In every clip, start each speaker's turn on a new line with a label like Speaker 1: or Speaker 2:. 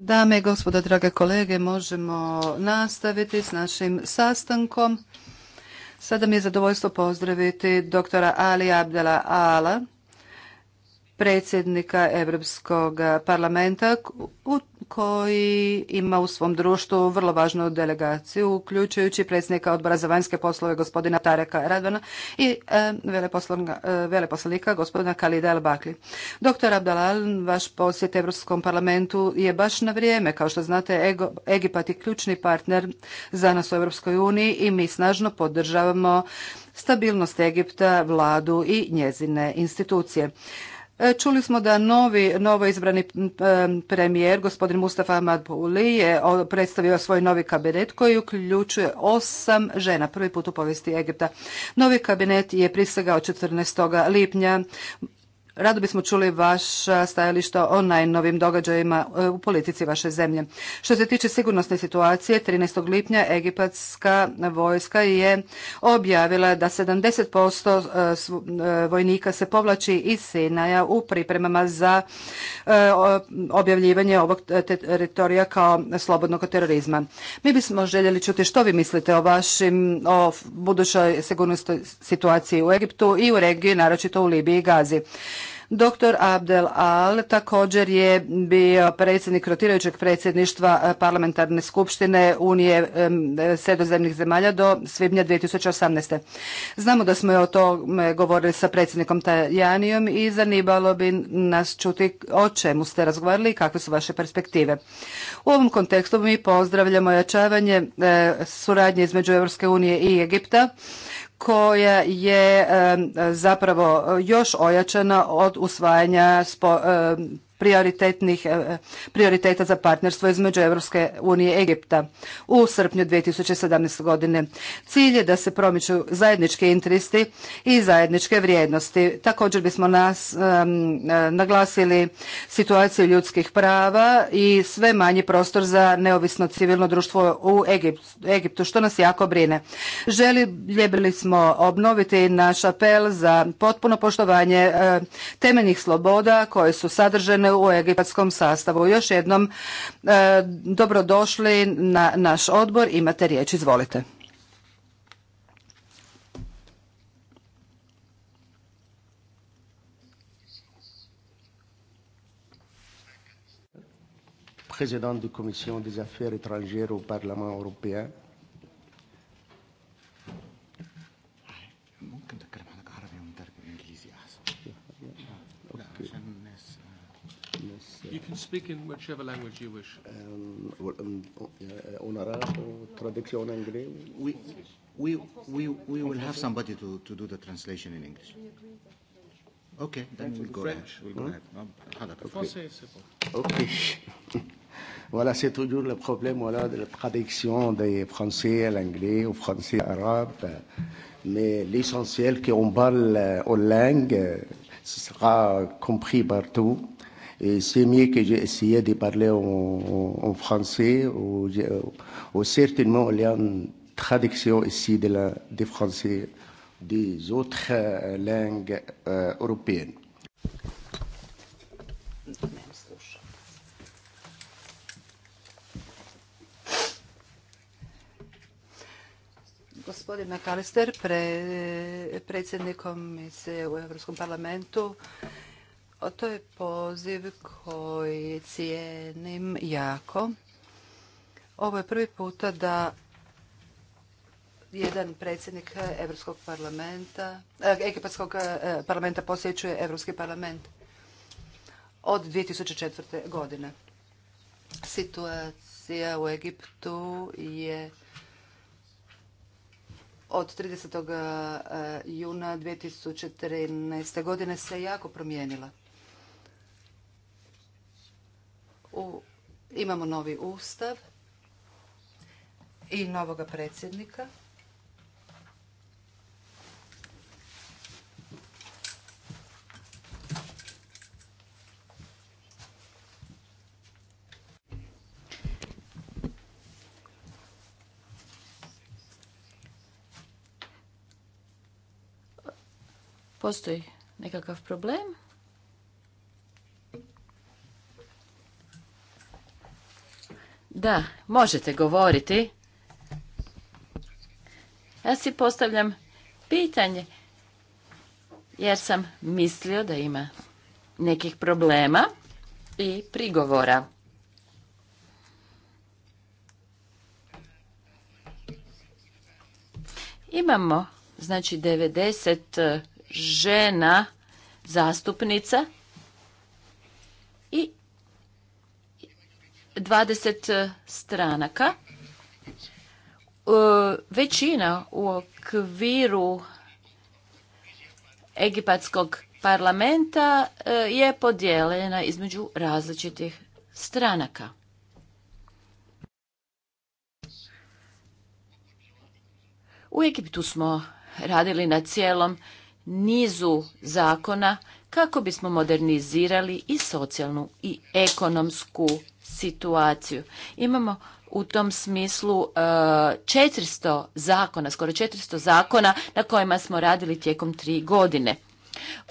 Speaker 1: Dame i gospodo, drage kolege, možemo nastaviti s našim sastankom. Sada mi je zadovoljstvo pozdraviti doktora Ali Abdela Ala, predsjednika Evropskog parlamenta u koji ima u svom društvu vrlo važnu delegaciju, uključujući predsjednika odbora za vanjske poslove gospodina Tareka Radvana i e, e, veleposlanika gospodina Kalida El Bakli. Doktor Abdalal, vaš posjet Europskom parlamentu je baš na vrijeme. Kao što znate, Egipat je ključni partner za nas u Europskoj uniji i mi snažno podržavamo stabilnost Egipta, vladu i njezine institucije. E, čuli smo da novi, novo izbrani premijer, gospodin Mustafa Ahmad je predstavio svoj novi kabinet koji uključuje osam žena, prvi put u povijesti Egipta. Novi kabinet je prisegao 14. lipnja. Rado bismo čuli vaš stajališta o najnovim događajima e, u politici vaše zemlje. Što se tiče sigurnosne situacije, 13. lipnja egipatska vojska je objavila da 70% e, e, vojnika se povlači iz Sinaja u pripremama za objavljivanje ovog teritorija kao slobodnog terorizma. Mi bismo željeli čuti što vi mislite o vašim, o budućoj sigurnosnoj situaciji u Egiptu i u regiji, naročito u Libiji i Gazi. Dr. Abdel Al također je bio predsjednik rotirajućeg predsjedništva eh, parlamentarne skupštine Unije sredozemnih zemalja do svibnja 2018. Znamo da smo o tome govorili sa predsjednikom Tajanijom i zanimalo bi nas čuti o čemu ste razgovarali i kakve su vaše perspektive. U ovom kontekstu mi pozdravljamo ojačavanje eh, suradnje između Europske unije i Egipta koja je zapravo još ojačana od usvajanja prioritetnih e, prioriteta za partnerstvo između Europske unije i Egipta u srpnju 2017. godine. Cilj je da se promiču zajednički interesi i zajedničke vrijednosti. Također bismo nas e, naglasili situaciju ljudskih prava i sve manji prostor za neovisno civilno društvo u Egiptu, što nas jako brine. Željeli smo obnoviti naš apel za potpuno poštovanje e, temeljnih sloboda koje su sadržene godine u egipatskom sastavu. Još jednom e, dobrodošli na naš odbor. Imate riječ, izvolite.
Speaker 2: président de la Commission des affaires étrangères au Parlement européen,
Speaker 3: Speak in whichever language
Speaker 2: you wish. Um, um, uh, on arabe ou uh, traduction en anglais? We, we, we, we will have somebody to, to do the translation in English.
Speaker 4: Okay,
Speaker 3: then we'll go French. ahead. We'll go hmm? ahead. Um, français, c'est
Speaker 2: bon. Okay. Voilà, c'est toujours le problème voilà, de la traduction des français à l'anglais ou français à l'arabe. Mais l'essentiel qu'on parle aux langues, euh, ce sera compris partout c'est mieux que j'ai essayé de parler en, en, en français ou, ou certainement il y a une traduction ici de la, des français des autres euh, langues euh, européennes.
Speaker 1: Gospodin McAllister, pre, predsjednikom se u Europskom parlamentu, to je poziv koji cijenim jako. Ovo je prvi puta da jedan predsjednik Europskog parlamenta, e, Egipatskog e, parlamenta posjećuje Europski parlament od 2004. godine. Situacija u Egiptu je od 30. E, juna 2013. godine se jako promijenila. imamo novi ustav i novoga predsjednika.
Speaker 5: Postoji nekakav problem? Da, možete govoriti. Ja si postavljam pitanje, jer sam mislio da ima nekih problema i prigovora. Imamo, znači, 90 žena zastupnica 20 stranaka. E, većina u okviru egipatskog parlamenta e, je podijeljena između različitih stranaka. U Egiptu smo radili na cijelom nizu zakona kako bismo modernizirali i socijalnu i ekonomsku situaciju. Imamo u tom smislu 400 e, zakona, skoro 400 zakona na kojima smo radili tijekom tri godine.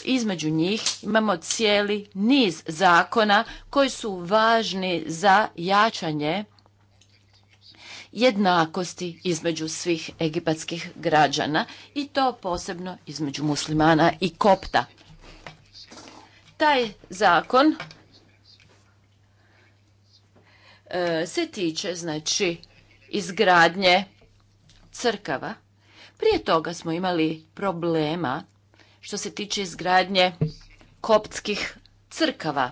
Speaker 5: Između njih imamo cijeli niz zakona koji su važni za jačanje jednakosti između svih egipatskih građana i to posebno između muslimana i kopta. Taj zakon E, se tiče znači izgradnje crkava. Prije toga smo imali problema što se tiče izgradnje koptskih crkava.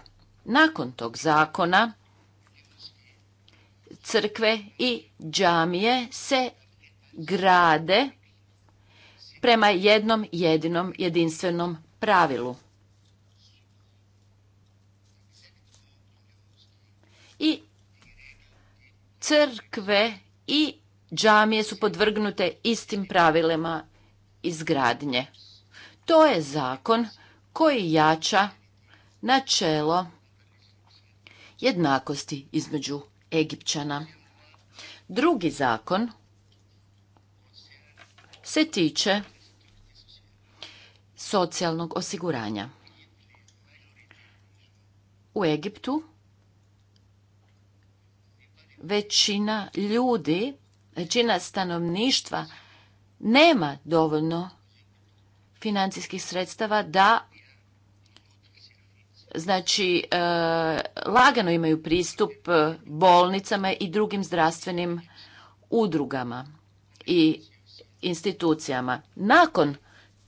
Speaker 5: Nakon tog zakona crkve i džamije se grade prema jednom jedinom jedinstvenom pravilu. I crkve i džamije su podvrgnute istim pravilima izgradnje. To je zakon koji jača načelo jednakosti između Egipćana. Drugi zakon se tiče socijalnog osiguranja. U Egiptu većina ljudi, većina stanovništva nema dovoljno financijskih sredstava da znači e, lagano imaju pristup bolnicama i drugim zdravstvenim udrugama i institucijama. Nakon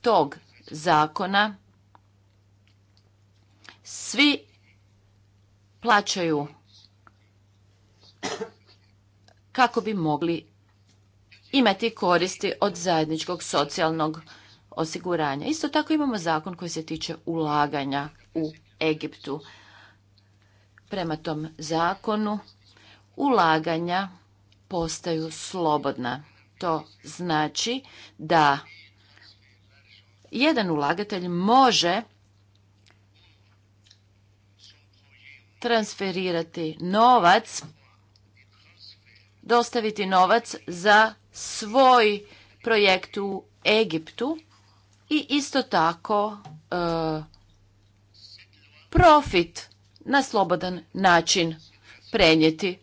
Speaker 5: tog zakona svi plaćaju kako bi mogli imati koristi od zajedničkog socijalnog osiguranja. Isto tako imamo zakon koji se tiče ulaganja u Egiptu. Prema tom zakonu ulaganja postaju slobodna. To znači da jedan ulagatelj može transferirati novac dostaviti novac za svoj projekt u Egiptu i isto tako e, profit na slobodan način prenijeti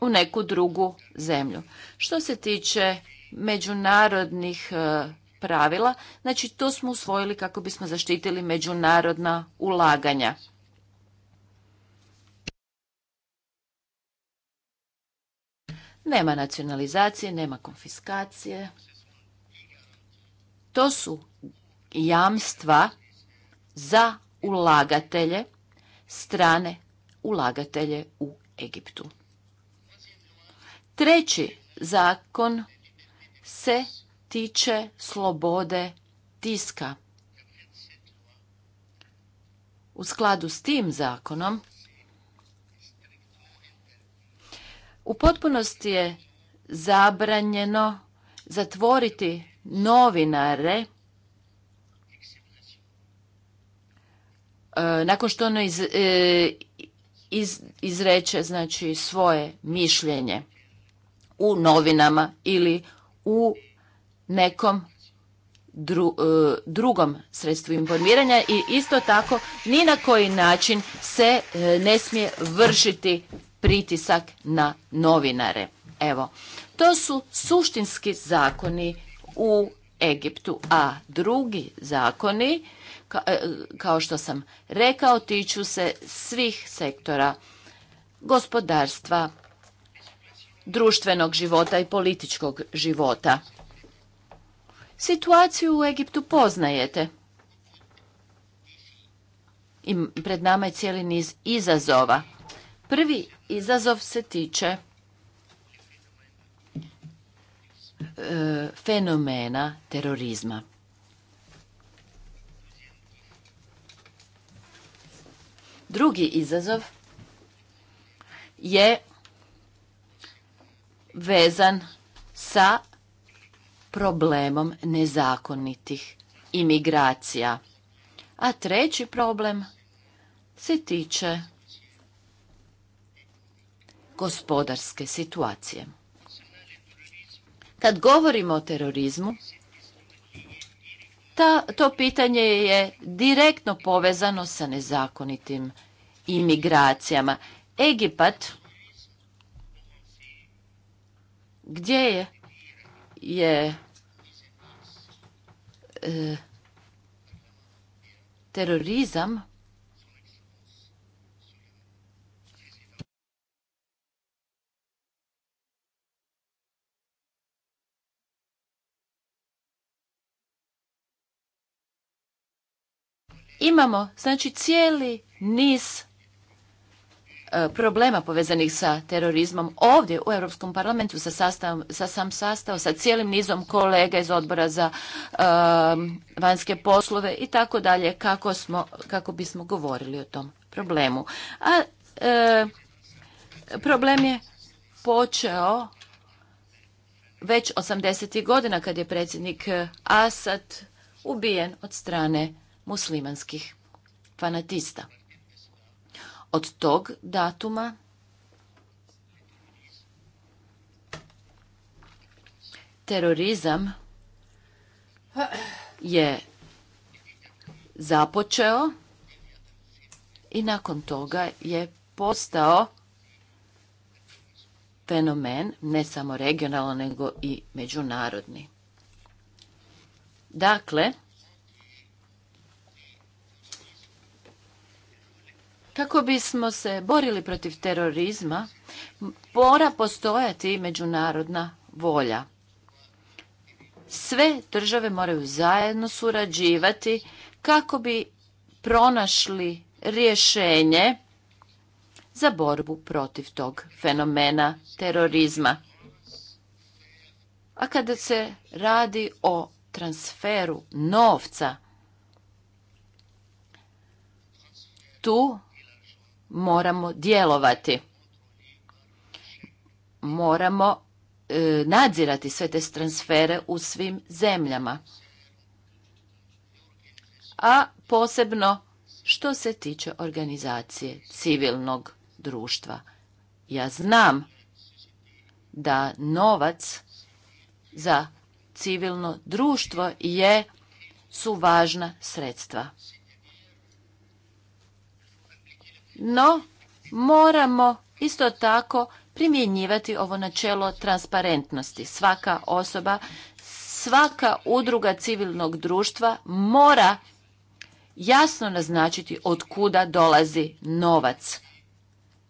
Speaker 5: u neku drugu zemlju. Što se tiče međunarodnih e, pravila, znači to smo usvojili kako bismo zaštitili međunarodna ulaganja. Nema nacionalizacije, nema konfiskacije. To su jamstva za ulagatelje, strane ulagatelje u Egiptu. Treći zakon se tiče slobode tiska. U skladu s tim zakonom U potpunosti je zabranjeno zatvoriti novinare e, nakon što ono e, iz, izreče znači svoje mišljenje u novinama ili u nekom e, drugom sredstvu informiranja i isto tako ni na koji način se ne smije vršiti pritisak na novinare. Evo, to su suštinski zakoni u Egiptu, a drugi zakoni, e, kao što sam rekao, tiču se svih sektora gospodarstva, društvenog života i političkog života. Situaciju u Egiptu poznajete. I pred nama je cijeli niz izazova. Prvi izazov se tiče e, fenomena terorizma. Drugi izazov je vezan sa problemom nezakonitih imigracija. A treći problem se tiče gospodarske situacije. Kad govorimo o terorizmu, ta, to pitanje je direktno povezano sa nezakonitim imigracijama. Egipat, gdje je, je e, terorizam Imamo znači cijeli niz e, problema povezanih sa terorizmom ovdje u Europskom parlamentu sa, sa sam sastav, sa cijelim nizom kolega iz odbora za e, vanjske poslove i tako dalje kako, bismo govorili o tom problemu. A e, problem je počeo već 80. godina kad je predsjednik Asad ubijen od strane muslimanskih fanatista. Od tog datuma terorizam je započeo i nakon toga je postao fenomen ne samo regionalno nego i međunarodni. Dakle, Kako bismo se borili protiv terorizma, mora postojati međunarodna volja. Sve države moraju zajedno surađivati kako bi pronašli rješenje za borbu protiv tog fenomena terorizma. A kada se radi o transferu novca, tu moramo djelovati. Moramo e, nadzirati sve te transfere u svim zemljama. A posebno što se tiče organizacije civilnog društva. Ja znam da novac za civilno društvo je su važna sredstva no moramo isto tako primjenjivati ovo načelo transparentnosti. Svaka osoba, svaka udruga civilnog društva mora jasno naznačiti od kuda dolazi novac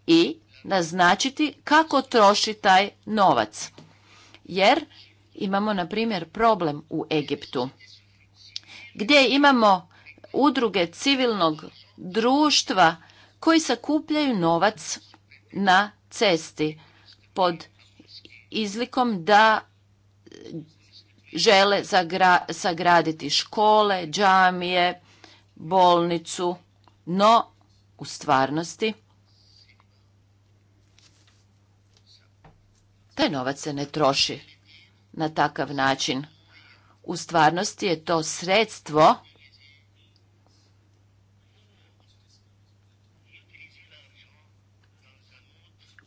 Speaker 5: i naznačiti kako troši taj novac. Jer imamo, na primjer, problem u Egiptu gdje imamo udruge civilnog društva koji sakupljaju novac na cesti pod izlikom da žele sagraditi škole, džamije, bolnicu, no u stvarnosti taj novac se ne troši na takav način. U stvarnosti je to sredstvo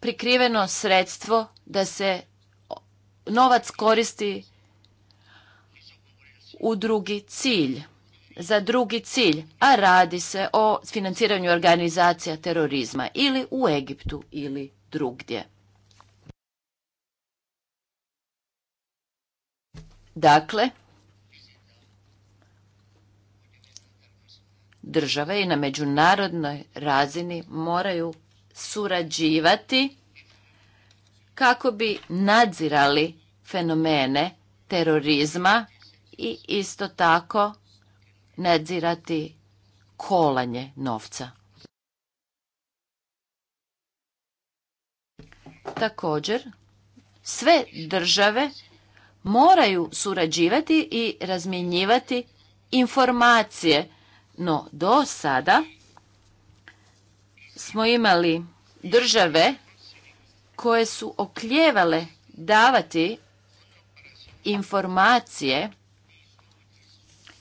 Speaker 5: prikriveno sredstvo da se novac koristi u drugi cilj, za drugi cilj, a radi se o financiranju organizacija terorizma ili u Egiptu ili drugdje. Dakle, države i na međunarodnoj razini moraju surađivati kako bi nadzirali fenomene terorizma i isto tako nadzirati kolanje novca. Također, sve države moraju surađivati i razmjenjivati informacije, no do sada smo imali države koje su okljevale davati informacije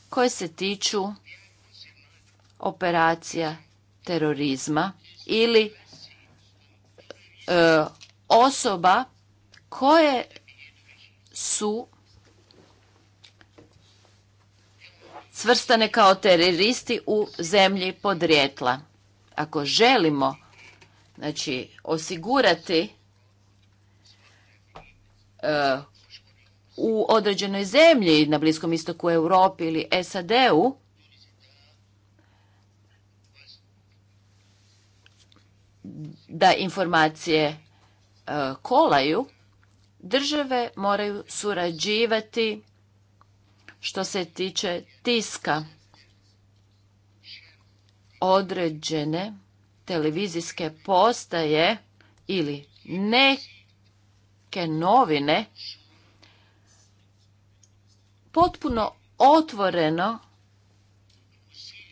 Speaker 5: koje se tiču operacija terorizma ili e, osoba koje su svrstane kao teroristi u zemlji podrijetla. Ako želimo znači, osigurati e, u određenoj zemlji na Bliskom istoku Europi ili SAD-u, da informacije e, kolaju, države moraju surađivati što se tiče tiska određene televizijske postaje ili neke novine potpuno otvoreno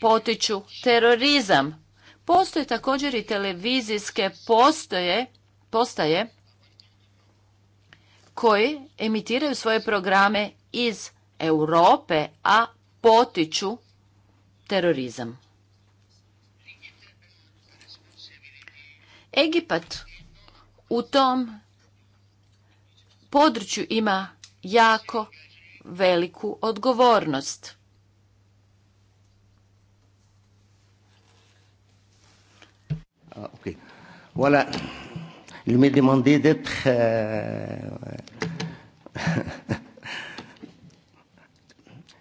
Speaker 5: potiču terorizam. Postoje također i televizijske postoje, postaje koji emitiraju svoje programe iz Europe, a potiču terorizam. Egipat u tom području ima jako veliku odgovornost.
Speaker 2: Ah, okay. Voilà. Il m'est demandé d'être... Euh,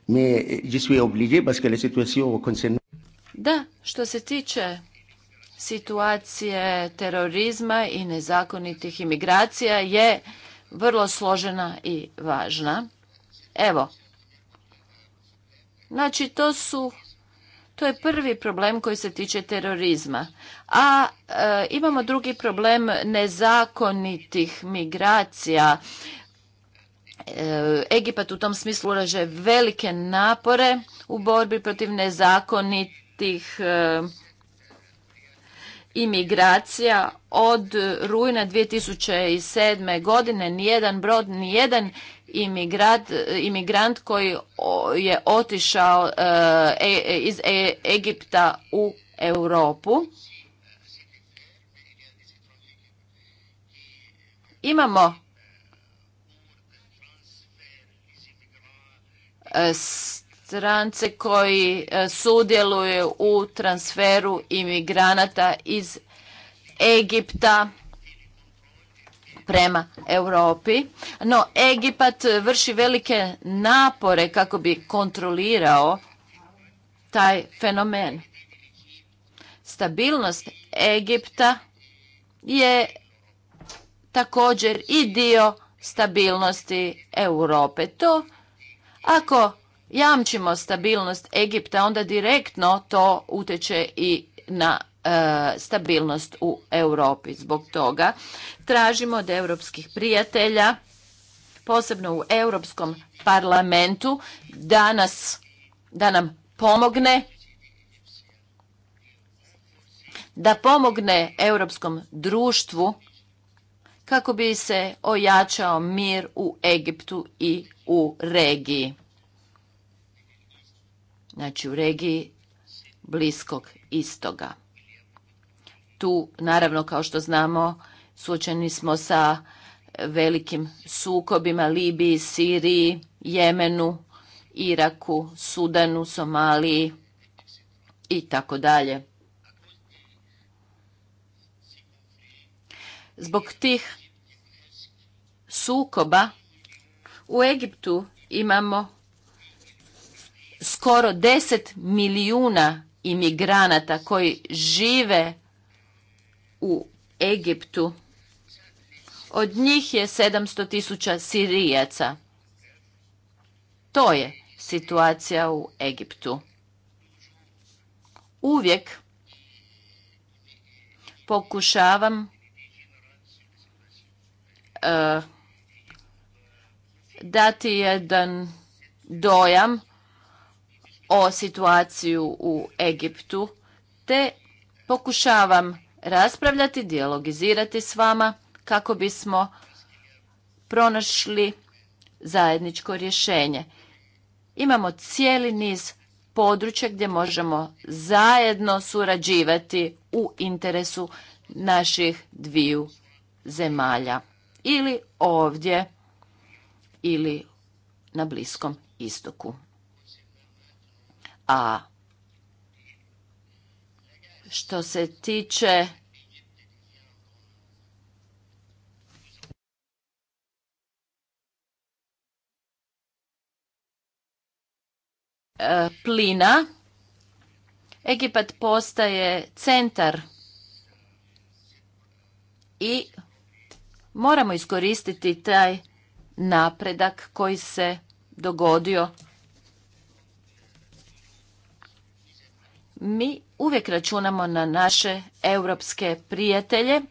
Speaker 2: mais je suis obligé parce que la situation concerne...
Speaker 5: Da, što se tiče situacije terorizma i nezakonitih imigracija je vrlo složena i važna. Evo, znači to su to je prvi problem koji se tiče terorizma. A e, imamo drugi problem nezakonitih migracija. E, Egipat u tom smislu ulaže velike napore u borbi protiv nezakonitih e, imigracija od rujna 2007. godine nijedan brod, nijedan imigrant, imigrant koji je otišao e, e, e, iz Egipta u Europu. Imamo s strance koji e, sudjeluju u transferu imigranata iz Egipta prema Europi. No, Egipat vrši velike napore kako bi kontrolirao taj fenomen. Stabilnost Egipta je također i dio stabilnosti Europe. To ako jamčimo stabilnost Egipta, onda direktno to utječe i na e, stabilnost u Europi. Zbog toga tražimo od europskih prijatelja, posebno u Europskom parlamentu, da, nas, da nam pomogne da pomogne europskom društvu kako bi se ojačao mir u Egiptu i u regiji znači u regiji Bliskog istoga. Tu, naravno, kao što znamo, suočeni smo sa velikim sukobima Libiji, Siriji, Jemenu, Iraku, Sudanu, Somaliji i tako dalje. Zbog tih sukoba u Egiptu imamo skoro 10 milijuna imigranata koji žive u Egiptu. Od njih je 700 tisuća sirijaca. To je situacija u Egiptu. Uvijek pokušavam eh, dati jedan dojam o situaciju u Egiptu, te pokušavam raspravljati, dialogizirati s vama kako bismo pronašli zajedničko rješenje. Imamo cijeli niz područja gdje možemo zajedno surađivati u interesu naših dviju zemalja. Ili ovdje, ili na Bliskom istoku. A što se tiče e, plina, Egipat postaje centar i moramo iskoristiti taj napredak koji se dogodio Mi uvijek računamo na naše europske prijatelje.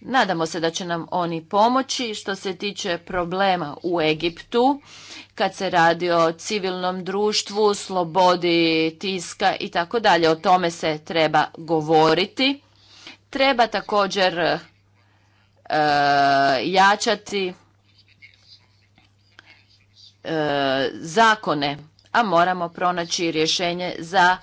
Speaker 5: Nadamo se da će nam oni pomoći što se tiče problema u Egiptu, kad se radi o civilnom društvu, slobodi tiska i tako dalje. O tome se treba govoriti. Treba također e, jačati e, zakone, a moramo pronaći rješenje za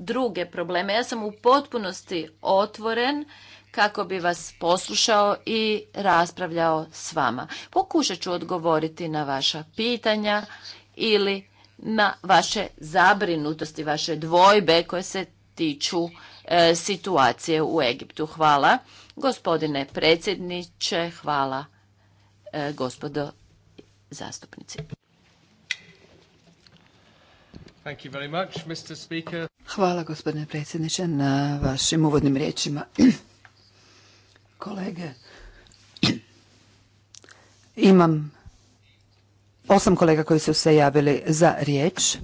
Speaker 5: druge probleme. Ja sam u potpunosti otvoren kako bi vas poslušao i raspravljao s vama. Pokušat ću odgovoriti na vaša pitanja ili na vaše zabrinutosti, vaše dvojbe koje se tiču e, situacije u Egiptu. Hvala gospodine predsjedniče, hvala e, gospodo zastupnici.
Speaker 1: Hvala gospodine predsjedniče na vašim uvodnim riječima. Kolege, imam osam kolega koji su se javili za riječ.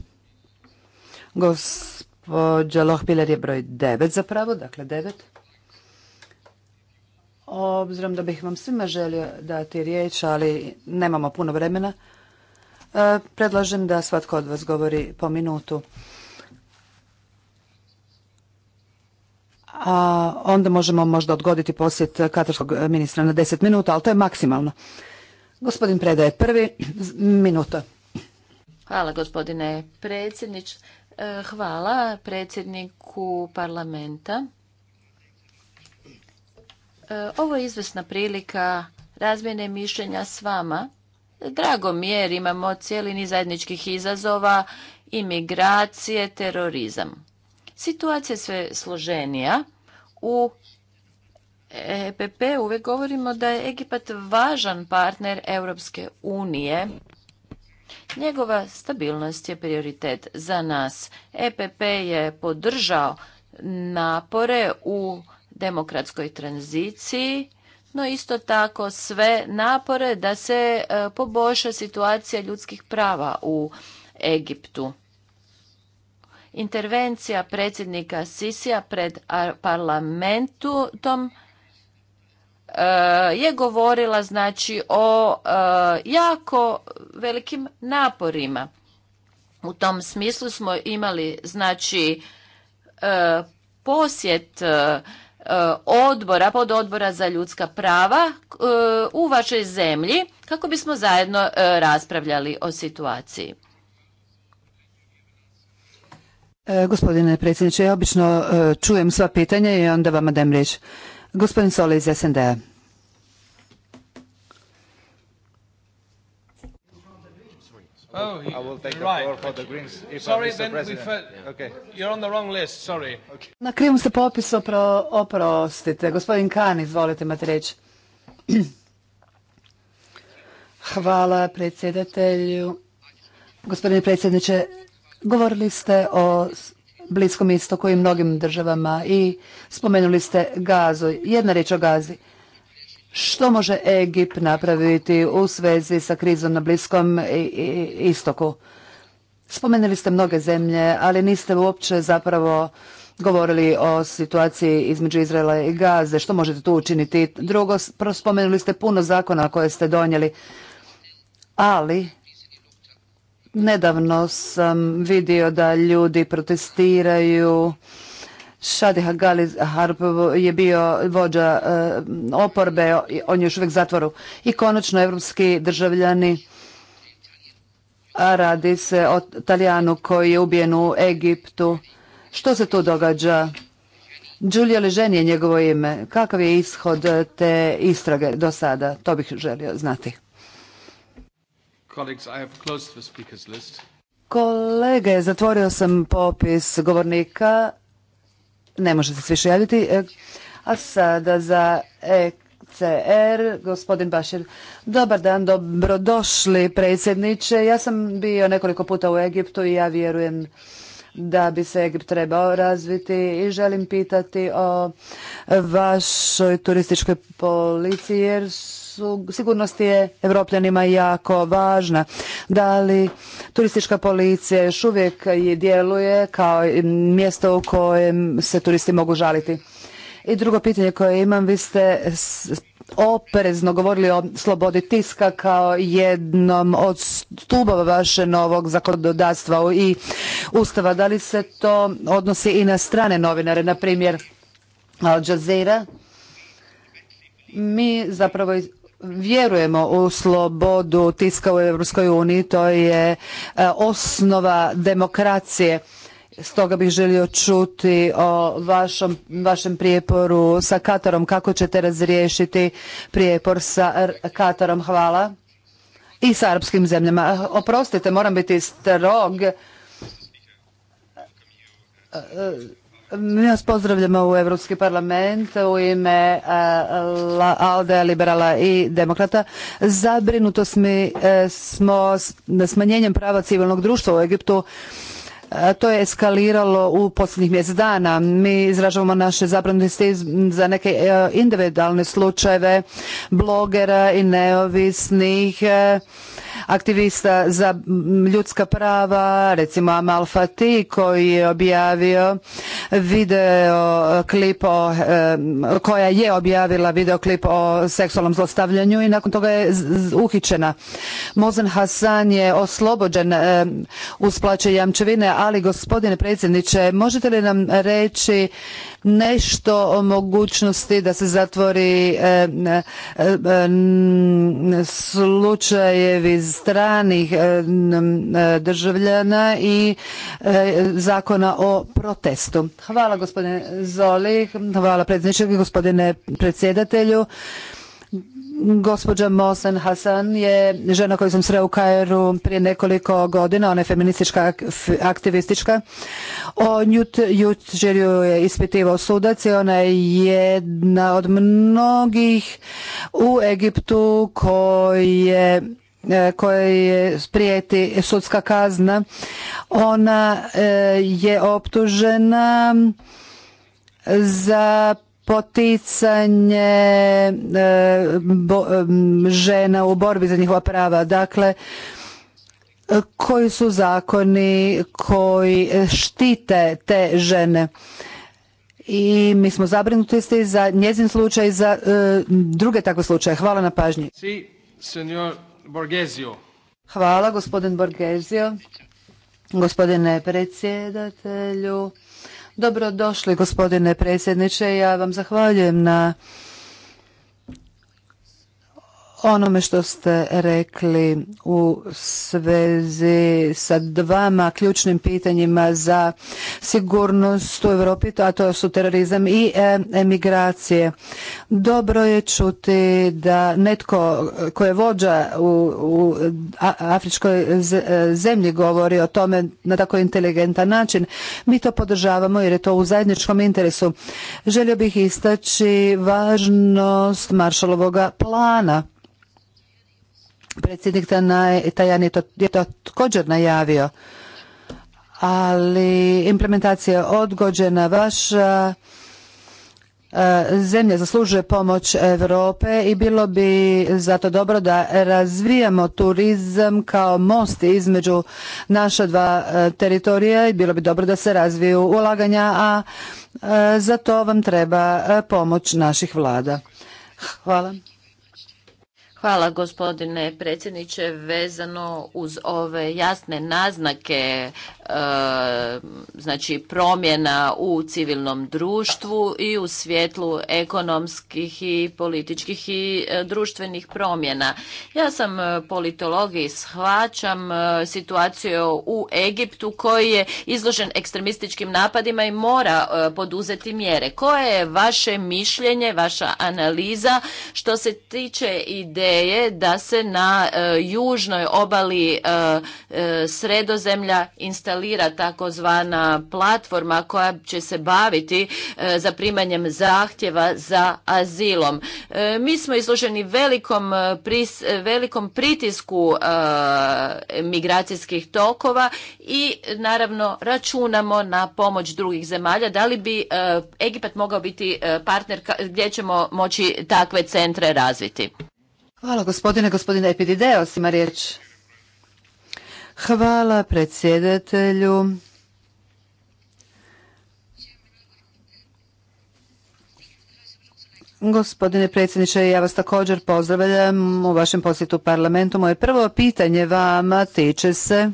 Speaker 1: Gospođa Lohpiler je broj devet zapravo, dakle devet. Obzirom da bih vam svima želio dati riječ, ali nemamo puno vremena, E, predlažem da svatko od vas govori po minutu. A onda možemo možda odgoditi posjet katarskog ministra na 10 minuta, ali to je maksimalno. Gospodin Predaje prvi, minuta.
Speaker 5: Hvala gospodine predsjedniče, Hvala predsjedniku parlamenta. E, ovo je izvesna prilika razmjene mišljenja s vama Drago mi je imamo cijeli niz zajedničkih izazova, imigracije, terorizam. Situacija je sve složenija. U EPP uvijek govorimo da je Egipat važan partner Europske unije. Njegova stabilnost je prioritet za nas. EPP je podržao napore u demokratskoj tranziciji no isto tako sve napore da se e, poboljša situacija ljudskih prava u Egiptu. Intervencija predsjednika Sisija pred parlamentom e, je govorila znači o e, jako velikim naporima. U tom smislu smo imali znači posjet odbora, pododbora za ljudska prava e, u vašoj zemlji kako bismo zajedno e, raspravljali o situaciji.
Speaker 1: E, gospodine predsjedniče, ja obično čujem sva pitanja i onda vama dajem riječ. Gospodin Sole iz SND-a.
Speaker 3: Oh, oh I will
Speaker 1: Na krivom se popisu, oprostite. Gospodin Kan, izvolite, imate reći. Hvala predsjedatelju. Gospodine predsjedniče, govorili ste o Bliskom istoku i mnogim državama i spomenuli ste gazu. Jedna riječ o gazi. Što može Egip napraviti u svezi sa krizom na Bliskom istoku? Spomenuli ste mnoge zemlje, ali niste uopće zapravo govorili o situaciji između Izraela i Gaze. Što možete tu učiniti? Drugo, spomenuli ste puno zakona koje ste donijeli, ali nedavno sam vidio da ljudi protestiraju Šadiha Gali Harp je bio vođa eh, oporbe, on je još uvijek zatvoru. I konačno evropski državljani a radi se o Talijanu koji je ubijen u Egiptu. Što se tu događa? Giulio Leženi je njegovo ime. Kakav je ishod te istrage do sada? To bih želio znati. Kolege, zatvorio sam popis govornika. Ne može se više javiti. E, a sada za ECR, gospodin Bašir. Dobar dan, dobrodošli predsjedniče. Ja sam bio nekoliko puta u Egiptu i ja vjerujem da bi se Egipt trebao razviti i želim pitati o vašoj turističkoj policiji jer sigurnost je evropljanima jako važna. Da li turistička policija još uvijek djeluje kao mjesto u kojem se turisti mogu žaliti? I drugo pitanje koje imam, vi ste oprezno govorili o slobodi tiska kao jednom od stubova vaše novog zakonodavstva i ustava. Da li se to odnosi i na strane novinare, na primjer Al Jazeera? Mi zapravo vjerujemo u slobodu tiska u Europskoj uniji, to je e, osnova demokracije. Stoga bih želio čuti o vašom, vašem prijeporu sa Katarom, kako ćete razriješiti prijepor sa Katarom. Hvala. I sa arapskim zemljama. Oprostite, moram biti strog e, e, mi vas pozdravljamo u Europski parlament u ime e, ALDE, Liberala i Demokrata. Zabrinutost mi e, smo smanjenjem prava civilnog društva u Egiptu e, to je eskaliralo u posljednjih mjesec dana. Mi izražavamo naše zabrinutosti za neke individualne slučajeve blogera i neovisnih aktivista za ljudska prava, recimo Amal Fati koji je objavio video klip o, koja je objavila videoklip o seksualnom zlostavljanju i nakon toga je uhičena Mozen Hasan je oslobođen uz plaće jamčevine, ali gospodine predsjedniče, možete li nam reći nešto o mogućnosti da se zatvori e, e, e, slučajevi stranih državljana i zakona o protestu. Hvala gospodine Zoli, hvala predsjedniče, gospodine predsjedatelju. Gospođa Mosen Hasan je žena koju sam sreo u Kairu prije nekoliko godina, ona je feministička aktivistička. On jučer ju je ispitivao sudac i ona je jedna od mnogih u Egiptu koje koje prijeti sudska kazna. Ona e, je optužena za poticanje eh, eh, žena u borbi za njihova prava. Dakle, koji su zakoni koji štite te žene? I mi smo zabrinuti ste za njezin slučaj i za eh, druge takve slučaje. Hvala na pažnji. Hvala gospodin Borgesio. Gospodine predsjedatelju. Dobrodošli gospodine predsjedniče. Ja vam zahvaljujem na onome što ste rekli u svezi sa dvama ključnim pitanjima za sigurnost u Europi, a to su terorizam i e, emigracije. Dobro je čuti da netko ko je vođa u, u afričkoj e, zemlji govori o tome na tako inteligentan način. Mi to podržavamo jer je to u zajedničkom interesu. Želio bih istaći važnost Maršalovoga plana predsjednik Tajani je to također najavio, ali implementacija je odgođena. Vaša e, zemlja zaslužuje pomoć Europe i bilo bi zato dobro da razvijamo turizam kao most između naša dva e, teritorija i bilo bi dobro da se razviju ulaganja, a e, za to vam treba pomoć naših vlada. Hvala.
Speaker 5: Hvala gospodine predsjedniče. Vezano uz ove jasne naznake, e, znači promjena u civilnom društvu i u svjetlu ekonomskih i političkih i e, društvenih promjena. Ja sam e, politolog i shvaćam situaciju u Egiptu koji je izložen ekstremističkim napadima i mora poduzeti mjere. Koje je vaše mišljenje, vaša analiza što se tiče ideje je da se na e, južnoj obali e, e, sredozemlja instalira takozvana platforma koja će se baviti zaprimanjem zahtjeva za azilom. Mi smo izloženi velikom, velikom pritisku migracijskih tokova i naravno računamo na pomoć drugih zemalja. Da li bi Egipat mogao biti partner gdje ćemo moći takve centre razviti?
Speaker 1: Hvala gospodine, gospodine Epidideos ima riječ. Hvala predsjedatelju. Gospodine predsjedniče, ja vas također pozdravljam u vašem posjetu parlamentu. Moje prvo pitanje vama tiče se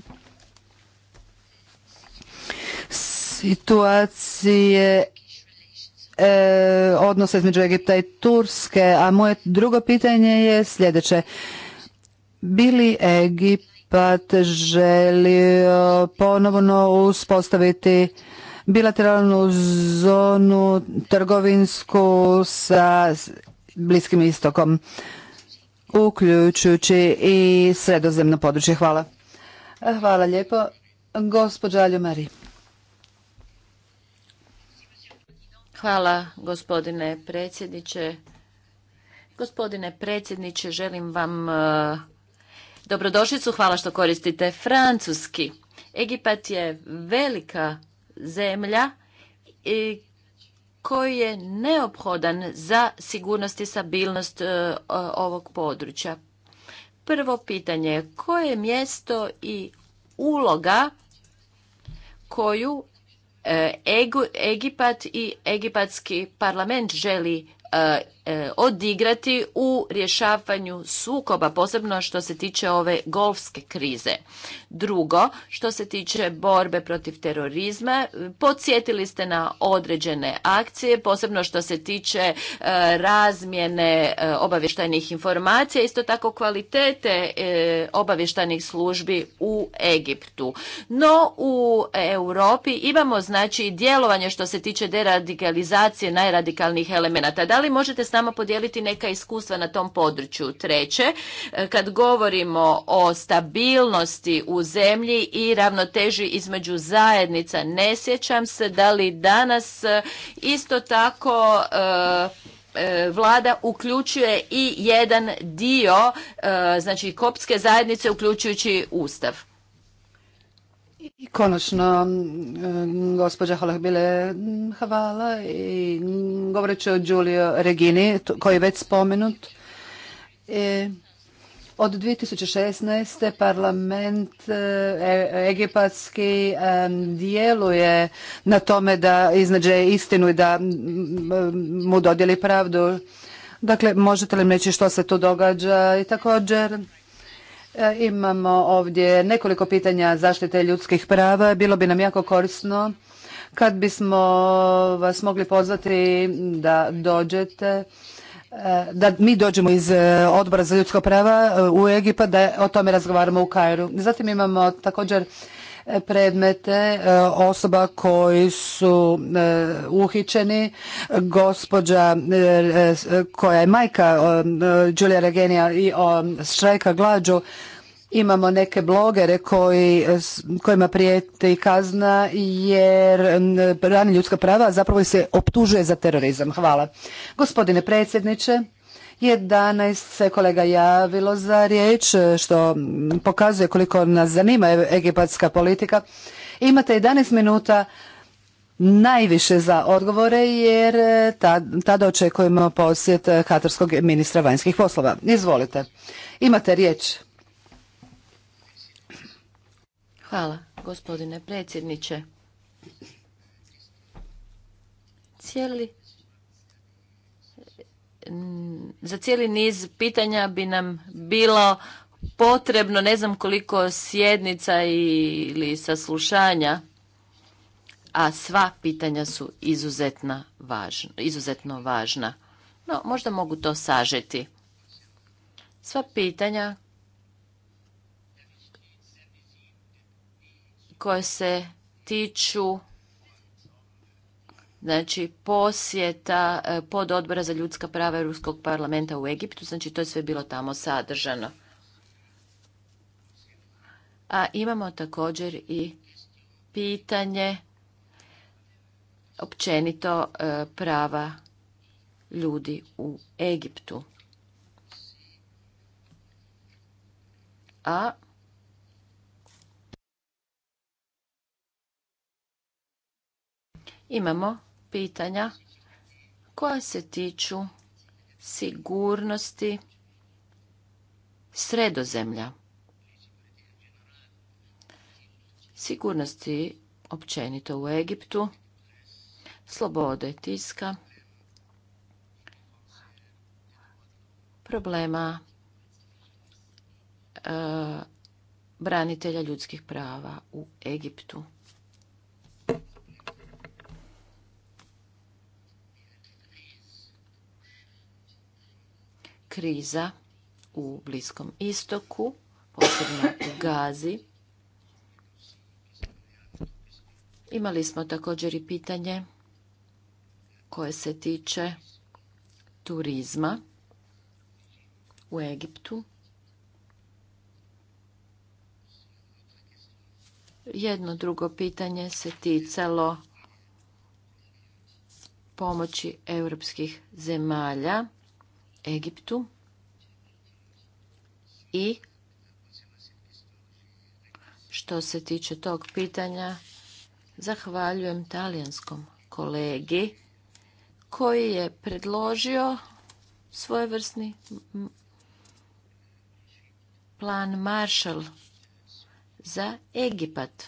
Speaker 1: situacije E, odnose između Egipta i Turske, a moje drugo pitanje je sljedeće. Bili Egipat želi ponovno uspostaviti bilateralnu zonu trgovinsku sa Bliskim istokom, uključujući i sredozemno područje. Hvala. Hvala lijepo. Gospođa Aljomari.
Speaker 5: Hvala gospodine predsjedniče. Gospodine predsjedniče, želim vam e, dobrodošlicu. Hvala što koristite francuski. Egipat je velika zemlja i koji je neophodan za sigurnost i stabilnost e, ovog područja. Prvo pitanje je koje mjesto i uloga koju E, Egipat i Egipatski parlament želi e, E, odigrati u rješavanju sukoba, posebno što se tiče ove golfske krize. Drugo, što se tiče borbe protiv terorizma, podsjetili ste na određene akcije, posebno što se tiče e, razmjene e, obavještajnih informacija, isto tako kvalitete obavještajnih službi u Egiptu. No, u Europi imamo znači djelovanje što se tiče deradikalizacije najradikalnijih elemenata. Da li možete nama podijeliti neka iskustva na tom području. Treće, e, kad govorimo o stabilnosti u zemlji i ravnoteži između zajednica, ne sjećam se da li danas e, isto tako e, vlada uključuje i jedan dio znači kopske zajednice uključujući ustav.
Speaker 1: I konačno, mm, gospođa bile mm, hvala i govoreći o Giulio Regini, koji je već spomenut. E, od 2016. parlament e, e, egipatski dijeluje na tome da iznađe istinu i da mu dodjeli pravdu. Dakle, možete li reći što se tu događa i također E, imamo ovdje nekoliko pitanja zaštite ljudskih prava. Bilo bi nam jako korisno kad bismo vas mogli pozvati da dođete e, da mi dođemo iz e, odbora za ljudska prava u Egipa, da o tome razgovaramo u Kairu. Zatim imamo također predmete e, osoba koji su e, uhičeni, Gospođa e, koja je majka Đulija Regenija i štrajka glađu Imamo neke blogere kojima prijeti kazna jer rani ljudska prava, zapravo se optužuje za terorizam. Hvala. Gospodine predsjedniče, 11 se kolega javilo za riječ, što pokazuje koliko nas zanima egipatska politika. Imate 11 minuta najviše za odgovore jer e, tada očekujemo posjet katarskog ministra vanjskih poslova. Izvolite. Imate riječ.
Speaker 5: Hvala, gospodine predsjedniče. Cijeli za cijeli niz pitanja bi nam bilo potrebno ne znam koliko sjednica ili saslušanja, a sva pitanja su izuzetna izuzetno važna. No, možda mogu to sažeti. Sva pitanja koje se tiču znači posjeta e, pod odbora za ljudska prava Ruskog parlamenta u Egiptu, znači to je sve bilo tamo sadržano. A imamo također i pitanje općenito e, prava ljudi u Egiptu. A imamo pitanja koja se tiču sigurnosti sredozemlja. Sigurnosti općenito u Egiptu, slobode tiska, problema e, branitelja ljudskih prava u Egiptu. kriza u Bliskom istoku, posebno u Gazi. Imali smo također i pitanje koje se tiče turizma u Egiptu. Jedno drugo pitanje se ticalo pomoći europskih zemalja Egiptu i što se tiče tog pitanja, zahvaljujem talijanskom kolegi koji je predložio svojevrsni plan Marshall za Egipat.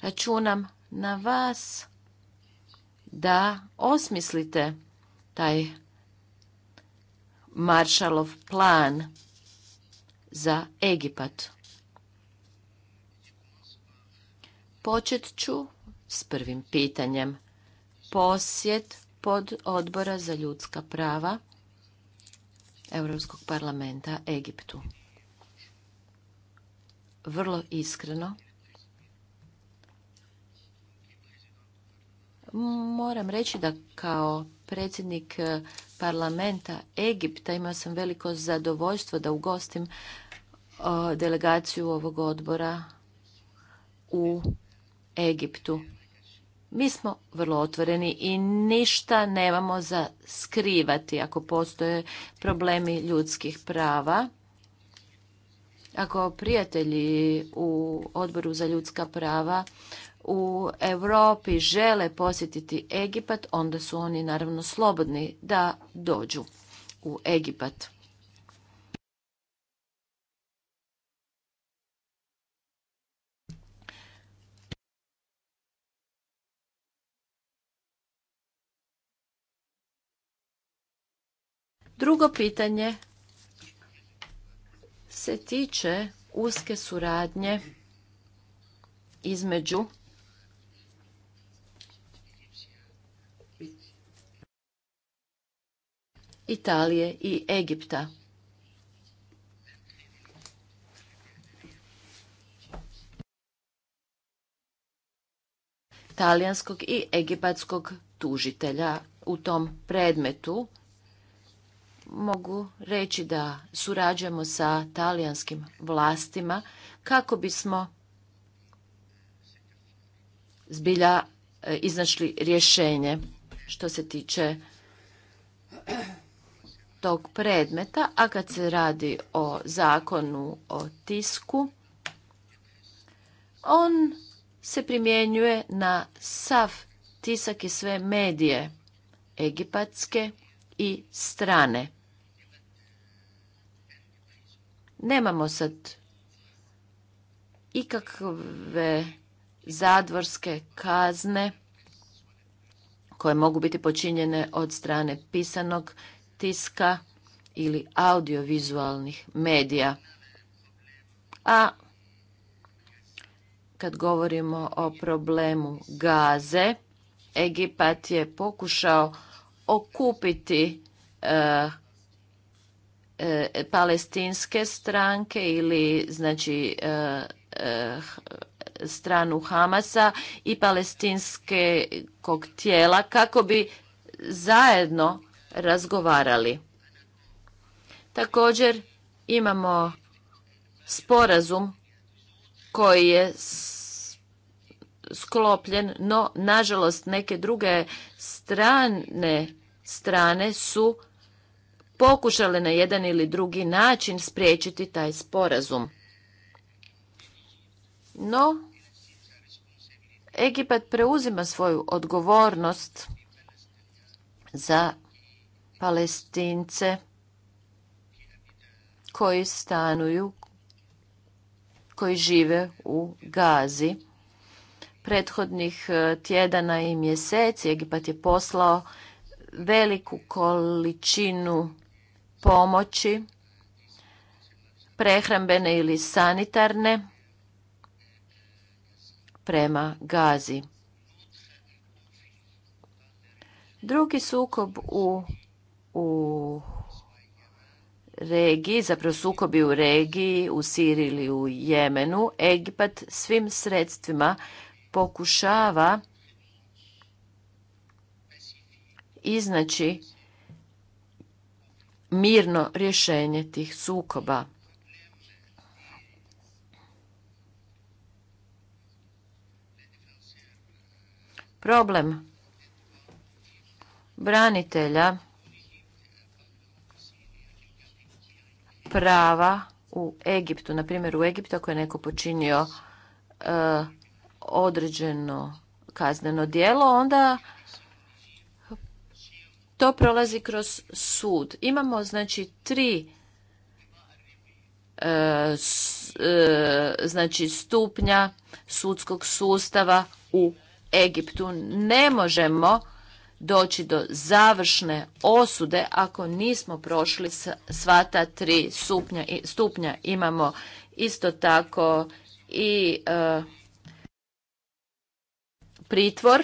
Speaker 5: Računam na vas da osmislite taj Maršalov plan za Egipat. Počet ću s prvim pitanjem. Posjet pod odbora za ljudska prava Europskog parlamenta Egiptu. Vrlo iskreno. Moram reći da kao predsjednik e, parlamenta Egipta. Imao sam veliko zadovoljstvo da ugostim e, delegaciju ovog odbora u Egiptu. Mi smo vrlo otvoreni i ništa nemamo za skrivati ako postoje problemi ljudskih prava. Ako prijatelji u odboru za ljudska prava u Europi žele posjetiti Egipat, onda su oni naravno slobodni da dođu u Egipat. Drugo pitanje se tiče uske suradnje između Italije i Egipta. talijanskog i egipatskog tužitelja u tom predmetu. Mogu reći da surađujemo sa talijanskim vlastima kako bismo zbilja e, iznašli rješenje što se tiče tog predmeta, a kad se radi o zakonu o tisku, on se primjenjuje na sav tisak i sve medije egipatske i strane. Nemamo sad ikakve zadvorske kazne koje mogu biti počinjene od strane pisanog tiska ili audiovizualnih medija. A kad govorimo o problemu gaze, Egipat je pokušao okupiti eh, eh, palestinske stranke ili znači eh, stranu Hamasa i palestinske tijela kako bi zajedno razgovarali. Također imamo sporazum koji je sklopljen, no nažalost neke druge strane strane su pokušale na jedan ili drugi način spriječiti taj sporazum. No, Egipat preuzima svoju odgovornost za palestince koji stanuju, koji žive u Gazi. Prethodnih e, tjedana i mjeseci Egipat je poslao veliku količinu pomoći, prehrambene ili sanitarne, prema Gazi. Drugi sukob u u regiji, zapravo sukobi u regiji, u Siriji ili u Jemenu, Egipat svim sredstvima pokušava iznaći mirno rješenje tih sukoba. Problem branitelja prava u Egiptu. Na primjer, u Egiptu ako je neko počinio eh, određeno kazneno djelo, onda to prolazi kroz sud. Imamo znači tri eh, eh, znači stupnja sudskog sustava u Egiptu. Ne možemo doći do završne osude ako nismo prošli sva ta tri stupnja, stupnja. Imamo isto tako i e, pritvor.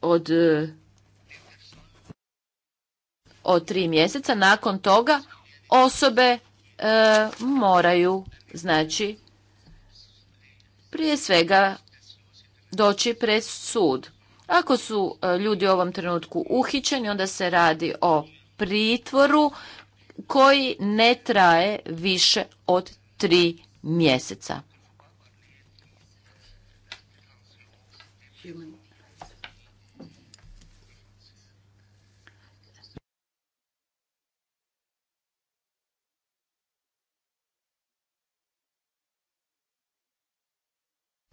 Speaker 5: Od, e, od tri mjeseca nakon toga osobe e, moraju Znači, prije svega doći pred sud. Ako su e, ljudi u ovom trenutku uhićeni, onda se radi o pritvoru koji ne traje više od tri mjeseca.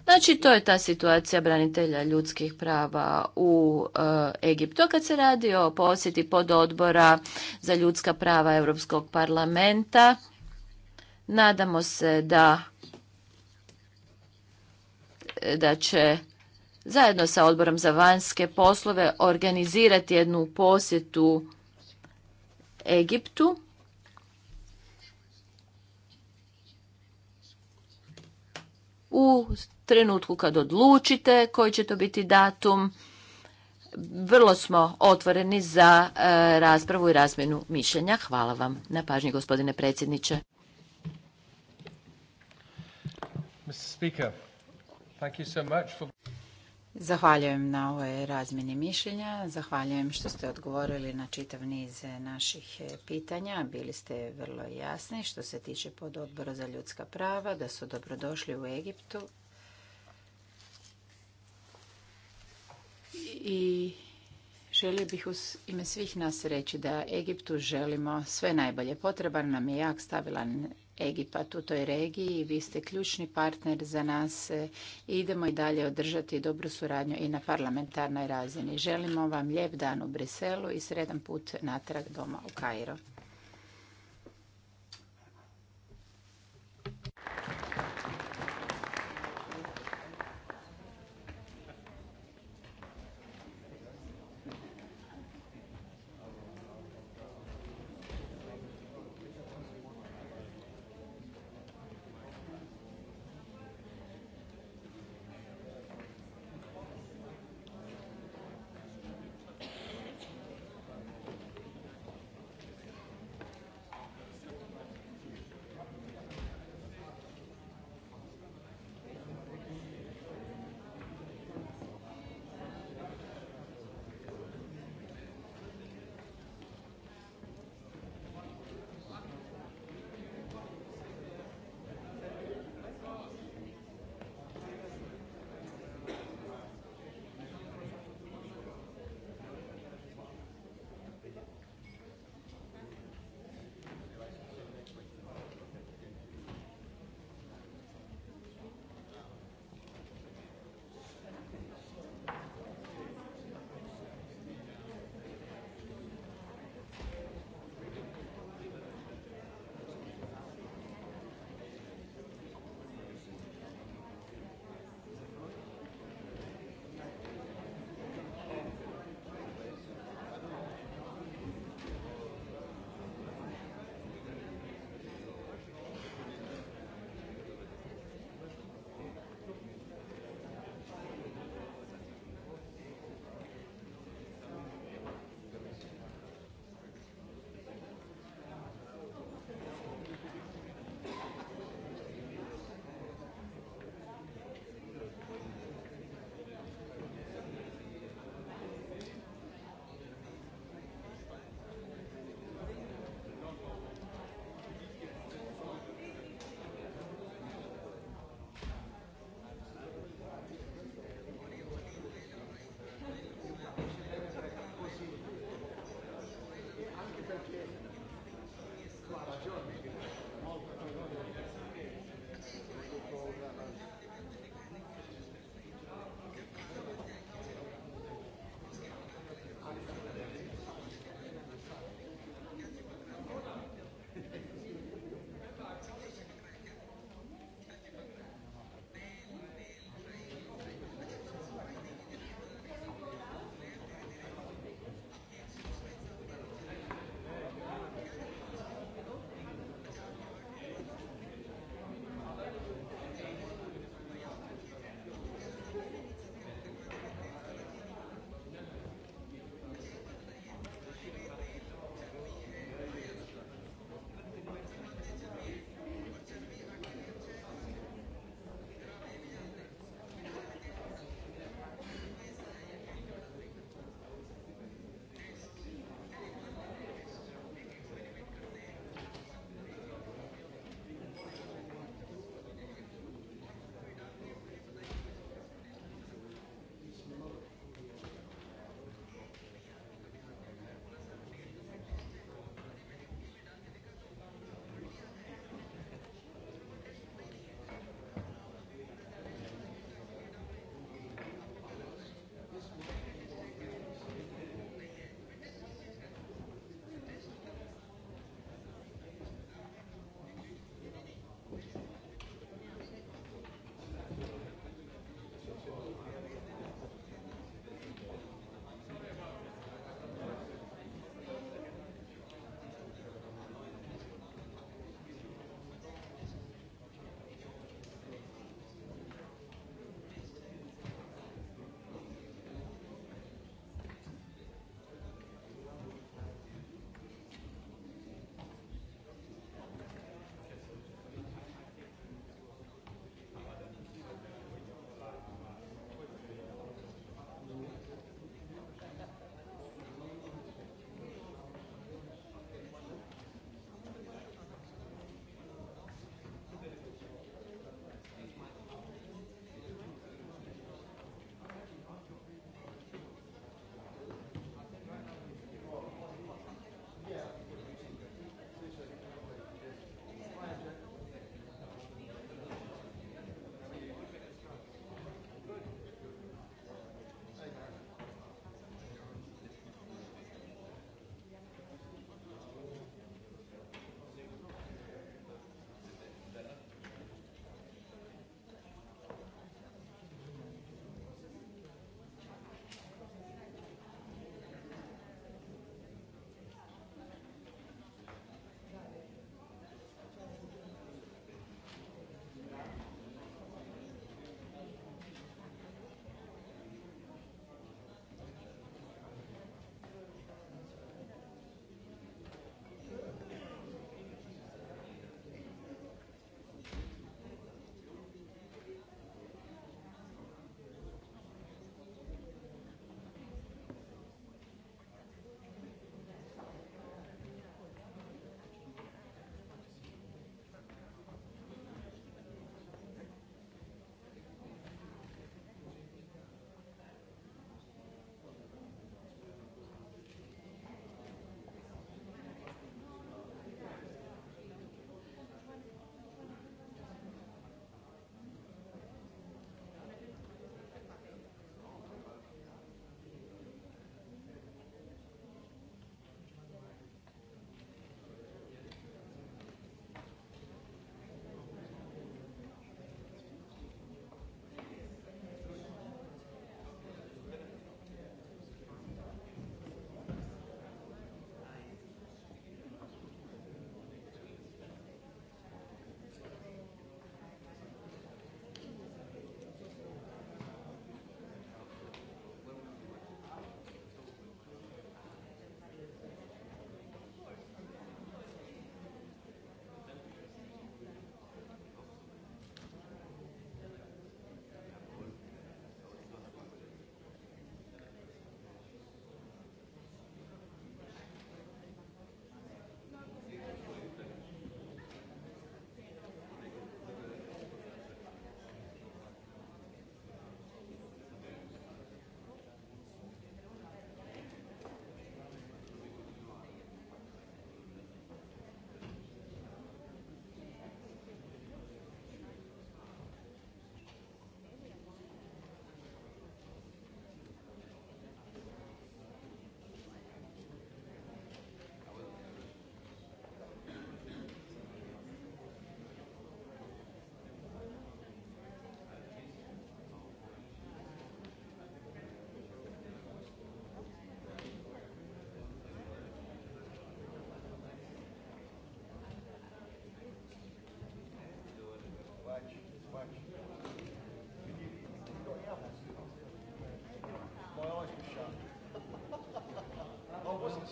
Speaker 5: Znači, to je ta situacija branitelja ljudskih prava u e, Egiptu. Kad se radi o posjeti Odbora za ljudska prava Europskog parlamenta, nadamo se da, da će zajedno sa odborom za vanjske poslove organizirati jednu posjetu Egiptu. u trenutku kad odlučite koji će to biti datum. Vrlo smo otvoreni za e, raspravu i razmjenu mišljenja. Hvala vam na pažnji, gospodine predsjedniče.
Speaker 6: Zahvaljujem na ovoj razmjeni mišljenja. Zahvaljujem što ste odgovorili na čitav niz e, naših e, pitanja. Bili ste vrlo jasni što se tiče pod odbora za ljudska prava, da su dobrodošli u Egiptu i želio bih uz ime svih nas reći da Egiptu želimo sve najbolje. Potreban nam je jak stabilan Egipat u toj regiji. Vi ste ključni partner za nas i idemo i dalje održati dobru suradnju i na parlamentarnoj razini. Želimo vam lijep dan u Briselu i sredan put natrag doma u Kairo.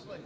Speaker 2: I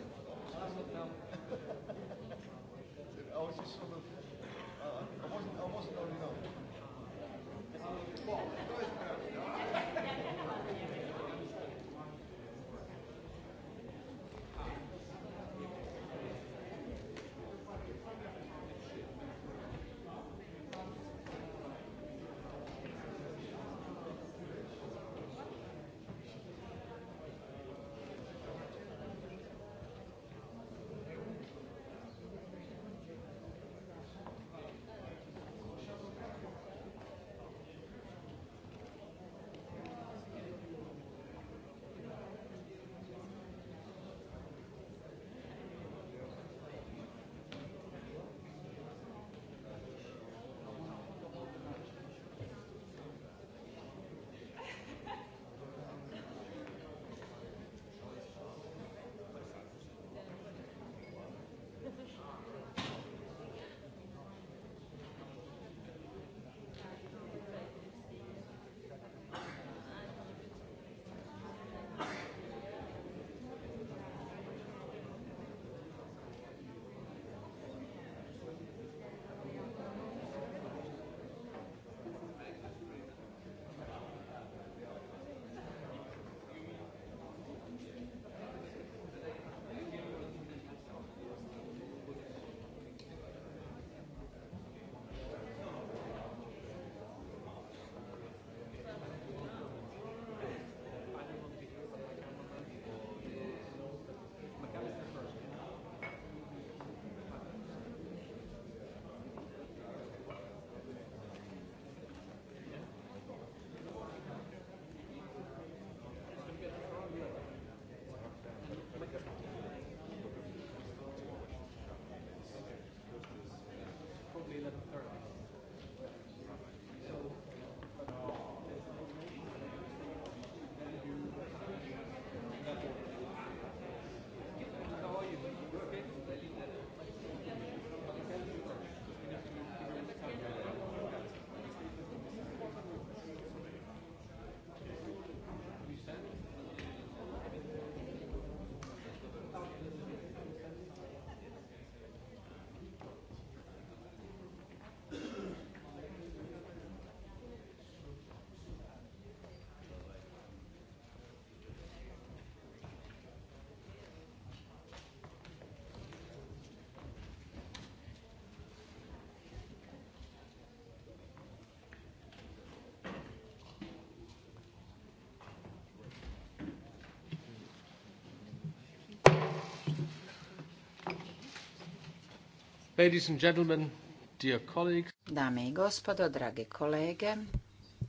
Speaker 3: Ladies and gentlemen, dear colleagues. Dame
Speaker 6: i gospodo, dragi kolege,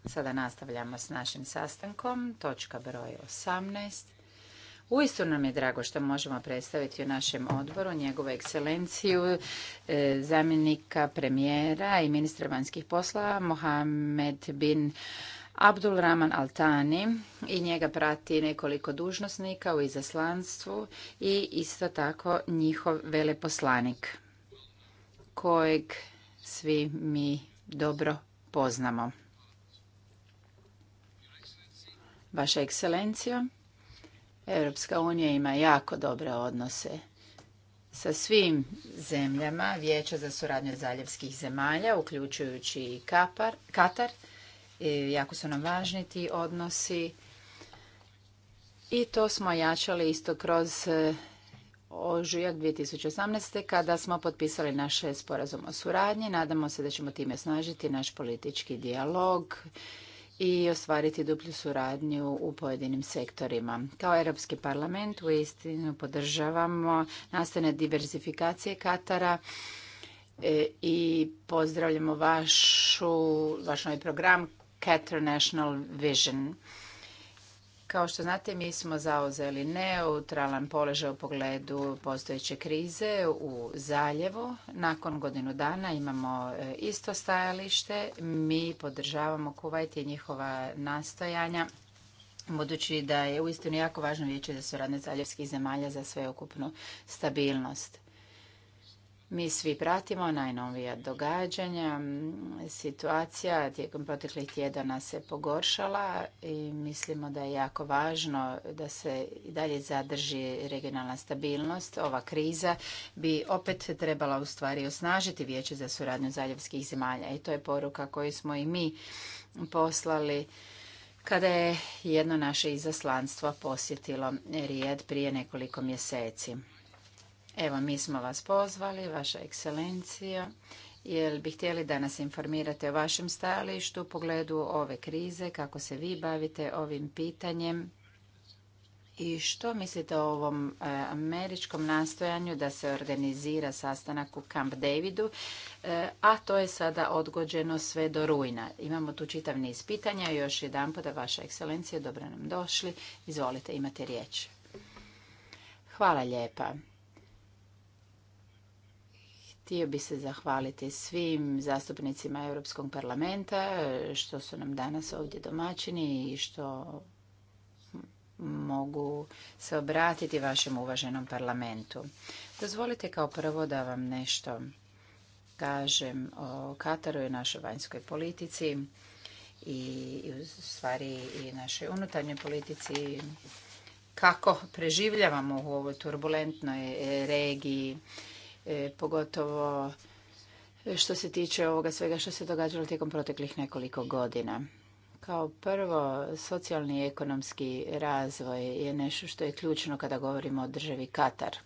Speaker 6: sada nastavljamo s našim sastankom, točka broj 18. Uistinu nam je drago što možemo predstaviti u našem odboru njegovu ekscelenciju e, zamjenika premijera i ministra vanjskih poslova Mohamed bin Abdul Rahman Altani i njega prati nekoliko dužnosnika u izaslanstvu i isto tako njihov veleposlanik kojeg svi mi dobro poznamo. Vaša ekscelencija, Europska unija ima jako dobre odnose sa svim zemljama Vijeća za suradnju zaljevskih zemalja, uključujući i Katar. jako su nam važni ti odnosi i to smo jačali isto kroz ožujak 2018. kada smo potpisali naše sporazum o suradnji. Nadamo se da ćemo time snažiti naš politički dijalog i ostvariti duplju suradnju u pojedinim sektorima. Kao Europski parlament u istinu podržavamo nastane diversifikacije Katara e, i pozdravljamo vašu, vaš novi program Qatar National Vision. Kao što znate, mi smo zauzeli neutralan položaj u pogledu postojeće krize u zaljevu. Nakon godinu dana imamo e, isto stajalište. Mi podržavamo Kuvajt i njihova nastojanja. Budući da je uistinu jako važno vijeće za suradnje zaljevskih zemalja za sveukupnu stabilnost. Mi svi pratimo najnovija događanja. Mm, Situacija tijekom proteklih tjedana se pogoršala i mislimo da je jako važno da se i dalje zadrži regionalna stabilnost. Ova kriza bi opet trebala u stvari osnažiti vijeće za suradnju zaljevskih zemalja i to je poruka koju smo i mi poslali kada je jedno naše izaslanstvo posjetilo Rijed prije nekoliko mjeseci. Evo, mi smo vas pozvali, vaša ekscelencija, jer bi htjeli da nas informirate o vašem stajalištu u pogledu ove krize, kako se vi bavite ovim pitanjem i što mislite o ovom e, američkom nastojanju da se organizira sastanak u Camp Davidu, e, a to je sada odgođeno sve do rujna. Imamo tu čitav niz pitanja. Još jedan da vaša ekscelencija, dobro nam došli. Izvolite, imate riječ. Hvala lijepa. Htio bi se zahvaliti svim zastupnicima Europskog parlamenta što su nam danas ovdje domaćini i što mogu se obratiti vašem uvaženom parlamentu. Dozvolite kao prvo da vam nešto kažem o Kataru i našoj vanjskoj politici i u stvari i našoj unutarnjoj politici kako preživljavamo u ovoj turbulentnoj regiji E, pogotovo e, što se tiče ovoga svega što se događalo tijekom proteklih nekoliko godina. Kao prvo, socijalni i ekonomski razvoj je nešto što je ključno kada govorimo o državi Katar.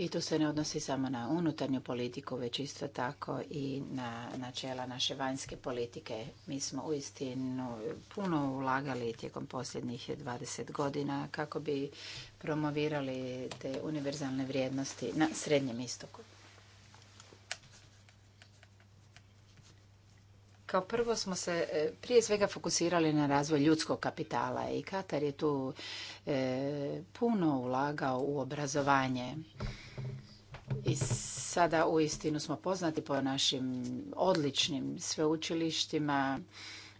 Speaker 6: I to se ne odnosi samo na unutarnju politiku, već isto tako i na načela naše vanjske politike. Mi smo uistinu puno ulagali tijekom posljednjih 20 godina kako bi promovirali te univerzalne vrijednosti na Srednjem istoku. Kao prvo smo se e, prije svega fokusirali na razvoj ljudskog kapitala i Katar je tu e, puno ulagao u obrazovanje. I sada u istinu smo poznati po našim odličnim sveučilištima.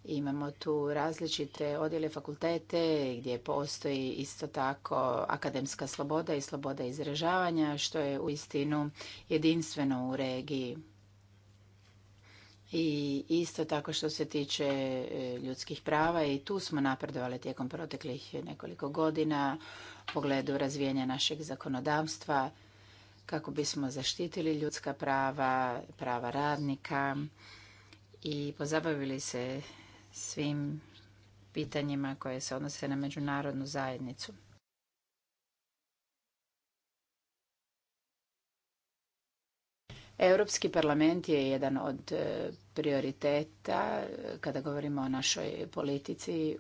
Speaker 6: Imamo tu različite odjele fakultete gdje postoji isto tako akademska sloboda i sloboda izražavanja što je u istinu jedinstveno u regiji i isto tako što se tiče e, ljudskih prava i tu smo napredovali tijekom proteklih nekoliko godina u pogledu razvijenja našeg zakonodavstva kako bismo zaštitili ljudska prava, prava radnika i pozabavili se svim pitanjima koje se odnose na međunarodnu zajednicu. Europski parlament je jedan od e, prioriteta e, kada govorimo o našoj politici,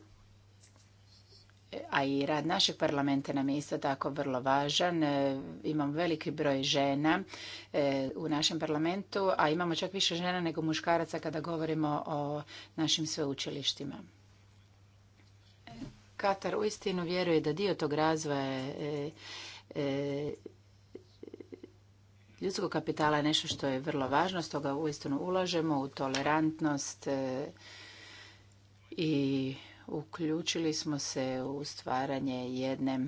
Speaker 6: a i rad našeg parlamenta nam je isto tako vrlo važan. E, imamo veliki broj žena u našem parlamentu, a imamo čak više žena nego muškaraca kada govorimo o našim sveučilištima. Katar uistinu vjeruje da dio tog razvoja je ljudskog kapitala je nešto što je vrlo važno, stoga uistinu ulažemo u tolerantnost e, i uključili smo se u stvaranje jedne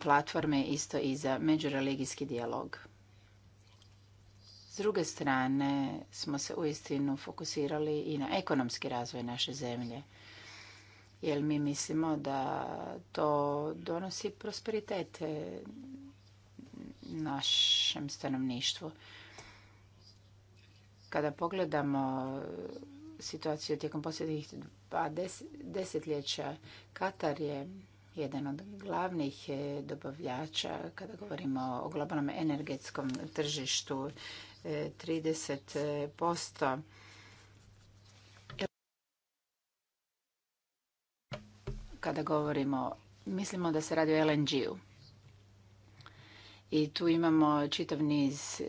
Speaker 6: platforme isto i za međureligijski dijalog. S druge strane smo se uistinu fokusirali i na ekonomski razvoj naše zemlje. Jer mi mislimo da to donosi prosperitet e, našem stanovništvu. Kada pogledamo situaciju tijekom posljednjih desetljeća, Katar je jedan od glavnih eh, dobavljača kada govorimo o globalnom energetskom tržištu 30%. Eh, kada govorimo, mislimo da se radi o LNG-u i tu imamo čitav niz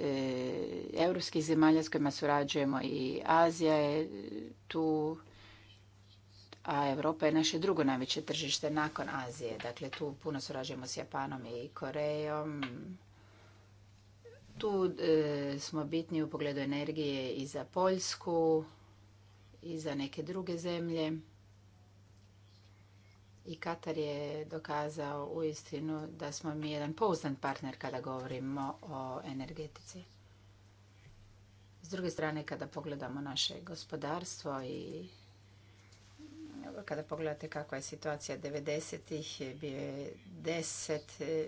Speaker 6: europskih zemalja s kojima surađujemo i Azija je tu, a Europa je naše drugo najveće tržište nakon Azije. Dakle, tu puno surađujemo s Japanom i Korejom. Tu e, smo bitni u pogledu energije i za Poljsku i za neke druge zemlje i Katar je dokazao u istinu da smo mi jedan pouzdan partner kada govorimo o energetici. S druge strane, kada pogledamo naše gospodarstvo i kada pogledate kakva je situacija 90-ih, bio je 10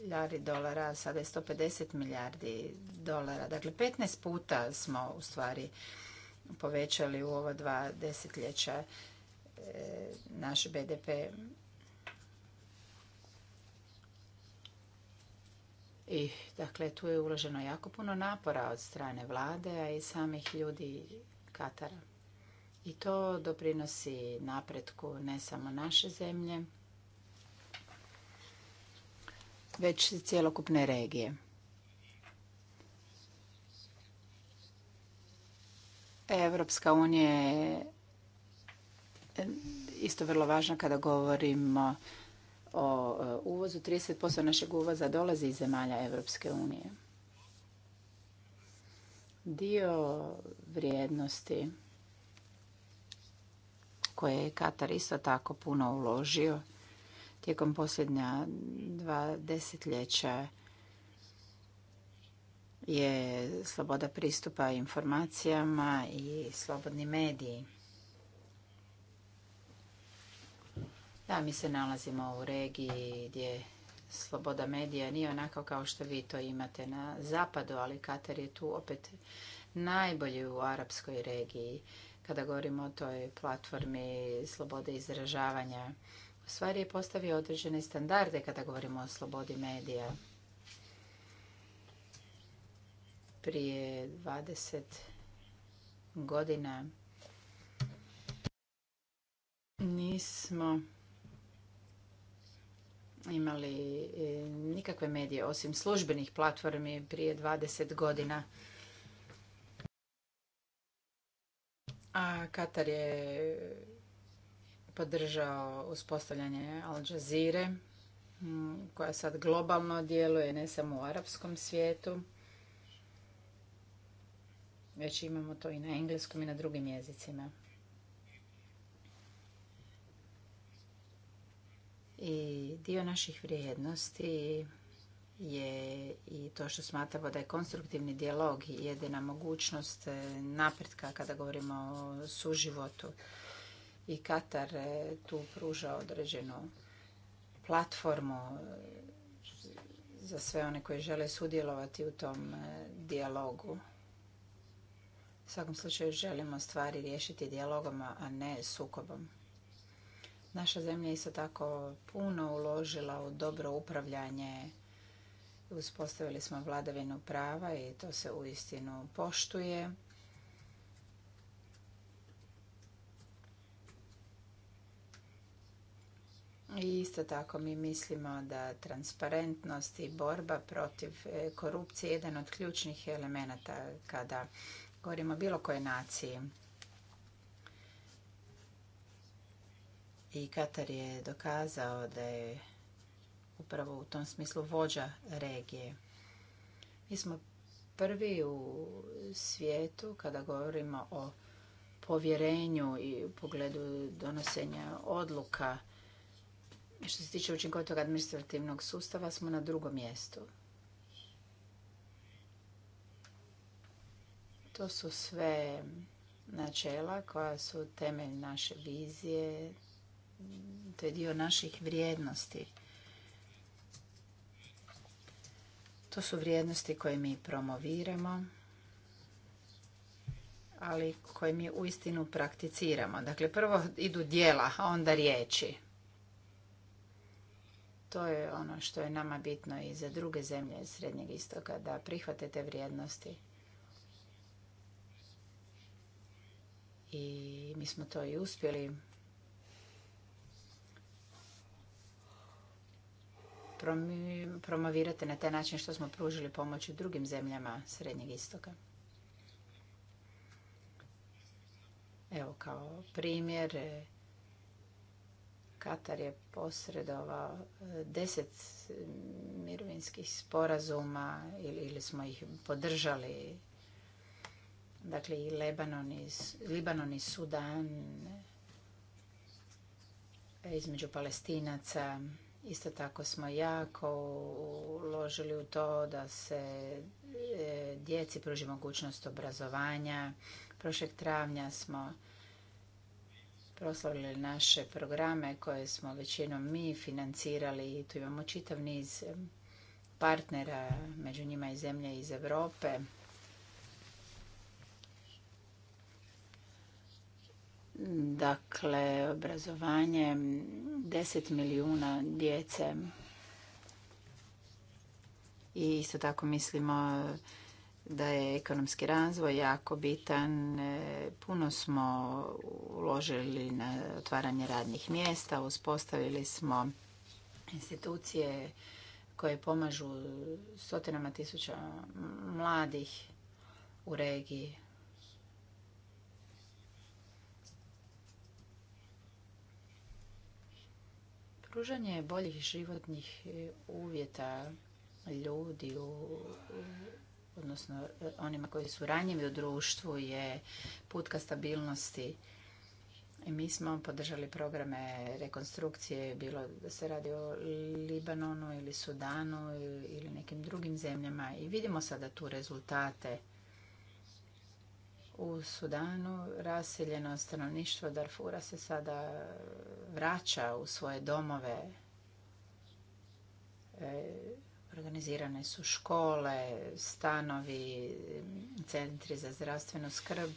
Speaker 6: milijardi dolara, sada je 150 milijardi dolara. Dakle, 15 puta smo u stvari povećali u ova dva desetljeća E, naš BDP I dakle tu je uloženo jako puno napora od strane vlade, a i samih ljudi Katara. I to doprinosi napretku ne samo naše zemlje, već i cjelokupne regije. Evropska unija je isto vrlo važno kada govorimo o e, uvozu. 30% našeg uvoza dolazi iz zemalja Evropske unije. Dio vrijednosti koje je Katar isto tako puno uložio tijekom posljednja dva desetljeća je sloboda pristupa informacijama i slobodni mediji. Da, mi se nalazimo u regiji gdje sloboda medija nije onako kao što vi to imate na zapadu, ali Katar je tu opet najbolji u arapskoj regiji. Kada govorimo o toj platformi slobode izražavanja, u stvari je postavio određene standarde kada govorimo o slobodi medija. Prije 20 godina nismo imali e, nikakve medije osim službenih platformi prije 20 godina. A Katar je podržao uspostavljanje Al Jazeera, koja sad globalno djeluje, ne samo u arapskom svijetu. Već imamo to i na engleskom i na drugim jezicima. I dio naših vrijednosti je i to što smatramo da je konstruktivni dijalog jedina mogućnost e, napretka kada govorimo o suživotu. I Katar e, tu pruža određenu platformu e, za sve one koji žele sudjelovati u tom dijalogu. U svakom slučaju želimo stvari riješiti dijalogom, a ne sukobom. Naša zemlja je isto tako puno uložila u dobro upravljanje. Uspostavili smo vladavinu prava i to se uistinu poštuje. I isto tako mi mislimo da transparentnost i borba protiv e, korupcije je jedan od ključnih elemenata kada govorimo o bilo kojoj naciji. i Katar je dokazao da je upravo u tom smislu vođa regije. Mi smo prvi u svijetu kada govorimo o povjerenju i u pogledu donosenja odluka. Što se tiče učinkovitog administrativnog sustava smo na drugom mjestu. To su sve načela koja su temelj naše vizije, to je dio naših vrijednosti. To su vrijednosti koje mi promoviramo, ali koje mi uistinu prakticiramo. Dakle, prvo idu dijela, a onda riječi. To je ono što je nama bitno i za druge zemlje Srednjeg istoka, da prihvate te vrijednosti. I mi smo to i uspjeli promovirati na taj način što smo pružili pomoć drugim zemljama Srednjeg istoka. Evo kao primjer, e, Katar je posredovao e, deset mirovinskih sporazuma ili, smo ih podržali. Dakle, i Lebanon i, Libanon i Sudan e, između palestinaca. Isto tako smo jako uložili u to da se e, djeci pruži mogućnost obrazovanja. Prošlog travnja smo proslavili naše programe koje smo većinom mi financirali i tu imamo čitav niz e, partnera, među njima i zemlje iz Europe. Dakle, obrazovanje 10 milijuna djece i isto tako mislimo da je ekonomski razvoj jako bitan. E, puno smo uložili na otvaranje radnih mjesta, uspostavili smo institucije koje pomažu stotinama tisuća mladih u regiji. Pružanje boljih životnih e, uvjeta ljudi, odnosno e, onima koji su ranjivi u društvu, je put ka stabilnosti. mi smo podržali programe rekonstrukcije, bilo da se radi o Libanonu ili Sudanu ili nekim drugim zemljama i vidimo sada tu rezultate u Sudanu raseljeno stanovništvo Darfura se sada vraća u svoje domove. E, organizirane su škole, stanovi, centri za zdravstvenu skrb.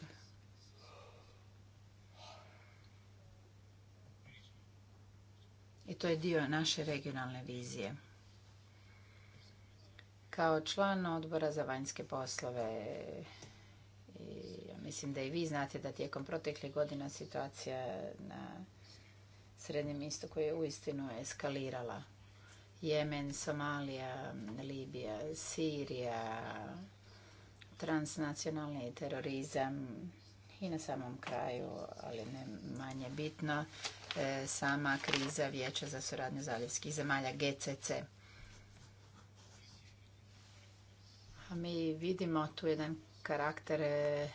Speaker 6: I to je dio naše regionalne vizije. Kao član odbora za vanjske poslove i Mislim da i vi znate da tijekom proteklih godina situacija na Srednjem istoku je uistinu eskalirala. Jemen, Somalija, Libija, Sirija, transnacionalni terorizam i na samom kraju, ali ne manje bitno, e, sama kriza Vijeća za suradnju zaljevskih zemalja GCC. A mi vidimo tu jedan karakter e,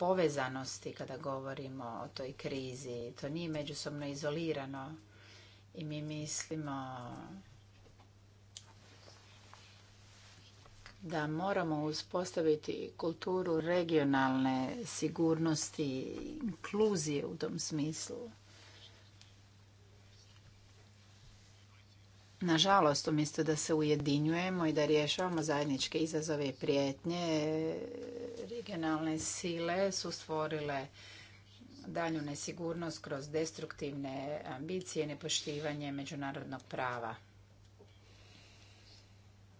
Speaker 6: povezanosti kada govorimo o toj krizi. To nije međusobno izolirano i mi mislimo da moramo uspostaviti kulturu regionalne sigurnosti, inkluzije u tom smislu. Nažalost, umjesto da se ujedinjujemo i da rješavamo zajedničke izazove i prijetnje, regionalne sile su stvorile dalju nesigurnost kroz destruktivne ambicije i nepoštivanje međunarodnog prava.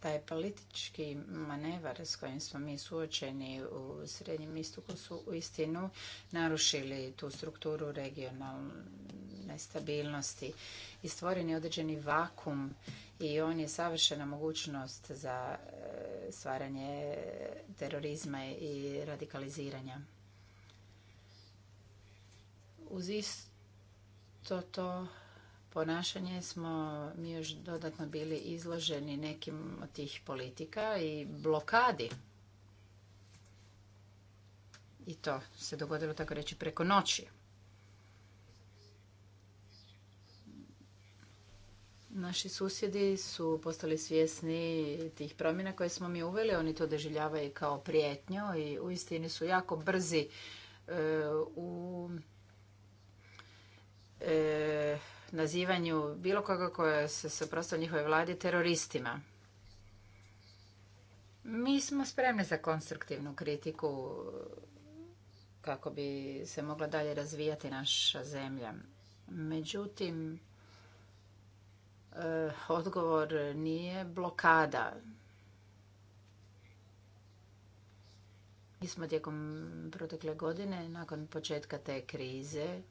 Speaker 6: Taj politički manevar s kojim smo mi suočeni u Srednjem istoku su u istinu narušili tu strukturu regionalne nestabilnosti i stvoren je određeni vakum i on je savršena mogućnost za e, stvaranje terorizma i radikaliziranja. Uz isto to ponašanje smo mi još dodatno bili izloženi nekim od tih politika i blokadi. I to se dogodilo tako reći preko noći. Naši susjedi su postali svjesni tih promjena koje smo mi uveli. Oni to doživljavaju kao prijetnju i istini su jako brzi e, u e, nazivanju bilo koga koja se suprotstavlja njihovoj vladi teroristima. Mi smo spremni za konstruktivnu kritiku kako bi se mogla dalje razvijati naša zemlja. Međutim, Eh, odgovor nije blokada. Mi smo tijekom protekle godine, nakon početka te krize,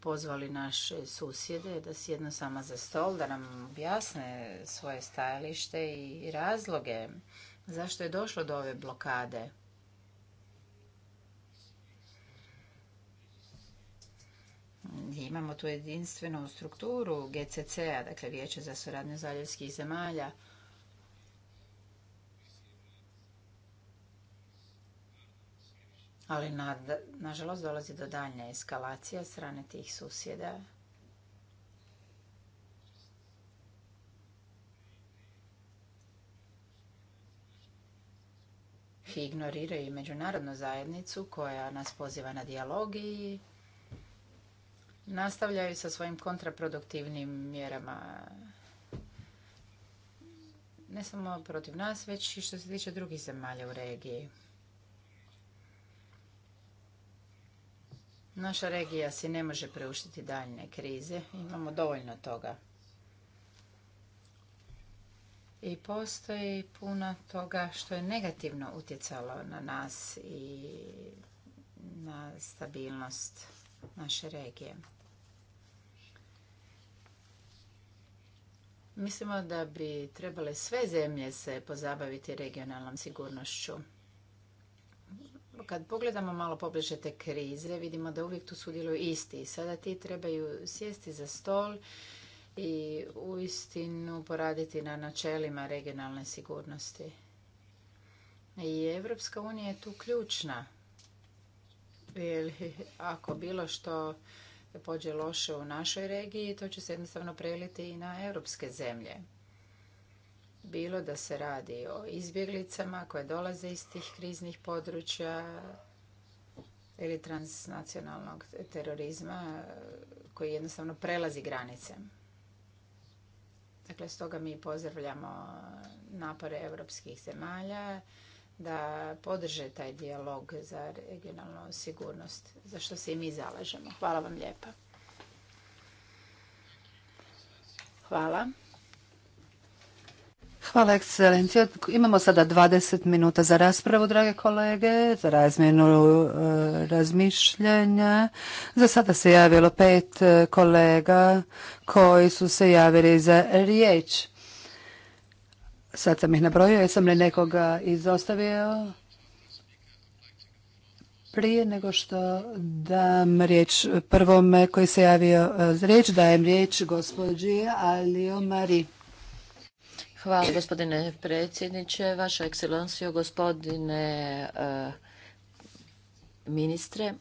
Speaker 6: pozvali naše susjede da sjednu sama za stol, da nam objasne svoje stajalište i razloge zašto je došlo do ove blokade. imamo tu jedinstvenu strukturu GCC-a, dakle Vijeće za suradnju zaljevskih zemalja. Ali, nažalost, dolazi do daljne eskalacije strane tih susjeda. ignoriraju i međunarodnu zajednicu koja nas poziva na dijalog i nastavljaju sa svojim kontraproduktivnim mjerama. Ne samo protiv nas, već i što se tiče drugih zemalja u regiji. Naša regija si ne može preuštiti daljne krize. Imamo dovoljno toga. I postoji puno toga što je negativno utjecalo na nas i na stabilnost naše regije. Mislimo da bi trebale sve zemlje se pozabaviti regionalnom sigurnošću. Kad pogledamo malo pobliže te krize, vidimo da uvijek tu sudjeluju isti. sada ti trebaju sjesti za stol i uistinu poraditi na načelima regionalne sigurnosti. I Evropska unija je tu ključna ili ako bilo što pođe loše u našoj regiji, to će se jednostavno preliti i na europske zemlje. Bilo da se radi o izbjeglicama koje dolaze iz tih kriznih područja ili transnacionalnog terorizma koji jednostavno prelazi granice. Dakle, stoga mi pozdravljamo napore europskih zemalja da podrže taj dijalog za regionalnu sigurnost, za što se i mi zalažemo. Hvala vam lijepa. Hvala.
Speaker 1: Hvala, ekscelencija. Imamo sada 20 minuta za raspravu, drage kolege, za razmjenu e, razmišljanja. Za sada se javilo pet e, kolega koji su se javili za riječ. Sad sam ih nabrojio, jesam li nekoga izostavio? Prije nego što dam riječ prvome koji se javio za e, riječ, dajem riječ gospođi Alio Mari.
Speaker 5: Hvala gospodine predsjedniče, vaša ekscelencijo, gospodine e, ministre.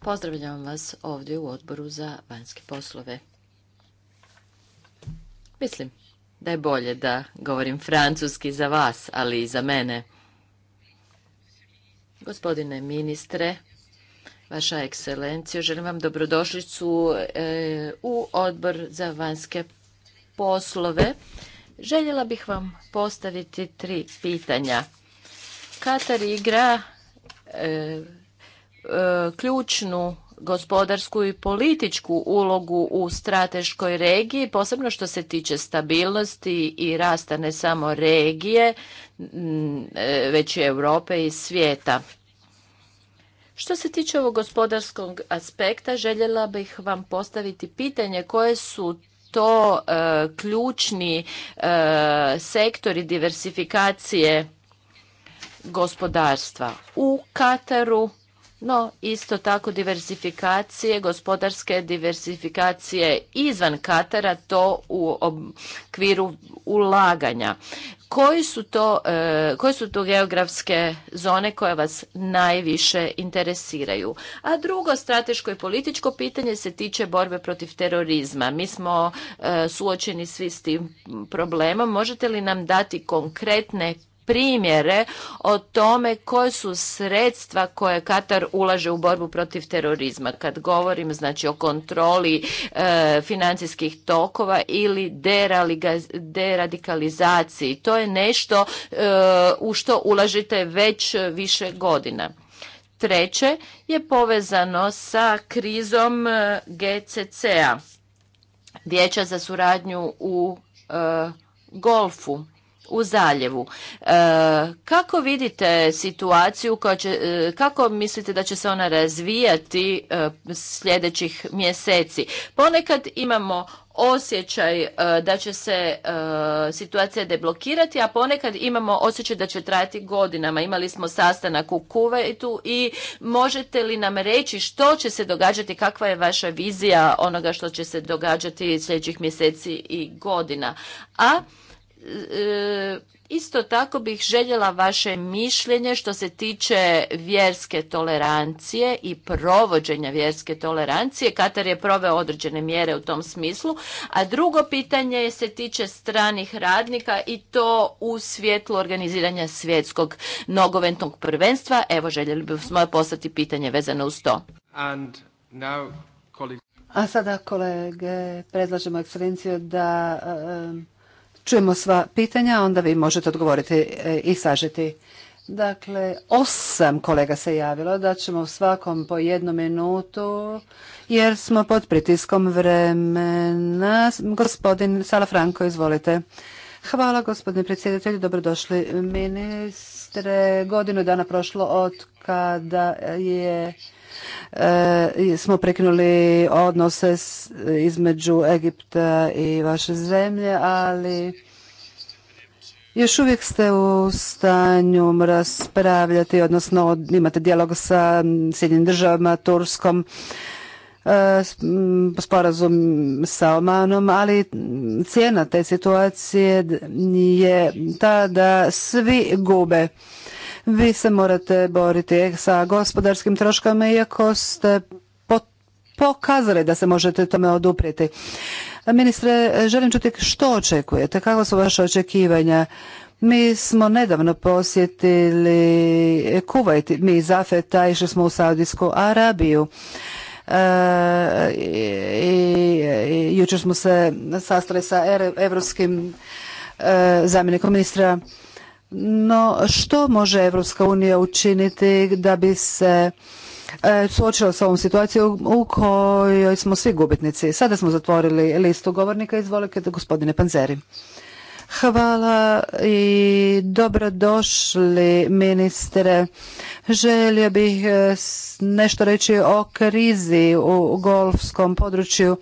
Speaker 5: Pozdravljam vas ovdje u odboru za vanjske poslove. Mislim da je bolje da govorim francuski za vas, ali i za mene. Gospodine ministre, vaša ekscelencija, želim vam dobrodošlicu e, u odbor za vanjske poslove. Željela bih vam postaviti tri pitanja. Katar igra e, e, ključnu gospodarsku i političku ulogu u strateškoj regiji, posebno što se tiče stabilnosti i rasta ne samo regije, e, već i Europe i svijeta. Što se tiče ovog gospodarskog aspekta, željela bih vam postaviti pitanje koje su to e, ključni e, sektori diversifikacije gospodarstva u Kataru no isto tako diversifikacije, gospodarske diversifikacije izvan Katara, to u okviru ulaganja. su to, e, koje su to geografske zone koje vas najviše interesiraju? A drugo strateško i političko pitanje se tiče borbe protiv terorizma. Mi smo e, suočeni svi s tim problemom. Možete li nam dati konkretne primjere o tome koje su sredstva koje Katar ulaže u borbu protiv terorizma. Kad govorim znači o kontroli e, financijskih tokova ili deradikalizaciji. To je nešto e, u što ulažite već više godina. Treće je povezano sa krizom e, GCC-a, Vijeća za suradnju u golfu u zaljevu. E, kako vidite situaciju, e, kako mislite da će se ona razvijati e, sljedećih mjeseci? Ponekad imamo osjećaj da će se situacija deblokirati, a ponekad imamo osjećaj da će trajati godinama. Imali smo sastanak u kuvetu i možete li nam reći što će se događati, kakva je vaša vizija onoga što će se događati sljedećih mjeseci i godina? A E, isto tako bih željela vaše mišljenje što se tiče vjerske tolerancije i provođenja vjerske tolerancije. Katar je proveo određene mjere u tom smislu. A drugo pitanje se tiče stranih radnika i to u svjetlu organiziranja svjetskog nogoventnog prvenstva. Evo, željeli bismo poslati pitanje vezano uz to.
Speaker 1: A sada, kolege, predlažemo ekscelenciju da... E, čujemo sva pitanja, onda vi možete odgovoriti e, i sažeti. Dakle, osam kolega se javilo da ćemo svakom po jednu minutu, jer smo pod pritiskom vremena. Gospodin sala franko izvolite. Hvala gospodine predsjedatelju, dobrodošli ministre. Godinu dana prošlo od kada je E, smo prekinuli odnose između Egipta i vaše zemlje, ali još uvijek ste u stanju raspravljati, odnosno imate dijalog sa Sjedinim državama, Turskom, e, sporazum sa Omanom, ali cijena te situacije je ta da svi gube vi se morate boriti sa gospodarskim troškama iako ste pokazali da se možete tome oduprijeti. Ministre, želim čuti što očekujete, kako su vaše očekivanja? Mi smo nedavno posjetili Kuvajt, mi iz Afeta išli smo u Saudijsku Arabiju. E, i, jučer smo se sastali sa europskim er, e, zamjenikom ministra no, što može Evropska unija učiniti da bi se e, suočila s ovom situacijom u kojoj smo svi gubitnici? Sada smo zatvorili listu govornika. Izvolite, gospodine Panzeri. Hvala i dobrodošli ministre. Želio bih e, nešto reći o krizi u golfskom području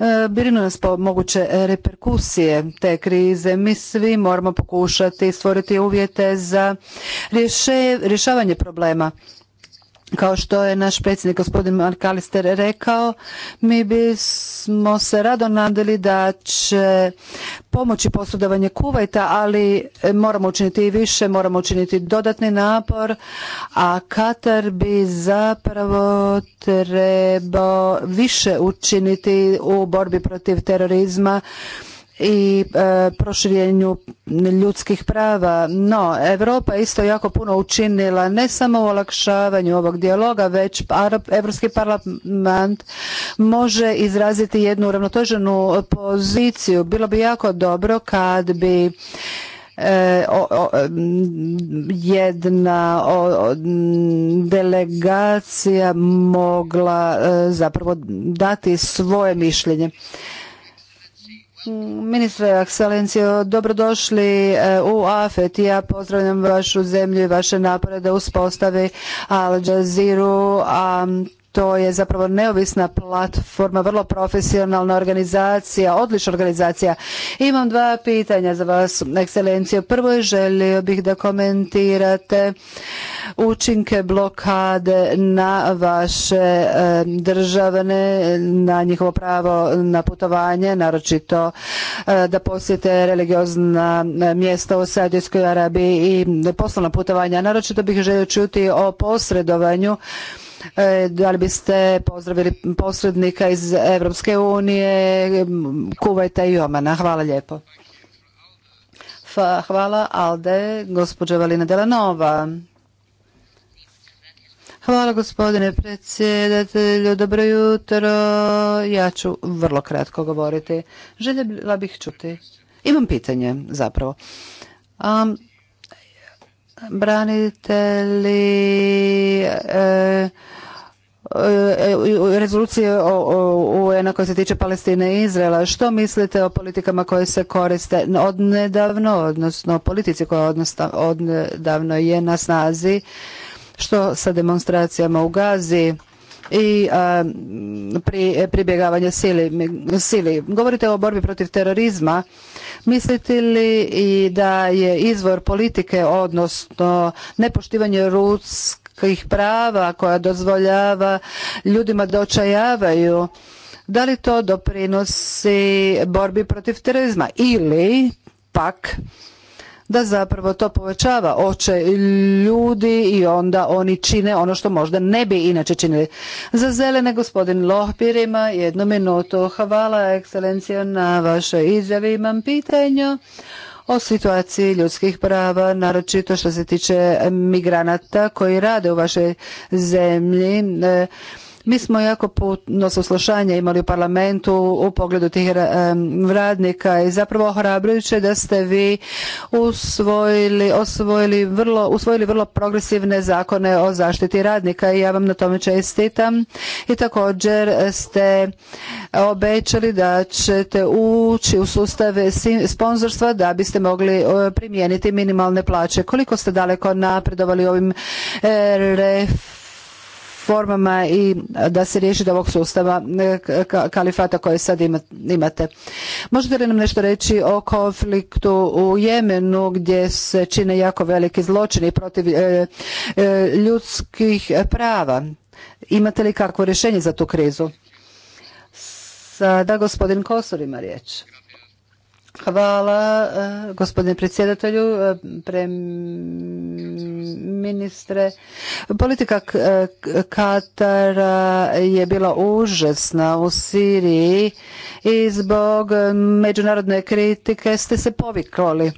Speaker 1: E, brinu nas po moguće reperkusije te krize. Mi svi moramo pokušati stvoriti uvjete za rješavanje problema kao što je naš predsjednik gospodin Markalister rekao, mi bismo se rado nadali da će pomoći posudovanje Kuvajta, ali moramo učiniti i više, moramo učiniti dodatni napor, a Katar bi zapravo trebao više učiniti u borbi protiv terorizma i e, proširenju ljudskih prava. No, Europa isto jako puno učinila ne samo u olakšavanju ovog dijaloga, već Europski parlament može izraziti jednu uravnoteženu poziciju. Bilo bi jako dobro kad bi e, jedna delegacija mogla e, zapravo dati svoje mišljenje. Ministre Ekscelencijo, dobrodošli eh, u AFET. Ja pozdravljam vašu zemlju i vaše napore da uspostavi Al Jazeera, a to je zapravo neovisna platforma, vrlo profesionalna organizacija, odlična organizacija. Imam dva pitanja za vas, ekscelencijo. Prvo je želio bih da komentirate učinke blokade na vaše državne, na njihovo pravo na putovanje, naročito e, da posjete religiozna mjesta u Saudijskoj Arabiji i poslovna putovanja. Naročito bih želio čuti o posredovanju E, da li biste pozdravili posrednika iz Europske unije, Kuvajta i Omana. Hvala lijepo. Hvala Alde, gospođa Valina Delanova. Hvala gospodine predsjedatelju, dobro jutro. Ja ću vrlo kratko govoriti. Željela bih čuti. Imam pitanje zapravo. Um, branitelji e, E, e, rezolucije UN-a koja se tiče Palestine i Izraela. Što mislite o politikama koje se koriste odnedavno, odnosno politici koja od nedavno je na snazi, što sa demonstracijama u Gazi i pribjegavanje sili, Govorite o borbi protiv terorizma. Mislite li i da je izvor politike, odnosno nepoštivanje rusk ih prava koja dozvoljava ljudima da očajavaju da li to doprinosi borbi protiv terorizma ili pak da zapravo to povećava oče ljudi i onda oni čine ono što možda ne bi inače činili. Za zelene gospodin Lohpirima, ima jednu minutu. Hvala ekscelencija, na vašoj izjavi. Imam pitanje o situaciji ljudskih prava, naročito što se tiče migranata koji rade u vašoj zemlji. E, mi smo jako puno saslušanja imali u parlamentu u pogledu tih radnika i zapravo ohrabrujuće da ste vi usvojili, osvojili vrlo, usvojili vrlo progresivne zakone o zaštiti radnika i ja vam na tome čestitam. I također ste obećali da ćete ući u sustave sponzorstva da biste mogli e, primijeniti minimalne plaće. Koliko ste daleko napredovali ovim e, formama i da se riješi ovog sustava e, kalifata koje sad imate. Možete li nam nešto reći o konfliktu u Jemenu gdje se čine jako veliki zločini protiv e, e, ljudskih prava? Imate li kakvo rješenje za tu krizu? Da, gospodin Kosor ima riječ. Hvala e, gospodine predsjedatelju, e, pre ministre. Politika e, Katara je bila užasna u Siriji i zbog međunarodne kritike ste se povikli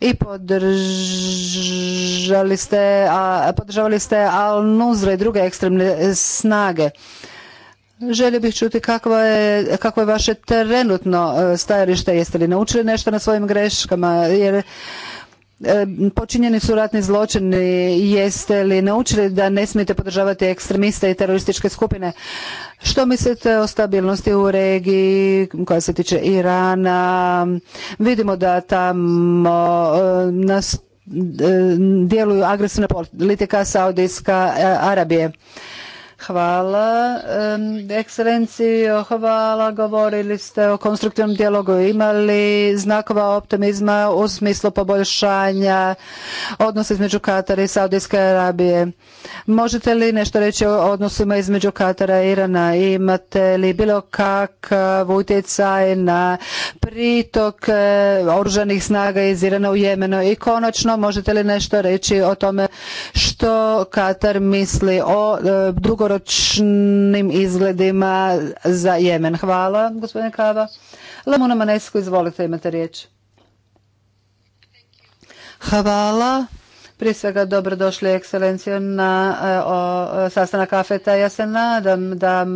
Speaker 1: i podržali ste, podržavali ste Al-Nuzra i druge ekstremne snage. Želio bih čuti kako je, vaše trenutno e, stajalište, jeste li naučili nešto na svojim greškama, jer e, počinjeni su ratni zločini, jeste li naučili da ne smijete podržavati ekstremiste i terorističke skupine? Što mislite o stabilnosti u regiji koja se tiče Irana? Vidimo da tamo e, nas djeluju agresivna politika Saudijska Arabije. Hvala. Ekscelencijo, hvala. Govorili ste o konstruktivnom dijalogu. Imali znakova optimizma u smislu poboljšanja odnosa između Katara i Saudijske Arabije. Možete li nešto reći o odnosima između Katara i Irana? Imate li bilo kakav utjecaj na pritok e, oružanih snaga iz Irana u Jemenu? I konačno, možete li nešto reći o tome što Katar misli o e, drugoročnom dugoročnim izgledima za Jemen. Hvala, gospodine Kava. Lamuna Manesko, izvolite, imate riječ. Hvala. Prije svega dobrodošli, ekscelencijo, na eh, eh, sastanak kafeta. Ja se nadam da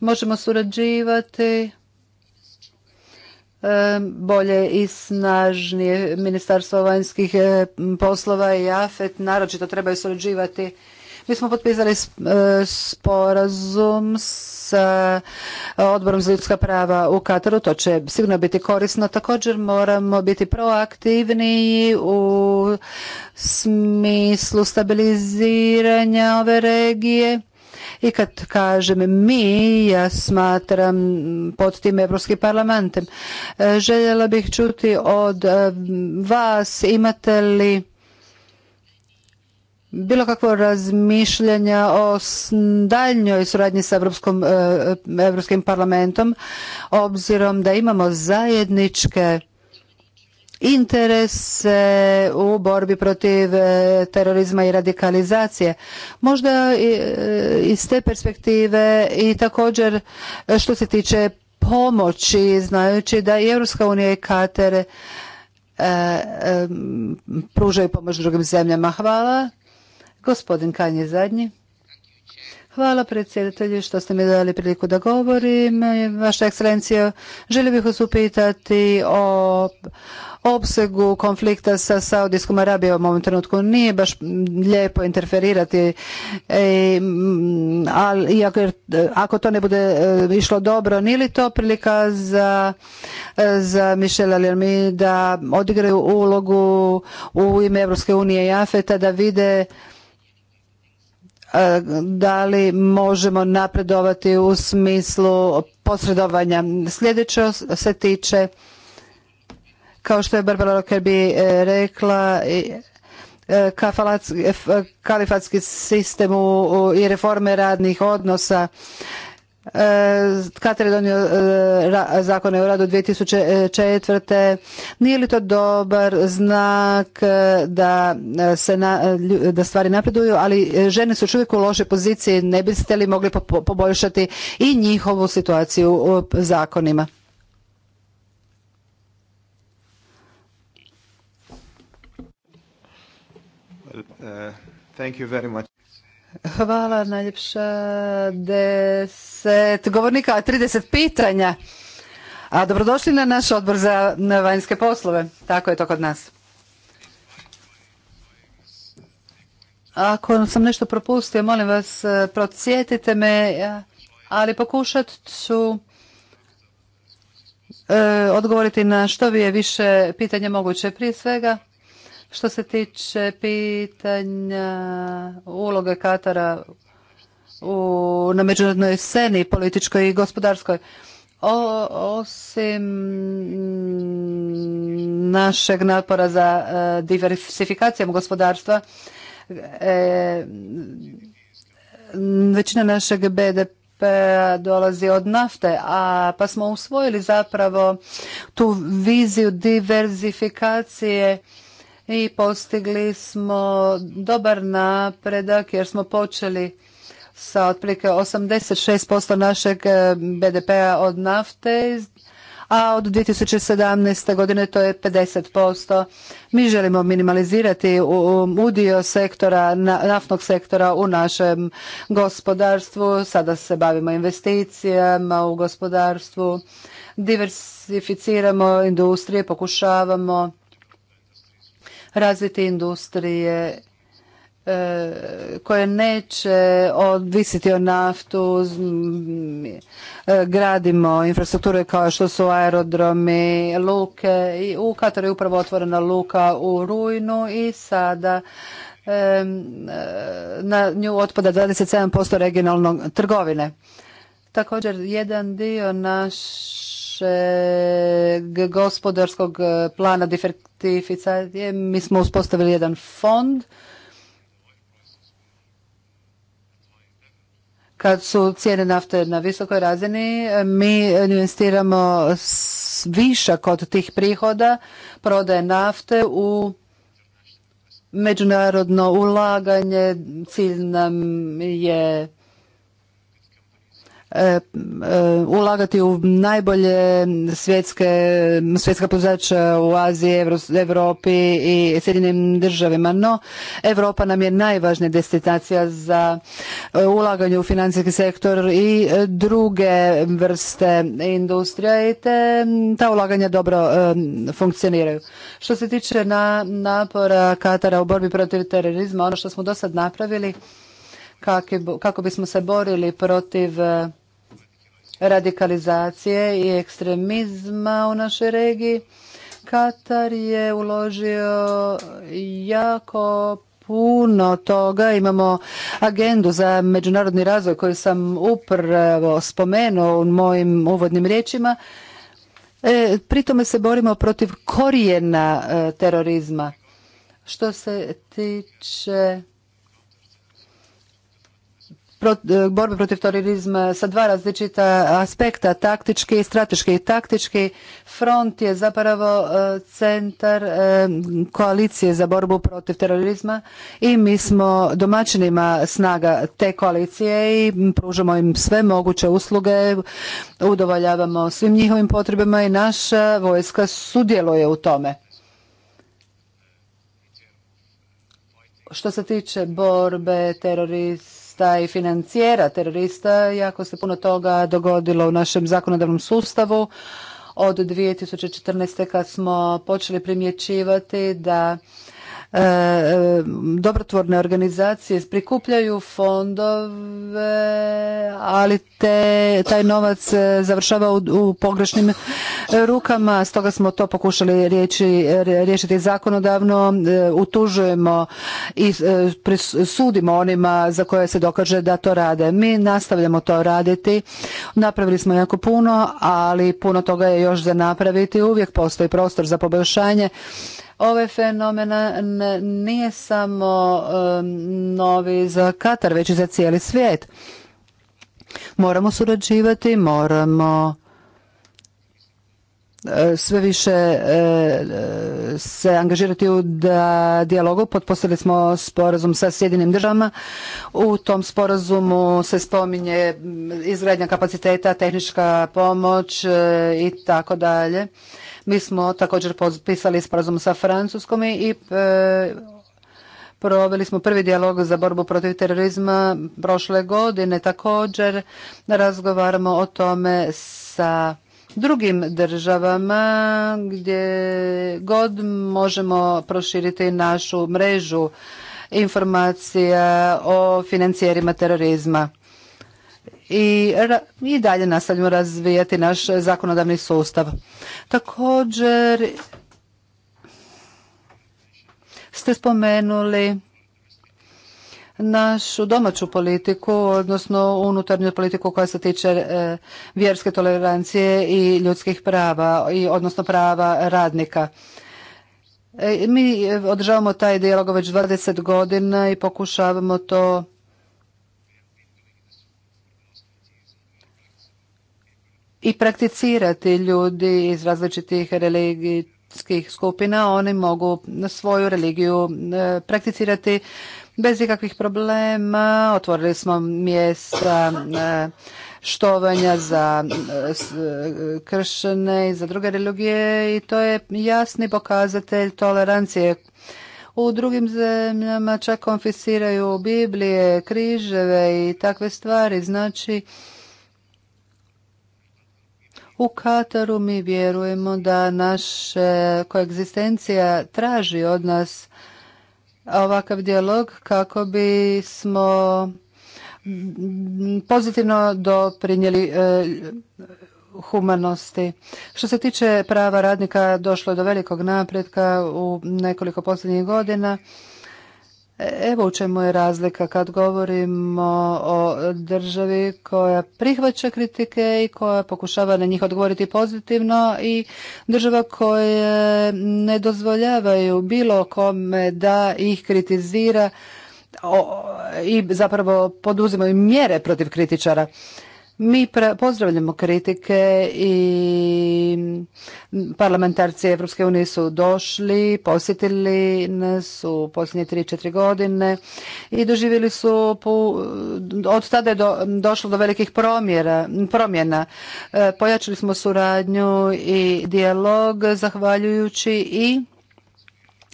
Speaker 1: možemo surađivati eh, bolje i snažnije ministarstvo vanjskih poslova i AFET naročito trebaju surađivati mi smo potpisali e, sporazum sa e, odborom za ljudska prava u Kataru, to će sigurno biti korisno. Također moramo biti proaktivni u smislu stabiliziranja ove regije. I kad kažem mi, ja smatram pod tim Evropskim parlamentem. E, željela bih čuti od vas imate li bilo kakvo razmišljanja o daljnjoj suradnji sa Europskim e, parlamentom, obzirom da imamo zajedničke interese u borbi protiv e, terorizma i radikalizacije. Možda e, iz te perspektive i također što se tiče pomoći, znajući da i Europska unija i Katar pružaju pomoć drugim zemljama. Hvala. Gospodin Kanji zadnji. Hvala predsjedatelju što ste mi dali priliku da govorim. Vaša ekscelencija, želio bih vas upitati o opsegu konflikta sa Saudijskom Arabijom u ovom trenutku. Nije baš lijepo interferirati, e, ali ako, ako to ne bude e, išlo dobro, nije li to prilika za, e, za da odigraju ulogu u ime Evropske unije i Afeta, da vide E, da li možemo napredovati u smislu posredovanja. Sljedeće se tiče, kao što je Barbara Rokerbi e, rekla, e, kalifatski sistem i reforme radnih odnosa E, kada je donio e, zakone o radu 2004. Nije li to dobar znak e, da, se da stvari napreduju, ali žene su još uvijek u lošoj poziciji, ne biste li mogli poboljšati i njihovu situaciju u zakonima?
Speaker 2: thank you very much.
Speaker 1: Hvala najljepša deset govornika, a 30 pitanja. A dobrodošli na naš odbor za vanjske poslove. Tako je to kod nas. Ako sam nešto propustio, molim vas, e, procijetite me, e, ali pokušat ću e, odgovoriti na što vi je više pitanja moguće. Prije svega, što se tiče pitanja uloge Katara u, na međunarodnoj sceni, političkoj i gospodarskoj, osim našeg napora za e, diversifikacijom gospodarstva, e, većina našeg BDP p-a dolazi od nafte, a pa smo usvojili zapravo tu viziju diversifikacije i postigli smo dobar napredak jer smo počeli sa otprilike 86% našeg e, BDP-a od nafte, a od 2017. godine to je 50%. Mi želimo minimalizirati udio sektora, naftnog sektora u našem gospodarstvu. Sada se bavimo investicijama u gospodarstvu, diversificiramo industrije, pokušavamo razviti industrije e, koje neće odvisiti o naftu, e, gradimo infrastrukture kao što su aerodromi, luke. u Kataru je upravo otvorena luka u Rujnu i sada e, na nju otpada 27% regionalnog trgovine. Također, jedan dio naš našeg gospodarskog e, plana difertificacije. mi smo uspostavili jedan fond kad su cijene nafte na visokoj razini, e, mi investiramo višak od tih prihoda, prodaje nafte u međunarodno ulaganje, cilj nam je E, e, ulagati u najbolje svjetske, svjetska poduzeća u Aziji, Europi i Sjedinim državima. No, Europa nam je najvažnija destinacija za e, ulaganje u financijski sektor i druge vrste industrija i te, ta ulaganja dobro funkcioniraju. Što se tiče na, napora Katara u borbi protiv terorizma, ono što smo do sad napravili, kako bismo se borili protiv radikalizacije i ekstremizma u našoj regiji. Katar je uložio jako puno toga. Imamo agendu za međunarodni razvoj koju sam upravo spomenuo u mojim uvodnim riječima. E, pri tome se borimo protiv korijena e, terorizma. Što se tiče E, borbe protiv terorizma sa dva različita aspekta, taktički i strateški. Taktički front je zapravo e, centar e, koalicije za borbu protiv terorizma i mi smo domaćinima snaga te koalicije i pružamo im sve moguće usluge, udovoljavamo svim njihovim potrebama i naša vojska sudjeluje u tome. Što se tiče borbe terorizma, terorista i financijera terorista. Jako se puno toga dogodilo u našem zakonodavnom sustavu. Od 2014. kad smo počeli primjećivati da E, e, dobrotvorne organizacije prikupljaju fondove, ali te, taj novac e, završava u, pogrešnim rukama, stoga smo to pokušali riješiti zakonodavno, utužujemo i sudimo onima za koje se dokaže da to rade. Mi nastavljamo to raditi, napravili smo jako puno, ali puno toga je još za napraviti, uvijek postoji prostor za poboljšanje Ovaj fenomena nije samo novi za Katar, već i za cijeli svijet. Moramo surađivati, moramo e, sve više e, se angažirati u dijalogu. Potpostavili smo sporazum sa Sjedinim državama. U tom sporazumu se spominje izgradnja kapaciteta, tehnička pomoć e, i tako dalje. Mi smo također potpisali sporazum sa Francuskom i e, Proveli smo prvi dijalog za borbu protiv terorizma prošle godine. Također razgovaramo o tome sa drugim državama gdje god možemo proširiti našu mrežu informacija o financijerima terorizma i, i dalje nastavljamo razvijati naš zakonodavni sustav. Također ste spomenuli našu domaću politiku, odnosno unutarnju politiku koja se tiče e, vjerske tolerancije i ljudskih prava, i odnosno prava radnika. E, mi održavamo taj dijalog već 20 godina i pokušavamo to i prakticirati ljudi iz različitih religijskih skupina. Oni mogu svoju religiju e, prakticirati bez ikakvih problema. Otvorili smo mjesta e, štovanja za e, kršene i za druge religije i to je jasni pokazatelj tolerancije. U drugim zemljama čak konfisciraju Biblije, križeve i takve stvari. Znači, u Kataru mi vjerujemo da naša koegzistencija traži od nas ovakav dijalog kako bi smo pozitivno doprinijeli e, humanosti. Što se tiče prava radnika, došlo je do velikog napretka u nekoliko posljednjih godina. Evo u čemu je razlika kad govorimo o državi koja prihvaća kritike i koja pokušava na njih odgovoriti pozitivno i država koje ne dozvoljavaju bilo kome da ih kritizira i zapravo poduzimaju mjere protiv kritičara. Mi pozdravljamo kritike i parlamentarci Evropske unije su došli, posjetili nas u posljednje 3-4 godine i doživjeli su, od tada je do, došlo do velikih promjena. E, Pojačili smo suradnju i dijalog zahvaljujući i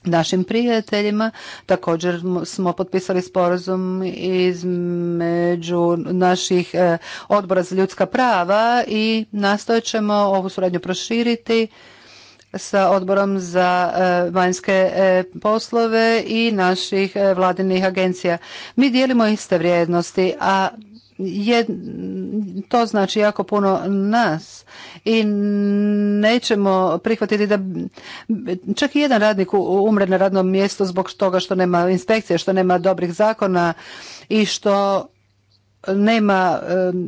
Speaker 1: našim prijateljima. Također smo potpisali sporazum između naših e, odbora za ljudska prava i nastojat ćemo ovu suradnju proširiti sa odborom za e, vanjske e, poslove i naših vladinih agencija. Mi dijelimo iste vrijednosti, a je, to znači jako puno nas i nećemo prihvatiti da čak i jedan radnik umre na radnom mjestu zbog toga što nema inspekcije, što nema dobrih zakona i što nema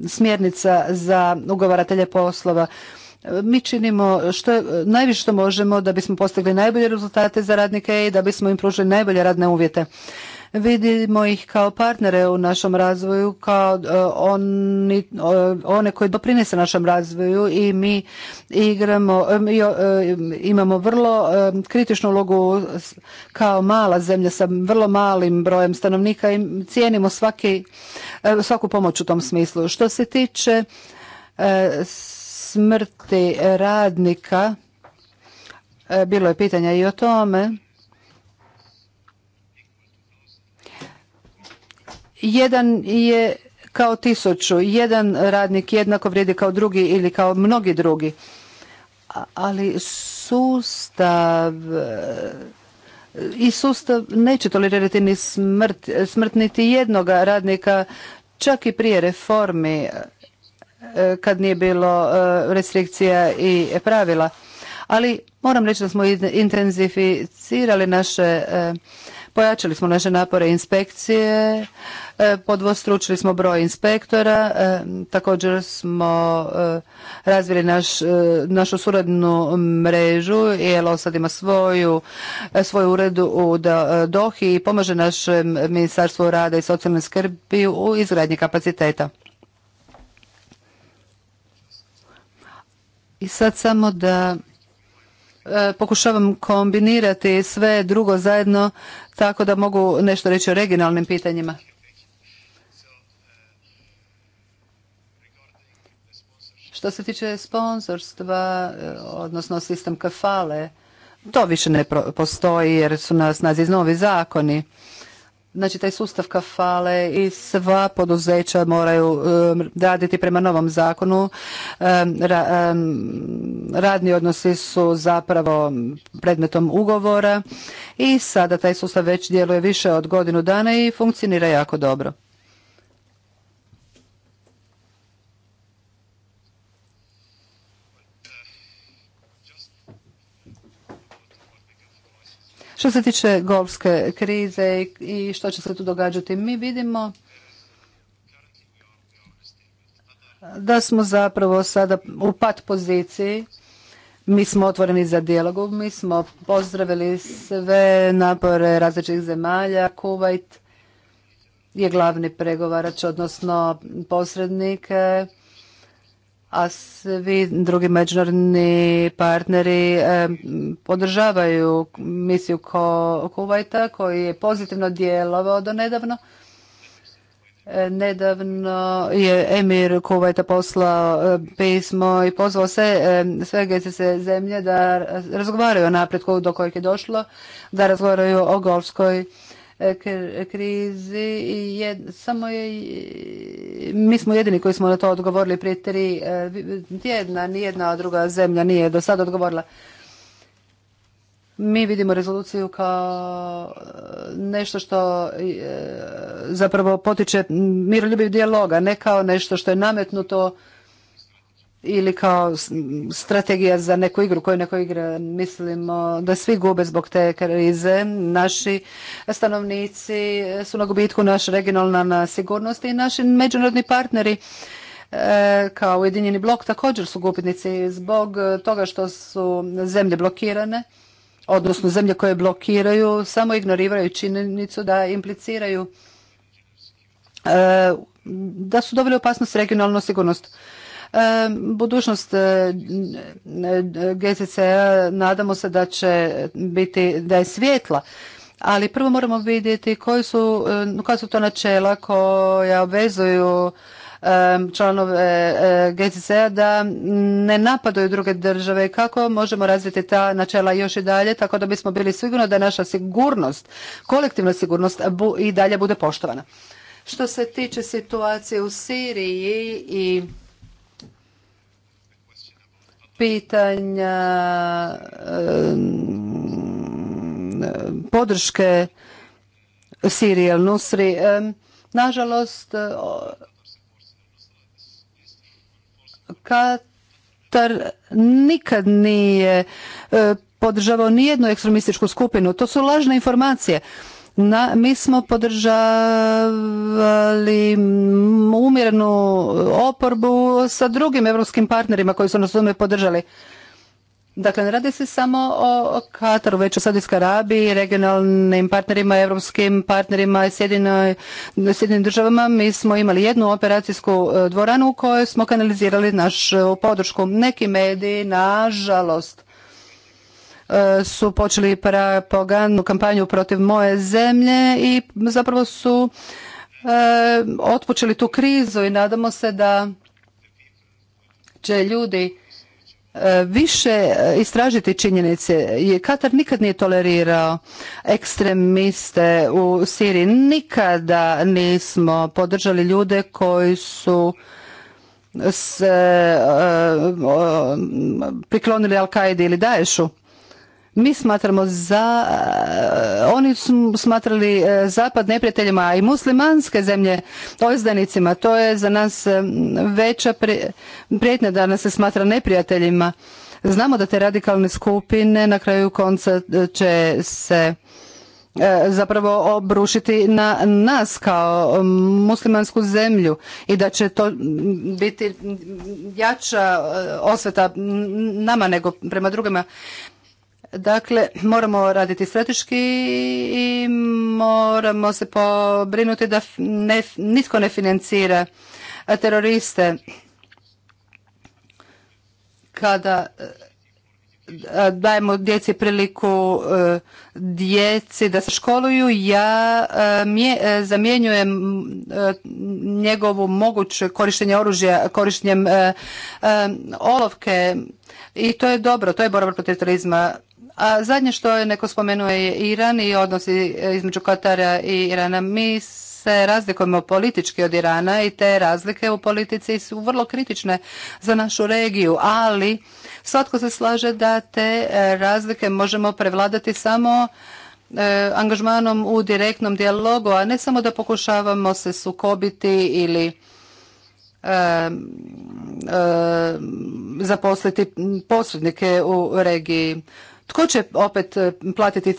Speaker 1: smjernica za ugovaratelje poslova. Mi činimo što, najviše što možemo da bismo postigli najbolje rezultate za radnike i da bismo im pružili najbolje radne uvjete. Vidimo ih kao partnere u našem razvoju, kao e, oni, one koji doprinese našem razvoju i mi igramo, e, e, imamo vrlo kritičnu ulogu kao mala zemlja sa vrlo malim brojem stanovnika i cijenimo svaki, svaku pomoć u tom smislu. Što se tiče smrti radnika, bilo je pitanja i o tome. jedan je kao tisuću, jedan radnik jednako vrijedi kao drugi ili kao mnogi drugi. Ali sustav i sustav neće tolerirati ni smrt, smrt niti jednog radnika, čak i prije reformi e, kad nije bilo e, restrikcija i pravila. Ali moram reći da smo intenzificirali naše e, Pojačali smo naše napore inspekcije, e, podvostručili smo broj inspektora, e, također smo e, razvili naš, našu suradnu mrežu i sad ima svoju, svoju uredu u Dohi i pomaže našem Ministarstvu rada i socijalne skrbi u izgradnji kapaciteta. I sad samo da pokušavam kombinirati sve drugo zajedno tako da mogu nešto reći o regionalnim pitanjima. Što se tiče sponzorstva, eh, odnosno sistem kafale, to više ne postoji jer su na snazi novi zakoni. Znači taj sustav kafale i sva poduzeća moraju um, raditi prema novom zakonu. Um, um, radni odnosi su zapravo predmetom ugovora i sada taj sustav već djeluje više od godinu dana i funkcionira jako dobro. Što se tiče golfske krize i što će se tu događati, mi vidimo da smo zapravo sada u pat poziciji. Mi smo otvoreni za dijalog, mi smo pozdravili sve napore različitih zemalja. Kuwait je glavni pregovarač, odnosno posrednik a svi drugi međunarodni partneri podržavaju misiju Kuvajta koji je pozitivno djelovao do nedavno. E, nedavno je Emir Kuvajta poslao e, pismo i pozvao se e, sve GCC zemlje da razgovaraju o napretku do kojeg je došlo, da razgovaraju o golfskoj E, krizi i samo je, mi smo jedini koji smo na to odgovorili prije tri tjedna, e, nijedna druga zemlja nije do sada odgovorila. Mi vidimo rezoluciju kao e, nešto što zapravo potiče miroljubiv dijaloga, ne kao nešto što je nametnuto ili kao strategija za neku igru koju neko igra. Mislimo da svi gube zbog te krize. Naši stanovnici su na gubitku, naša regionalna sigurnost i naši međunarodni partneri e, kao Ujedinjeni blok također su gubitnici zbog toga što su zemlje blokirane odnosno zemlje koje blokiraju samo ignoriraju činjenicu da impliciraju e, da su doveli opasnost regionalnu sigurnost. E, budućnost e, GCC e, nadamo se da će biti, da je svjetla ali prvo moramo vidjeti koji su, koja su to načela koja obvezuju članove GCC-a da ne napadaju druge države. Kako možemo razviti ta načela još i dalje tako da bismo bili sigurno da naša sigurnost, kolektivna sigurnost i dalje bude poštovana. Što se tiče situacije u Siriji i pitanja podrške sirije ili Nusri. Nažalost, Katar nikad nije e, podržavao nijednu ekstremističku skupinu. To su lažne informacije. Na, mi smo podržavali umjerenu oporbu sa drugim europskim partnerima koji su nas tome podržali. Dakle, ne radi se samo o Kataru, već o Saudijskoj Arabiji, regionalnim partnerima, europskim partnerima i Sjedinim državama. Mi smo imali jednu operacijsku e, dvoranu u kojoj smo kanalizirali našu podršku. Neki mediji, nažalost, E, su počeli propagandnu kampanju protiv moje zemlje i zapravo su e, otpočeli tu krizu i nadamo se da će ljudi e, više istražiti činjenice. Katar nikad nije tolerirao ekstremiste u Siriji. Nikada nismo podržali ljude koji su se priklonili Al-Qaidi ili Daješu. Mi smatramo za, eh, oni su smatrali eh, zapad neprijateljima i muslimanske zemlje ozdanicima. To je za nas eh, veća prijetnja da nas se smatra neprijateljima. Znamo da te radikalne skupine na kraju konca će se zapravo obrušiti na nas kao muslimansku zemlju i da će to mm, biti jača osveta nama nego prema drugima. Dakle, moramo raditi strateški i moramo se pobrinuti da ne, nitko ne financira teroriste kada dajemo djeci priliku e, djeci da se školuju, ja e, e, zamjenjujem njegovu moguće korištenje oružja korištenjem olovke i to je dobro, to je borba protiv terorizma. A zadnje što je neko spomenuo je Iran i odnosi e, između Katara i Irana. Mi se razlikujemo politički od Irana i te razlike u politici su vrlo kritične za našu regiju, ali svatko se slaže da te e, razlike možemo prevladati samo e, angažmanom u direktnom dijalogu, a ne samo da pokušavamo se sukobiti ili zaposliti posrednike u regiji. Tko će opet e, platiti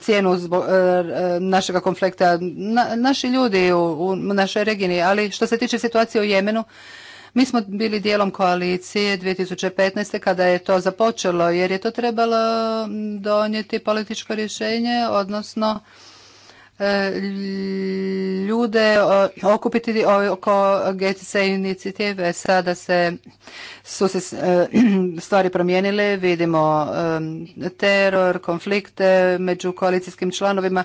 Speaker 1: cijenu zbog e, e, našega konflikta? Na, naši ljudi u, našoj regiji, ali što se tiče situacije u Jemenu, mi smo bili dijelom koalicije 2015. kada je to započelo, jer je to trebalo donijeti političko rješenje, odnosno E, ljude okupiti oko GTC inicijative. Sada se, su se e, stvari promijenile, vidimo teror, konflikte među koalicijskim članovima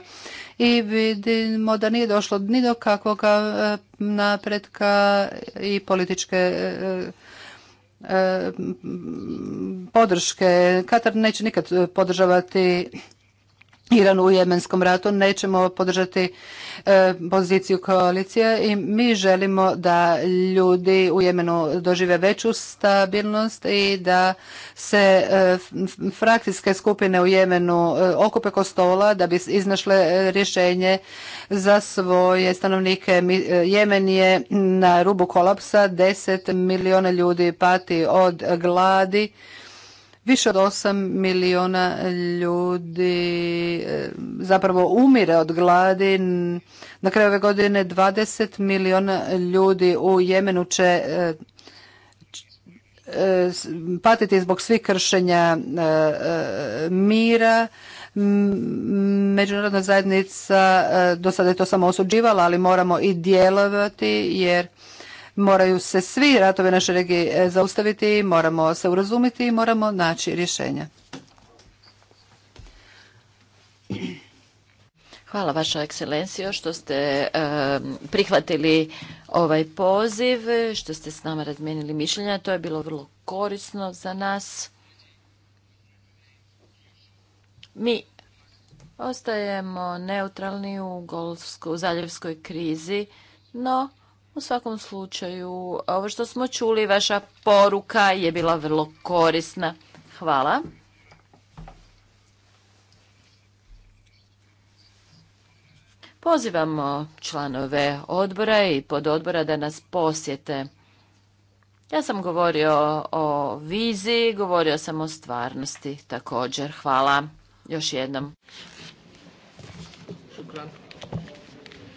Speaker 1: i vidimo da nije došlo ni do kakvog e, napretka i političke podrške. Katar neće nikad podržavati Iran u Jemenskom ratu, nećemo podržati e, poziciju koalicije i mi želimo da ljudi u Jemenu dožive veću stabilnost i da se e, frakcijske skupine u Jemenu e, okupe ko stola da bi iznašle rješenje za svoje stanovnike. E, Jemen je na rubu kolapsa, 10 miliona ljudi pati od gladi. Više od 8 milijuna ljudi e, zapravo umire od gladi. Na kraju ove godine 20 milijuna ljudi u Jemenu će e, e, patiti zbog svih kršenja mira. Međunarodna zajednica do sada je to samo osuđivala, ali moramo i djelovati jer moraju se svi ratovi naše regije e, zaustaviti, moramo se urazumiti i moramo naći rješenja. Hvala vaša
Speaker 5: ekscelencijo što ste e, prihvatili ovaj poziv, što ste s nama razmijenili mišljenja. To je bilo vrlo korisno za nas. Mi ostajemo neutralni u Golfskoj, u zaljevskoj krizi, no u svakom slučaju, ovo što smo čuli, vaša poruka je bila vrlo korisna. Hvala. Pozivamo članove odbora i pododbora da nas posjete. Ja sam govorio o viziji, govorio sam o stvarnosti također. Hvala još jednom.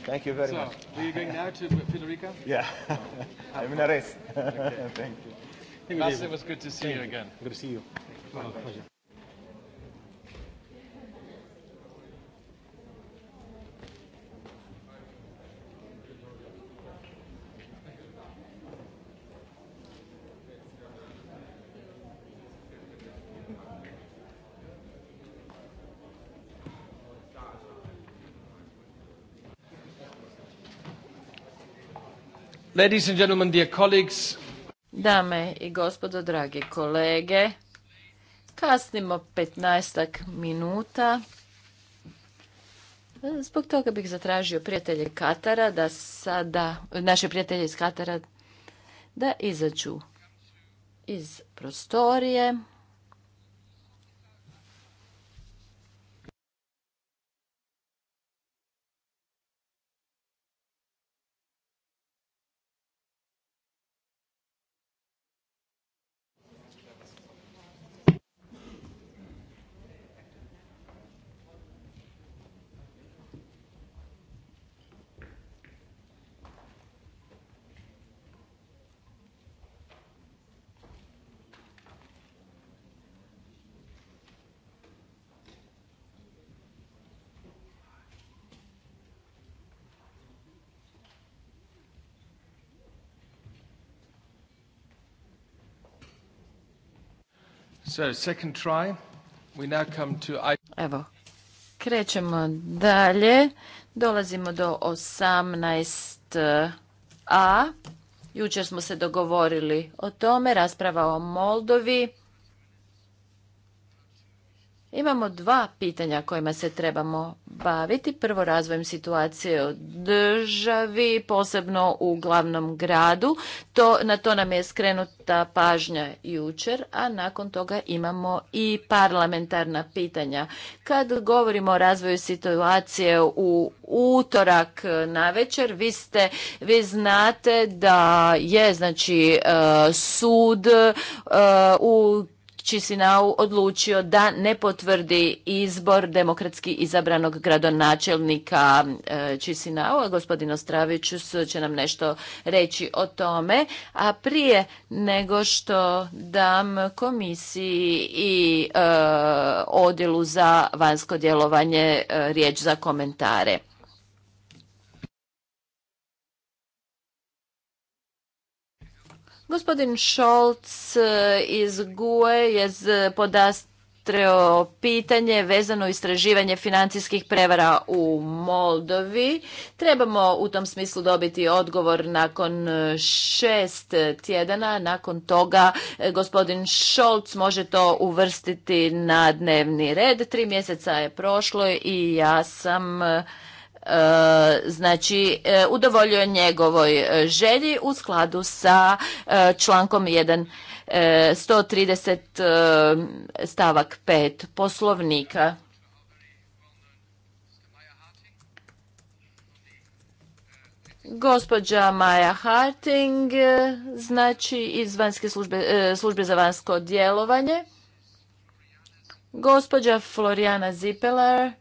Speaker 2: Thank you very so, much.
Speaker 3: Are you going now to Federica? Yeah. I'm
Speaker 2: in a race. Okay. Thank you. Lasse, it
Speaker 7: was
Speaker 4: good to see Thank you again. Good to see you. Pleasure.
Speaker 3: Ladies and gentlemen, colleagues.
Speaker 5: Dame i gospodo, dragi kolege, kasnimo 15 minuta. Zbog toga bih zatražio prijatelje Katara da sada, naše prijatelje iz Katara da izađu iz prostorije. Evo, krećemo dalje. Dolazimo do 18a. Jučer smo se dogovorili o tome, rasprava o Moldovi. Imamo dva pitanja kojima se trebamo baviti prvo razvojem situacije u državi, posebno u glavnom gradu. To, na to nam je skrenuta pažnja jučer, a nakon toga imamo i parlamentarna pitanja. Kad govorimo o razvoju situacije u utorak na večer, vi, ste, vi znate da je znači e, sud e, u Čisinau odlučio da ne potvrdi izbor demokratski izabranog gradonačelnika e, Čisinau. Gospodin Ostravićus će nam nešto reći o tome. A prije nego što dam komisiji i e, odjelu za vanjsko djelovanje e, riječ za komentare. Gospodin Šolc eh, iz GUE je podastreo pitanje vezano istraživanje financijskih prevara u Moldovi. Trebamo u tom smislu dobiti odgovor nakon eh, šest tjedana. Nakon toga eh, gospodin Šolc može to uvrstiti na dnevni red. Tri mjeseca je prošlo i ja sam E, znači e, udovoljio njegovoj e, želji u skladu sa člankom 1 130 stavak 5 poslovnika. Gospođa Maja Harting, znači iz vanjske službe, službe za vanjsko djelovanje. Gospođa Floriana Zipeler,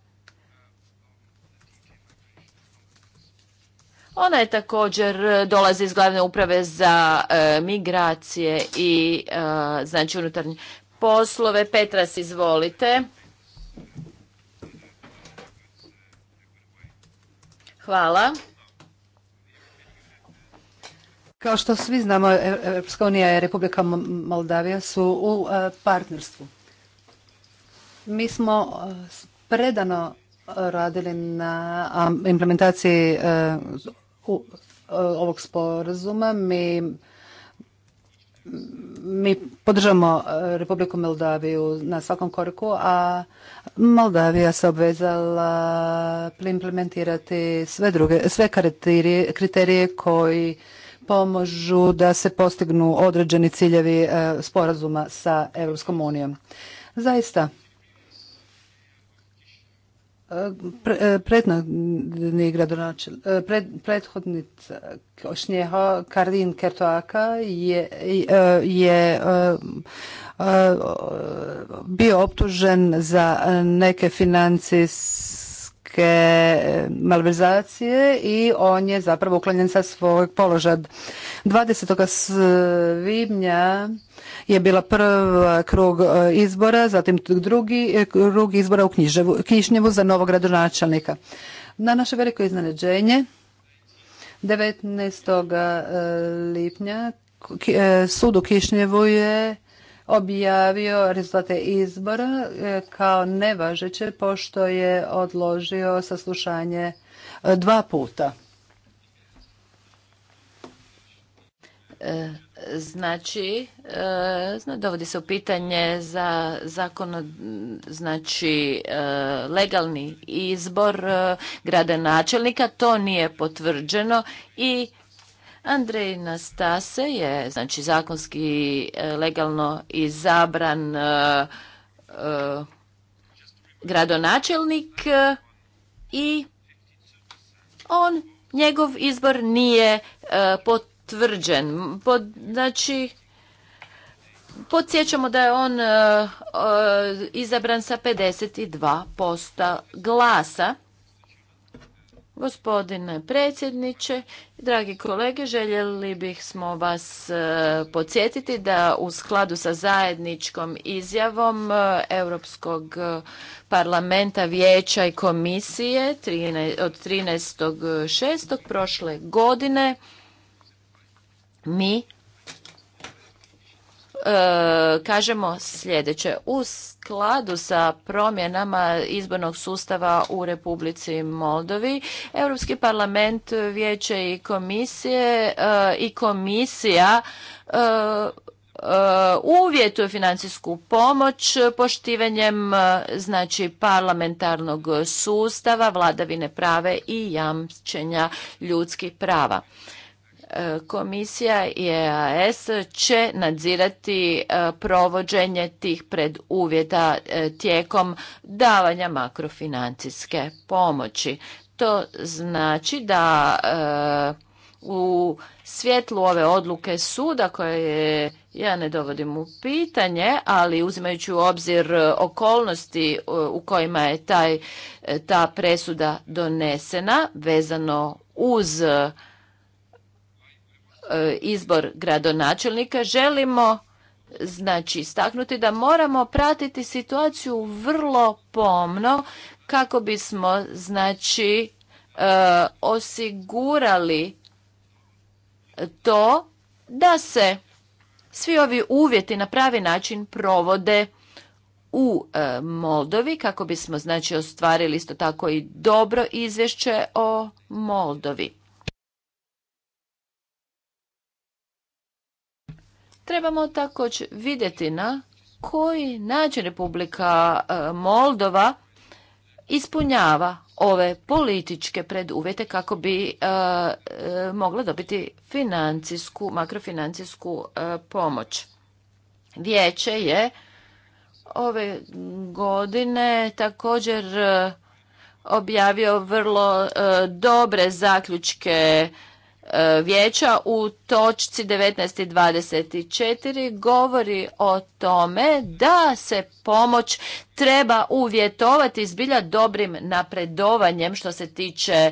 Speaker 5: Ona je također e, dolazi iz glavne uprave za e, migracije i e, znači unutarnje poslove. Petras, izvolite.
Speaker 1: Hvala. Kao što svi znamo, Europska unija i Republika Moldavija su u partnerstvu. Mi smo predano radili na implementaciji E, ovog sporazuma. Mi mi podržamo e, Republiku Moldaviju na svakom koraku, a Moldavija se obvezala implementirati sve druge, sve kriterije koji pomožu da se postignu određeni ciljevi e, sporazuma sa Europskom unijom. Zaista, prethodni e, gradonačel. E, prethodnica Košnjeha, Karin Kertoaka, je, e, bio optužen za neke financijske malverzacije i on je zapravo uklonjen sa svog položaja. 20. svibnja je bila prva e, krug e, izbora, zatim drugi e, krug izbora u Kišnjevu za novog gradonačelnika. Na naše veliko iznenađenje 19. lipnja sud u Kišnjevu je objavio rezultate izbora kao nevažeće pošto je odložio saslušanje dva puta.
Speaker 5: Znači, e, dovodi se u pitanje za zakon, znači e, legalni izbor e, gradonačelnika, to nije potvrđeno i Andrej Nastase je znači zakonski legalno izabran gradonačelnik i on njegov izbor nije potvrđen potvrđen. znači, podsjećamo da je on e, e, izabran sa 52% glasa. Gospodine predsjedniče, dragi kolege, željeli bih smo vas e, podsjetiti da u skladu sa zajedničkom izjavom Europskog parlamenta, vijeća i komisije od 13.6. prošle godine mi e, kažemo sljedeće. U skladu sa promjenama izbornog sustava u Republici Moldovi, Europski parlament, vijeće i komisije e, i komisija e, uvjetuje financijsku pomoć poštivanjem znači parlamentarnog sustava, vladavine prave i jamčenja ljudskih prava. Komisija i e EAS će nadzirati e, provođenje tih preduvjeta e, tijekom davanja makrofinancijske pomoći. To znači da u svjetlu ove odluke suda koje ja ne dovodim u pitanje, ali uzimajući u obzir okolnosti u kojima je taj, ta presuda donesena vezano uz E, izbor gradonačelnika želimo znači istaknuti da moramo pratiti situaciju vrlo pomno kako bismo znači e, osigurali to da se svi ovi uvjeti na pravi način provode u e, Moldovi kako bismo znači ostvarili isto tako i dobro izvješće o Moldovi Trebamo također vidjeti na koji način Republika e, Moldova ispunjava ove političke preduvjete kako bi e, e, mogla dobiti financijsku, makrofinancijsku pomoć. Vijeće je ove godine također objavio vrlo dobre zaključke E, vijeća u točci 19.24. govori o tome da se pomoć treba uvjetovati zbilja dobrim napredovanjem što se tiče e,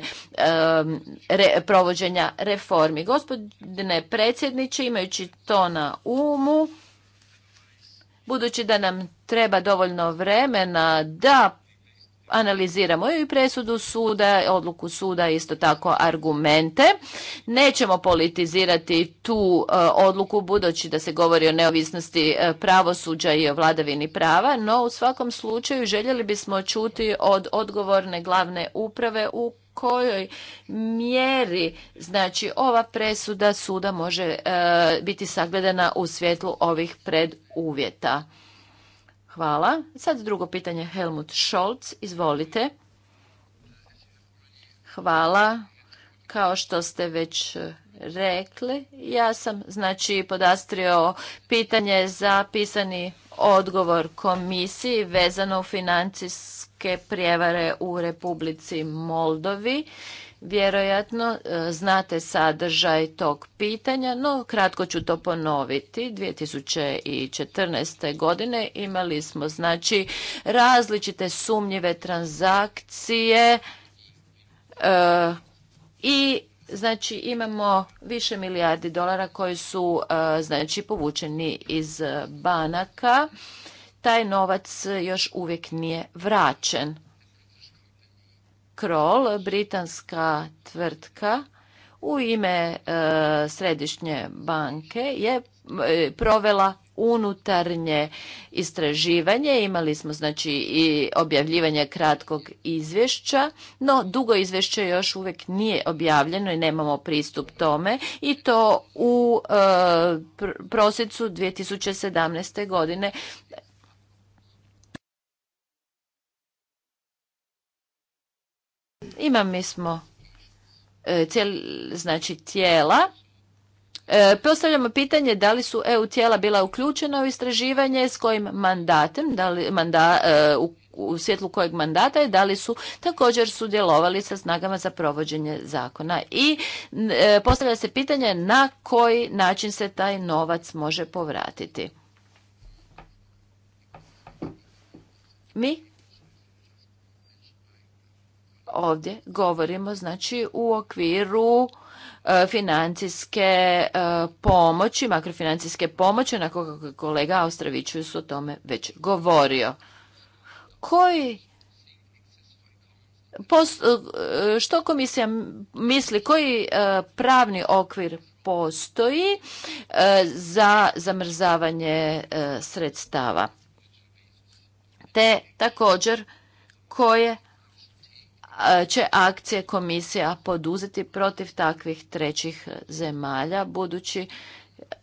Speaker 5: provođenja reformi. Gospodine predsjedniče, imajući to na umu, budući da nam treba dovoljno vremena da analiziramo i presudu suda, odluku suda, isto tako argumente. Nećemo politizirati tu e, odluku budući da se govori o neovisnosti e, pravosuđa i o vladavini prava, no u svakom slučaju željeli bismo čuti od odgovorne glavne uprave u kojoj mjeri znači ova presuda suda može e, biti sagledana u svjetlu ovih preduvjeta. Hvala. Sad drugo pitanje Helmut Scholz. Izvolite. Hvala. Kao što ste već rekli, ja sam znači podastrio pitanje za pisani odgovor komisiji vezano u financijske prijevare u Republici Moldovi. Vjerojatno e, znate sadržaj tog pitanja, no kratko ću to ponoviti. 2014. godine imali smo znači različite sumnjive transakcije e, i znači imamo više milijardi dolara koji su e, znači povučeni iz banaka. Taj novac još uvijek nije vraćen. Kroll, britanska tvrtka u ime e, središnje banke je e, provela unutarnje istraživanje. Imali smo znači i objavljivanje kratkog izvješća, no dugo izvješće još uvijek nije objavljeno i nemamo pristup tome i to u e, prosjecu 2017. godine Imali smo e, znači tijela. E, postavljamo pitanje da li su EU tijela bila uključena u istraživanje, s kojim mandatem, da li manda, e, u, svjetlu kojeg mandata i da li su također sudjelovali sa snagama za provođenje zakona. I postavlja se pitanje na koji način se taj novac može povratiti. Mi ovdje govorimo znači u okviru e, financijske e, pomoći, makrofinancijske pomoći, onako kako je kolega su o tome već govorio. Koji e, što komisija misli, koji pravni okvir postoji za zamrzavanje sredstava? Te također koje će akcije komisija poduzeti protiv takvih trećih zemalja budući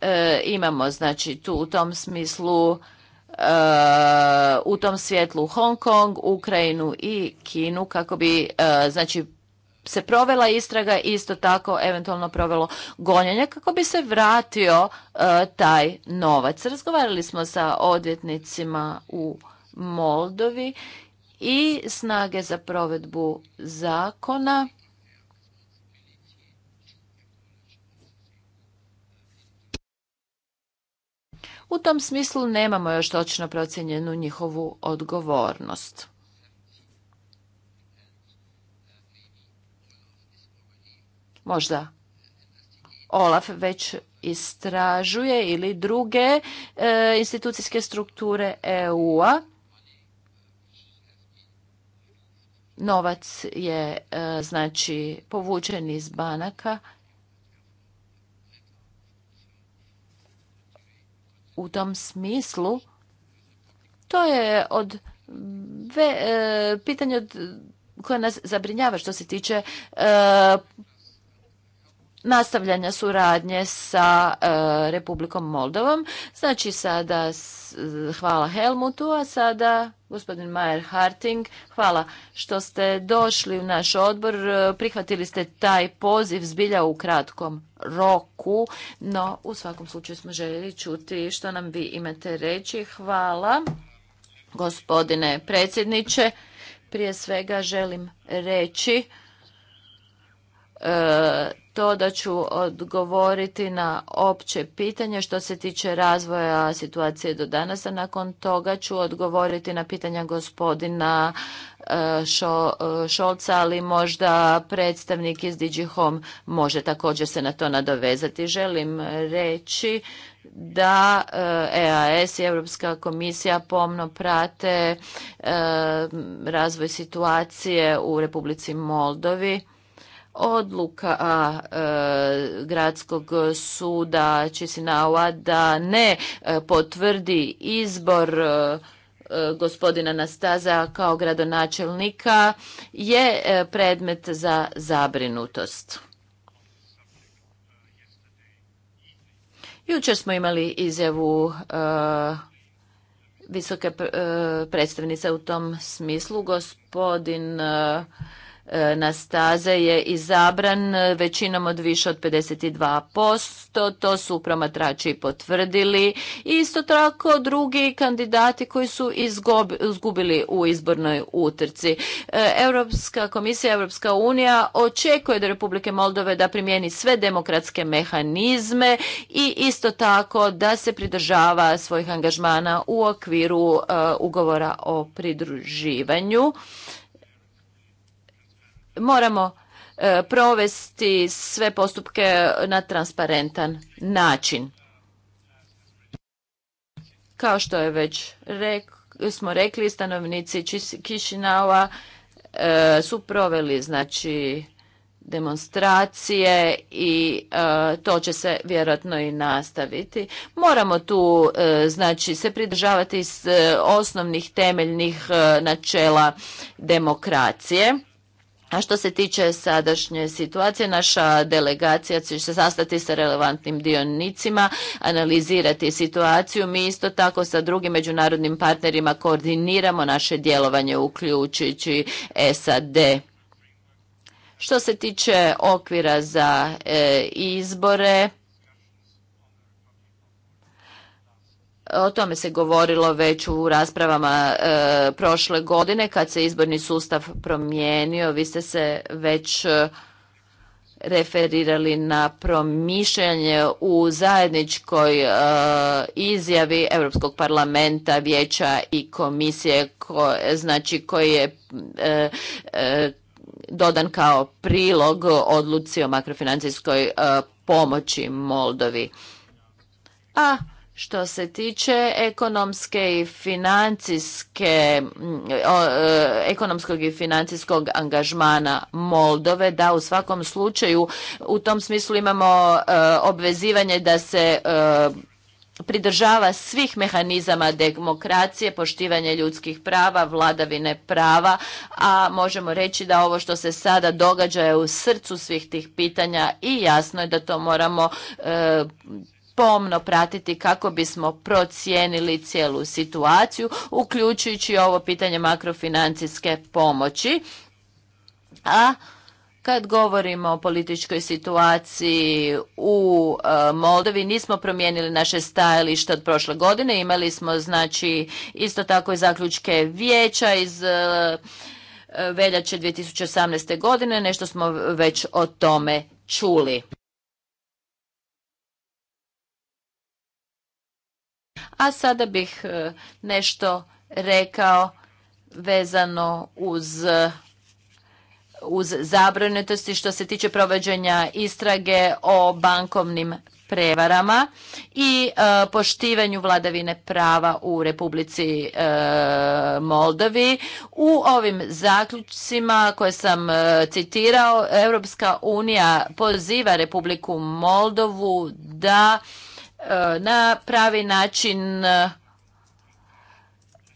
Speaker 5: e, imamo znači tu u tom smislu e, u tom svjetlu Hong Kong, Ukrajinu i Kinu kako bi e, znači se provela istraga i isto tako eventualno provelo gonjenje kako bi se vratio taj novac. Razgovarali smo sa odvjetnicima u Moldovi i snage za provedbu zakona. U tom smislu nemamo još točno procjenjenu njihovu odgovornost. Možda Olaf već istražuje ili druge e, institucijske strukture EU-a Novac je e, znači povučen iz banaka. U tom smislu to je od ve, e, pitanje od koje nas zabrinjava što se tiče e, nastavljanja suradnje sa e, Republikom Moldovom. Znači sada hvala Helmutu, a sada gospodin Majer Harting, hvala što ste došli u naš odbor. E, prihvatili ste taj poziv zbilja u kratkom roku, no u svakom slučaju smo željeli čuti što nam vi imate reći. Hvala gospodine predsjedniče. Prije svega želim reći to da ću odgovoriti na opće pitanje što se tiče razvoja situacije do danas, a nakon toga ću odgovoriti na pitanja gospodina e, e, Šolca, ali možda predstavnik iz DigiHome može također se na to nadovezati. Želim reći da EAS e i Europska komisija pomno prate razvoj situacije u Republici Moldovi odluka a, e, gradskog suda Čisinaua da ne e, potvrdi izbor e, gospodina Nastaza kao gradonačelnika je predmet za zabrinutost. Jučer smo imali izjavu visoke predstavnice u tom smislu. Gospodin E, na staze je izabran većinom od više od 52%, to su promatrači potvrdili. Isto tako drugi kandidati koji su izgubili u izbornoj utrci. E, Europska komisija, Europska unija očekuje da Republike Moldove da primijeni sve demokratske mehanizme i isto tako da se pridržava svojih angažmana u okviru e, ugovora o pridruživanju moramo e, provesti sve postupke na transparentan način. Kao što je već smo rekli, stanovnici Kišinava e, su proveli znači demonstracije i e, to će se vjerojatno i nastaviti. Moramo tu znači se pridržavati s osnovnih temeljnih načela demokracije. A što se tiče sadašnje situacije, naša delegacija će se sastati sa relevantnim dionicima, analizirati situaciju. Mi isto tako sa drugim međunarodnim partnerima koordiniramo naše djelovanje, uključujući SAD. Što se tiče okvira za e, izbore, O tome se govorilo već u raspravama e, prošle godine kad se izborni sustav promijenio. Vi ste se već e, referirali na promišljanje u zajedničkoj e, izjavi Europskog parlamenta, vijeća i komisije, znači koji je dodan kao prilog odluci o makrofinancijskoj pomoći Moldovi. A što se tiče ekonomske i financijske, e, ekonomskog i financijskog angažmana Moldove, da u svakom slučaju u tom smislu imamo e, obvezivanje da se e, pridržava svih mehanizama demokracije, poštivanje ljudskih prava, vladavine prava, a možemo reći da ovo što se sada događa je u srcu svih tih pitanja i jasno je da to moramo pomno pratiti kako bismo procijenili cijelu situaciju, uključujući ovo pitanje makrofinancijske pomoći. A kad govorimo o političkoj situaciji u e, Moldovi, nismo promijenili naše stajalište od prošle godine. Imali smo znači isto tako i zaključke vijeća iz e, veljače 2018. godine. Nešto smo već o tome čuli. A sada bih e, nešto rekao vezano uz uz zabrinutosti što se tiče provođenja istrage o bankovnim prevarama i e, poštivanju vladavine prava u Republici e, Moldovi. U ovim zaključcima koje sam e, citirao, Europska unija poziva Republiku Moldovu da na pravi način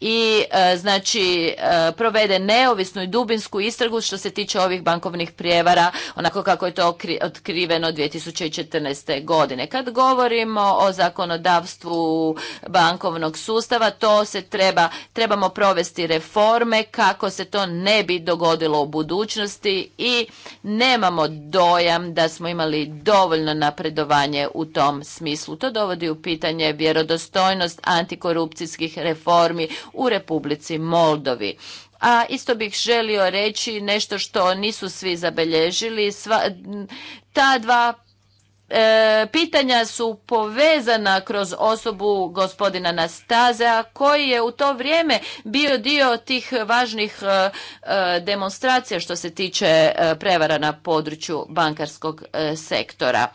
Speaker 5: i e, znači e, provede neovisnu i dubinsku istragu što se tiče ovih bankovnih prijevara onako kako je to otkriveno 2014. godine. Kad govorimo o zakonodavstvu bankovnog sustava, to se treba, trebamo provesti reforme kako se to ne bi dogodilo u budućnosti i nemamo dojam da smo imali dovoljno napredovanje u tom smislu. To dovodi u pitanje vjerodostojnost antikorupcijskih reformi u Republici Moldovi. A isto bih želio reći nešto što nisu svi zabilježili. Sva, ta dva e, pitanja su povezana kroz osobu gospodina Nastazea koji je u to vrijeme bio dio tih važnih e, e, demonstracija što se tiče prevara na području bankarskog sektora.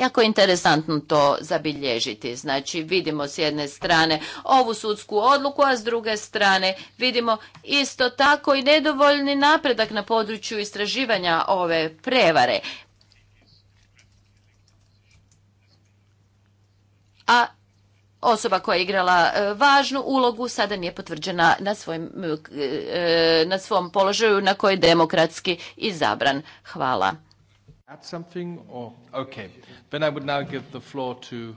Speaker 5: Jako je interesantno to zabilježiti. Znači vidimo s jedne strane ovu sudsku odluku, a s druge strane vidimo isto tako i nedovoljni napredak na području istraživanja ove prevare. A osoba koja je igrala e, važnu ulogu sada nije potvrđena na, svojim, e, e, na svom položaju na koji je demokratski izabran. Hvala
Speaker 3: add something or okay. Then I would now give the floor to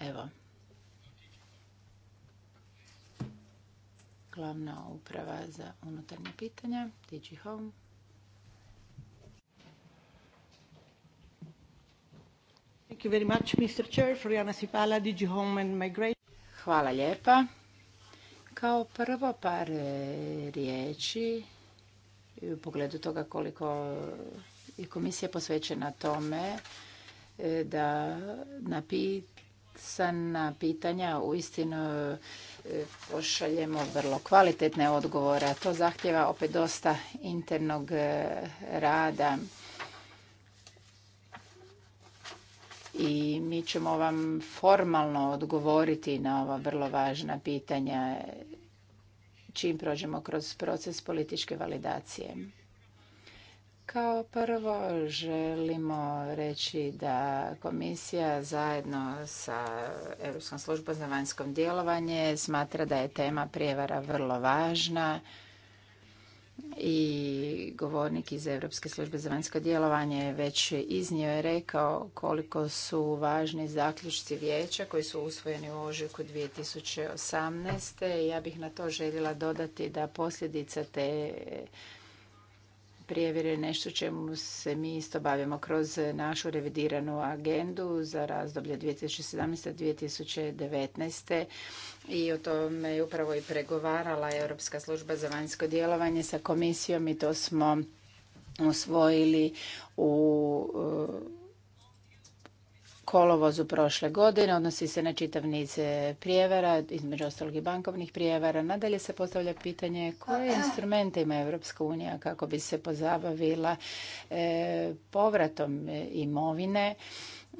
Speaker 6: Eva. Glavna uprava za unutarnje pitanja, Digi Home. Thank you very much, Mr. Chair. Floriana Sipala, Digi Home and Migration. Hvala lijepa. Kao prvo par eh, riječi u pogledu toga koliko i komisija posvećena tome e, da napisana pitanja uistinu e, pošaljemo vrlo kvalitetne odgovore, a to zahtjeva opet dosta internog e, rada. i mi ćemo vam formalno odgovoriti na ova vrlo važna pitanja čim prođemo kroz proces političke validacije. Kao prvo želimo reći da komisija zajedno sa Europskom službom za vanjsko djelovanje smatra da je tema prijevara vrlo važna i govornik iz Europske službe za vanjsko djelovanje već iznio je rekao koliko su važni zaključci vijeća koji su usvojeni u ožujku 2018. Ja bih na to željela dodati da posljedica te prijevjere nešto čemu se mi isto bavimo kroz našu revidiranu agendu za razdoblje 2017-2019. I o tome je upravo i pregovarala Europska služba za vanjsko djelovanje sa komisijom i to smo usvojili u kolovozu prošle godine, odnosi se na čitav niz e, prijevara, između ostalog i bankovnih prijevara. Nadalje se postavlja pitanje koje instrumente ima Europska unija kako bi se pozabavila e, povratom e, imovine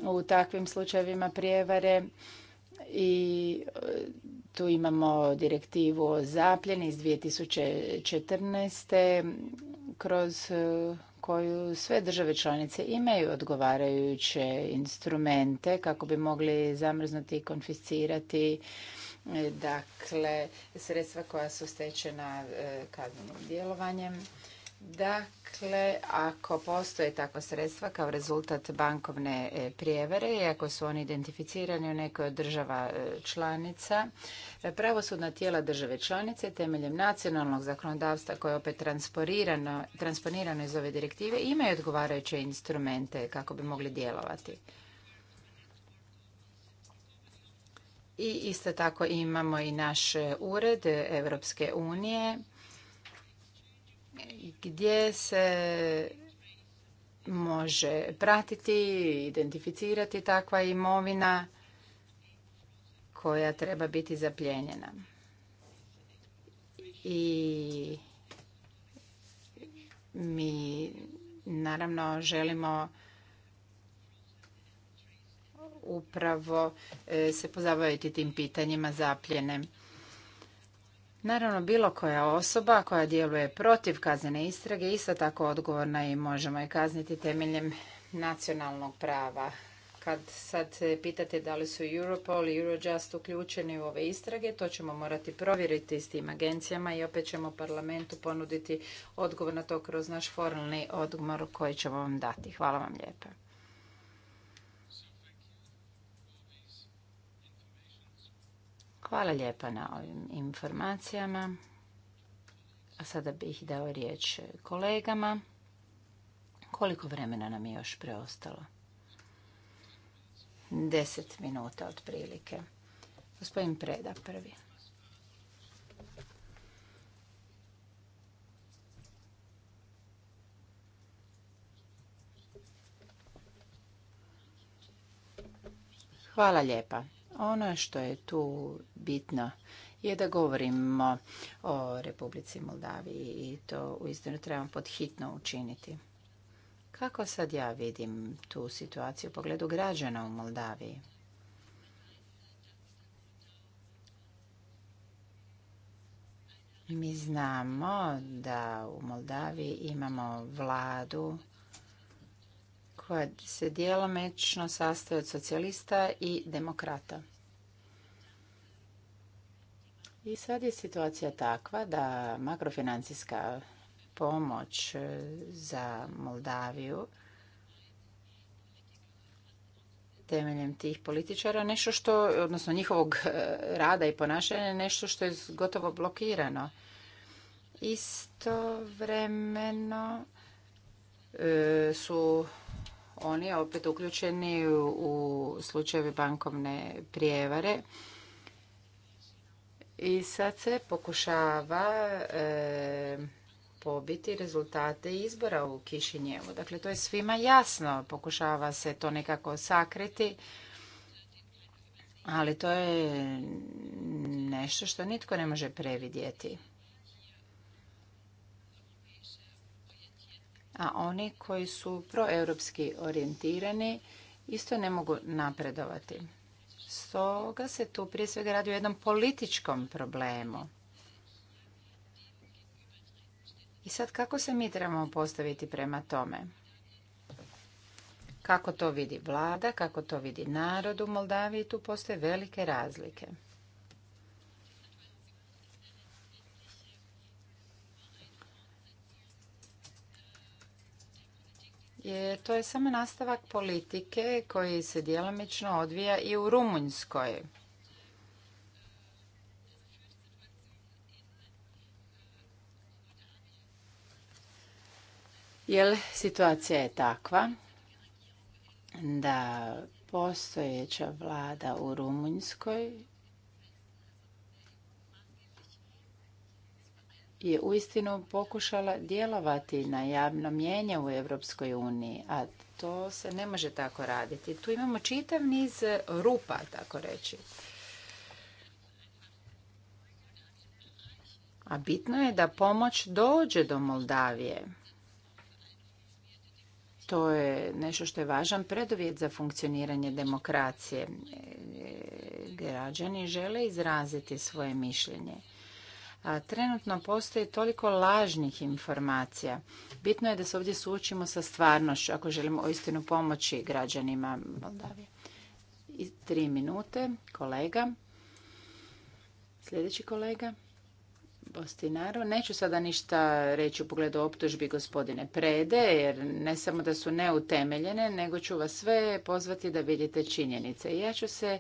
Speaker 6: u takvim slučajevima prijevare i tu imamo direktivu o zapljeni iz 2014. kroz koju sve države članice imaju odgovarajuće instrumente kako bi mogli zamrznuti i konfiscirati e, dakle sredstva koja su stečena e, kaznenim djelovanjem. Da, dakle, Dakle, ako postoje takva sredstva kao rezultat bankovne e, prijevere i ako su oni identificirani u nekoj od država e, članica, e, pravosudna tijela države članice temeljem nacionalnog zakonodavstva koje je opet transponirano iz ove direktive imaju odgovarajuće instrumente kako bi mogli djelovati. I isto tako imamo i naš ured Europske unije gdje se može pratiti, identificirati takva imovina koja treba biti zapljenjena. I mi naravno želimo upravo e, se pozabaviti tim pitanjima zapljene. Naravno, bilo koja osoba koja djeluje protiv kaznene istrage isto tako odgovorna i možemo je kazniti temeljem nacionalnog prava. Kad sad pitate da li su Europol i Eurojust uključeni u ove istrage, to ćemo morati provjeriti s tim agencijama i opet ćemo parlamentu ponuditi odgovor na to kroz naš formalni odgovor koji ćemo vam dati. Hvala vam lijepa. Hvala lijepa na ovim informacijama. A sada bih dao riječ kolegama. Koliko vremena nam je još preostalo? Deset minuta otprilike. Gospodin Preda prvi. Hvala lijepa. Ono što je tu bitno je da govorimo o Republici Moldaviji i to uistinu trebamo podhitno učiniti. Kako sad ja vidim tu situaciju u pogledu građana u Moldaviji? Mi znamo da u Moldaviji imamo vladu koja se djelomično sastoji od socijalista i demokrata. I sad je situacija takva da makrofinancijska pomoć e, za Moldaviju temeljem tih političara nešto što, odnosno njihovog e, rada i ponašanja, nešto što je gotovo blokirano. Istovremeno e, su oni opet uključeni u slučajeve bankovne prijevare. I sad se pokušava e, pobiti rezultate izbora u Kišinjevu. Dakle, to je svima jasno. Pokušava se to nekako sakriti, ali to je nešto što nitko ne može previdjeti. a oni koji su proeuropski orijentirani isto ne mogu napredovati. Stoga se tu prije svega radi o jednom političkom problemu. I sad kako se mi trebamo postaviti prema tome? Kako to vidi vlada, kako to vidi narod u Moldaviji, tu postoje velike razlike. je, to je samo nastavak politike koji se djelomično odvija i u Rumunjskoj. jel situacija je takva da postojeća vlada u Rumunjskoj je uistinu pokušala djelovati na javno mjenje u Europskoj uniji, a to se ne može tako raditi. Tu imamo čitav niz rupa, tako reći. A bitno je da pomoć dođe do Moldavije. To je nešto što je važan preduvjet za funkcioniranje demokracije. E, građani žele izraziti svoje mišljenje. Trenutno postoji toliko lažnih informacija. Bitno je da se ovdje suočimo sa stvarnošću ako želimo uistinu pomoći građanima Moldavije. I tri minute, kolega. Sljedeći kolega. Bostinaru. Neću sada ništa reći u pogledu optužbi gospodine Prede, jer ne samo da su neutemeljene, nego ću vas sve pozvati da vidite činjenice. Ja ću se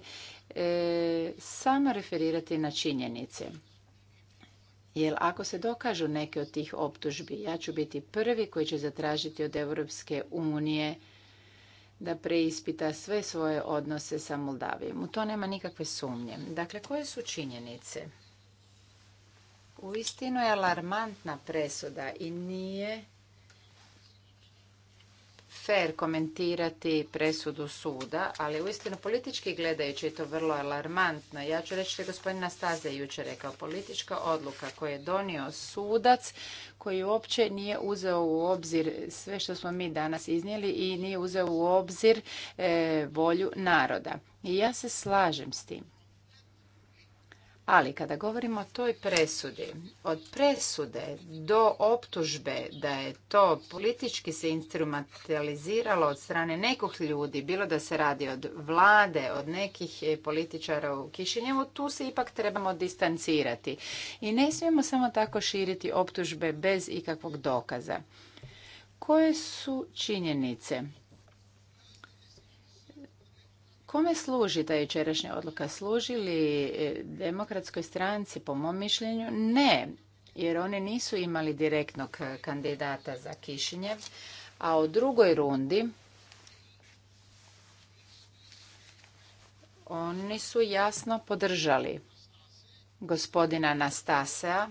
Speaker 6: e, samo referirati na činjenice. Jer ako se dokažu neke od tih optužbi, ja ću biti prvi koji će zatražiti od Europske unije da preispita sve svoje odnose sa Moldavijom. U to nema nikakve sumnje. Dakle, koje su činjenice? Uistinu je alarmantna presuda i nije fer komentirati presudu suda, ali uistinu politički gledajući je to vrlo alarmantno. Ja ću reći što je gospodin Nastaze jučer rekao. Politička odluka koju je donio sudac koji uopće nije uzeo u obzir sve što smo mi danas iznijeli i nije uzeo u obzir e, volju naroda. I ja se slažem s tim. Ali kada govorimo o toj presudi, od presude do optužbe da je to politički se instrumentaliziralo od strane nekog ljudi, bilo da se radi od vlade, od nekih političara u Kišinjevu, tu se ipak trebamo distancirati. I ne smijemo samo tako širiti optužbe bez ikakvog dokaza. Koje su činjenice? Kome služi ta jučerašnja odluka? Služi li e, demokratskoj stranci, po mom mišljenju? Ne, jer oni nisu imali direktnog e, kandidata za Kišinjev, a u drugoj rundi oni su jasno podržali gospodina Nastasea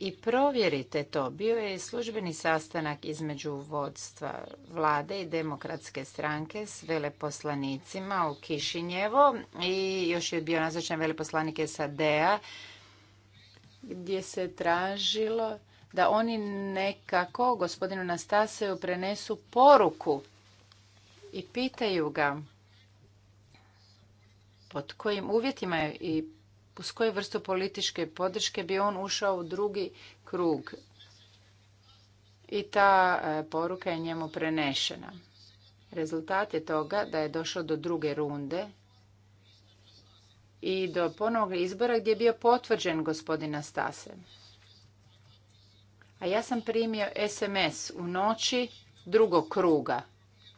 Speaker 6: i provjerite to. Bio je službeni sastanak između vodstva vlade i demokratske stranke s veleposlanicima u Kišinjevo i još je bio nazočan veleposlanik SAD-a gdje se tražilo da oni nekako gospodinu Nastaseju prenesu poruku i pitaju ga pod kojim uvjetima i uz koju vrstu političke podrške bi on ušao u drugi krug. I ta e, poruka je njemu prenešena. Rezultat je toga da je došao do druge runde i do ponovnog izbora gdje je bio potvrđen gospodina Stase. A ja sam primio SMS u noći drugog kruga.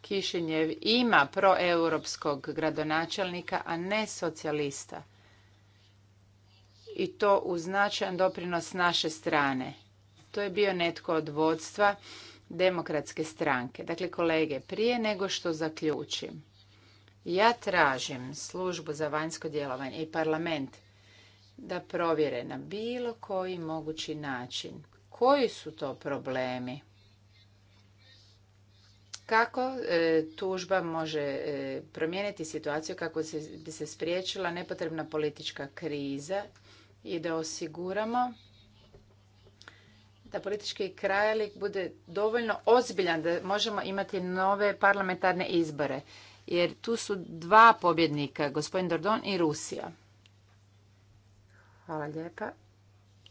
Speaker 6: Kišinjev ima proeuropskog gradonačelnika, a ne socijalista i to u značajan doprinos naše strane. To je bio netko od vodstva demokratske stranke. Dakle, kolege, prije nego što zaključim, ja tražim službu za vanjsko djelovanje i parlament da provjere na bilo koji mogući način koji su to problemi. Kako e, tužba može e, promijeniti situaciju kako se, bi se spriječila nepotrebna politička kriza i da osiguramo da politički krajelik bude dovoljno ozbiljan da možemo imati nove parlamentarne izbore. Jer tu su dva pobjednika, gospodin Dordon i Rusija. Hvala lijepa.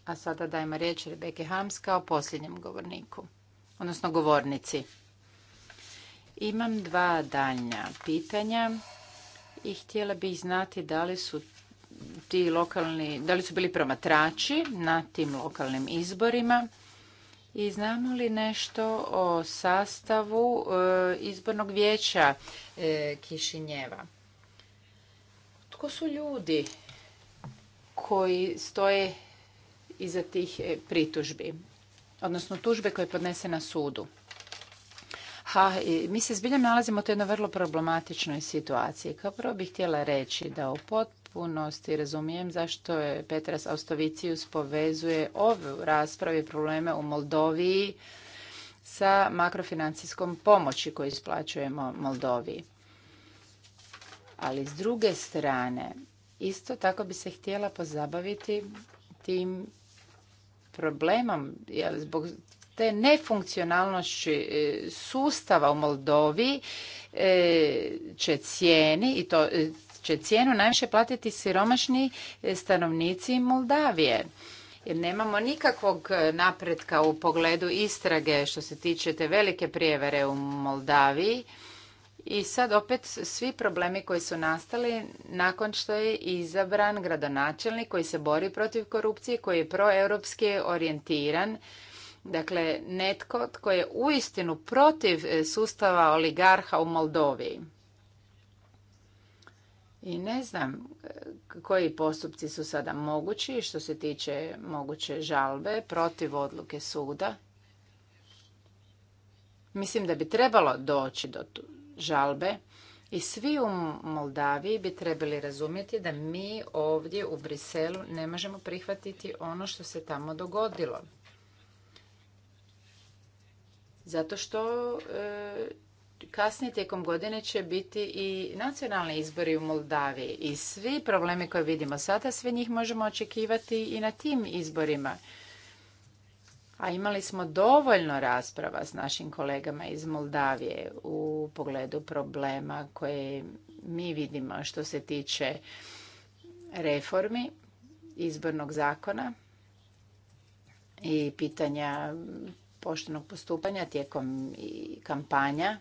Speaker 6: A sada dajmo riječ Rebeke Hams kao posljednjem govorniku, odnosno govornici. Imam dva daljnja pitanja i htjela bih znati da li su ti lokalni, da li su bili promatrači na tim lokalnim izborima i znamo li nešto o sastavu e, izbornog vijeća e, Kišinjeva? Tko su ljudi koji stoje iza tih e, pritužbi, odnosno tužbe koje podnese na sudu? Ha, mi se zbilja nalazimo u jednoj vrlo problematičnoj situaciji. Kao prvo bih htjela reći da u pot potpunosti razumijem zašto je Petras Austovicius povezuje ove rasprave i probleme u Moldoviji sa makrofinancijskom pomoći koju isplaćujemo Moldoviji. Ali s druge strane, isto tako bi se htjela pozabaviti tim problemom, jer zbog te nefunkcionalnosti e, sustava u Moldovi e, će cijeni i to e, će cijenu najviše platiti siromašni e, stanovnici Moldavije jer nemamo nikakvog napretka u pogledu istrage što se tiče te velike prijevere u Moldaviji. I sad opet svi problemi koji su nastali nakon što je izabran gradonačelnik koji se bori protiv korupcije, koji je proeuropski orijentiran. Dakle, netko tko je uistinu protiv sustava oligarha u Moldoviji. I ne znam koji postupci su sada mogući što se tiče moguće žalbe protiv odluke suda. Mislim da bi trebalo doći do žalbe i svi u Moldaviji bi trebali razumjeti da mi ovdje u Briselu ne možemo prihvatiti ono što se tamo dogodilo. Zato što e, kasnije tijekom godine će biti i nacionalni izbori u Moldaviji i svi problemi koje vidimo sada, sve njih možemo očekivati i na tim izborima. A imali smo dovoljno rasprava s našim kolegama iz Moldavije u pogledu problema koje mi vidimo što se tiče reformi izbornog zakona i pitanja poštenog postupanja tijekom kampanja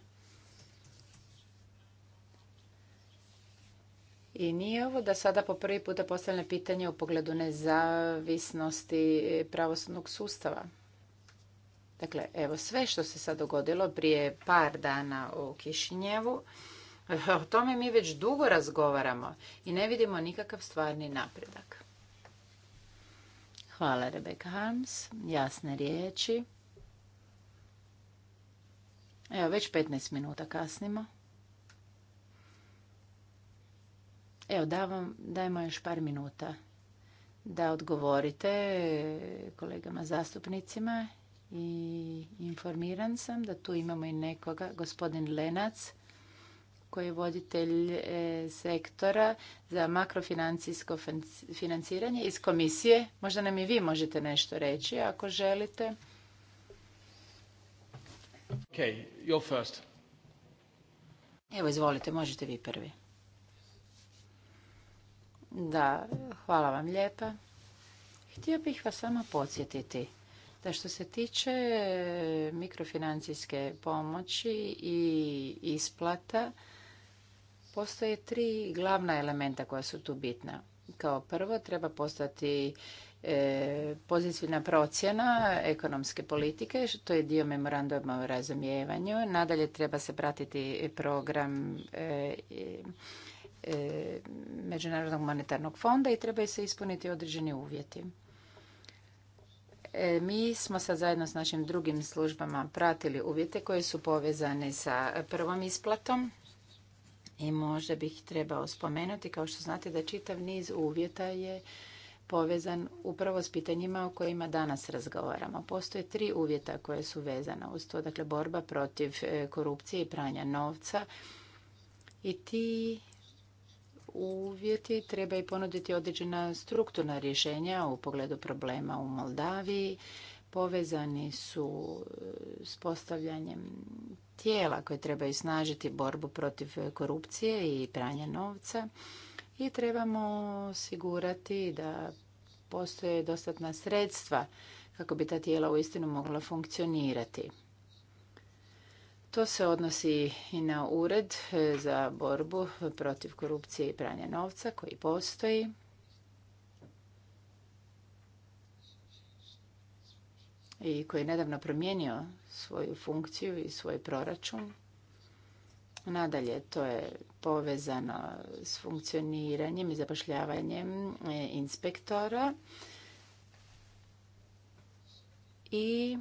Speaker 6: I nije ovo da sada po prvi puta postavljene pitanje u pogledu nezavisnosti pravosudnog sustava. Dakle, evo sve što se sad dogodilo prije par dana u Kišinjevu, o tome mi već dugo razgovaramo i ne vidimo nikakav stvarni napredak. Hvala Rebecca Harms, jasne riječi. Evo, već 15 minuta kasnimo. Evo, davam, dajmo još par minuta da odgovorite kolegama zastupnicima i informiran sam da tu imamo i nekoga, gospodin Lenac, koji je voditelj e, sektora za makrofinancijsko financiranje iz komisije. Možda nam i vi možete nešto reći ako želite. first. Evo, izvolite, možete vi prvi. Da, hvala vam lijepa. Htio bih vas samo podsjetiti da što se tiče mikrofinancijske pomoći i isplata, postoje tri glavna elementa koja su tu bitna. Kao prvo treba postati e, pozitivna procjena ekonomske politike, to je dio memoranduma o razumijevanju. Nadalje treba se pratiti program e, E, Međunarodnog monetarnog fonda i trebaju se ispuniti određeni uvjeti. E, mi smo sad zajedno s našim drugim službama pratili uvjete koje su povezane sa prvom isplatom i možda bih trebao spomenuti, kao što znate, da čitav niz uvjeta je povezan upravo s pitanjima o kojima danas razgovaramo. Postoje tri uvjeta koje su vezana uz to, dakle borba protiv e, korupcije i pranja novca i ti uvjeti, treba i ponuditi određena strukturna rješenja u pogledu problema u Moldaviji. Povezani su e, s postavljanjem tijela koje trebaju snažiti borbu protiv korupcije i pranja novca i trebamo osigurati da postoje dostatna sredstva kako bi ta tijela uistinu mogla funkcionirati. To se odnosi i na ured e, za borbu protiv korupcije i pranja novca koji postoji. i koji je nedavno promijenio svoju funkciju i svoj proračun. Nadalje, to je povezano s funkcioniranjem i zapošljavanjem e, inspektora i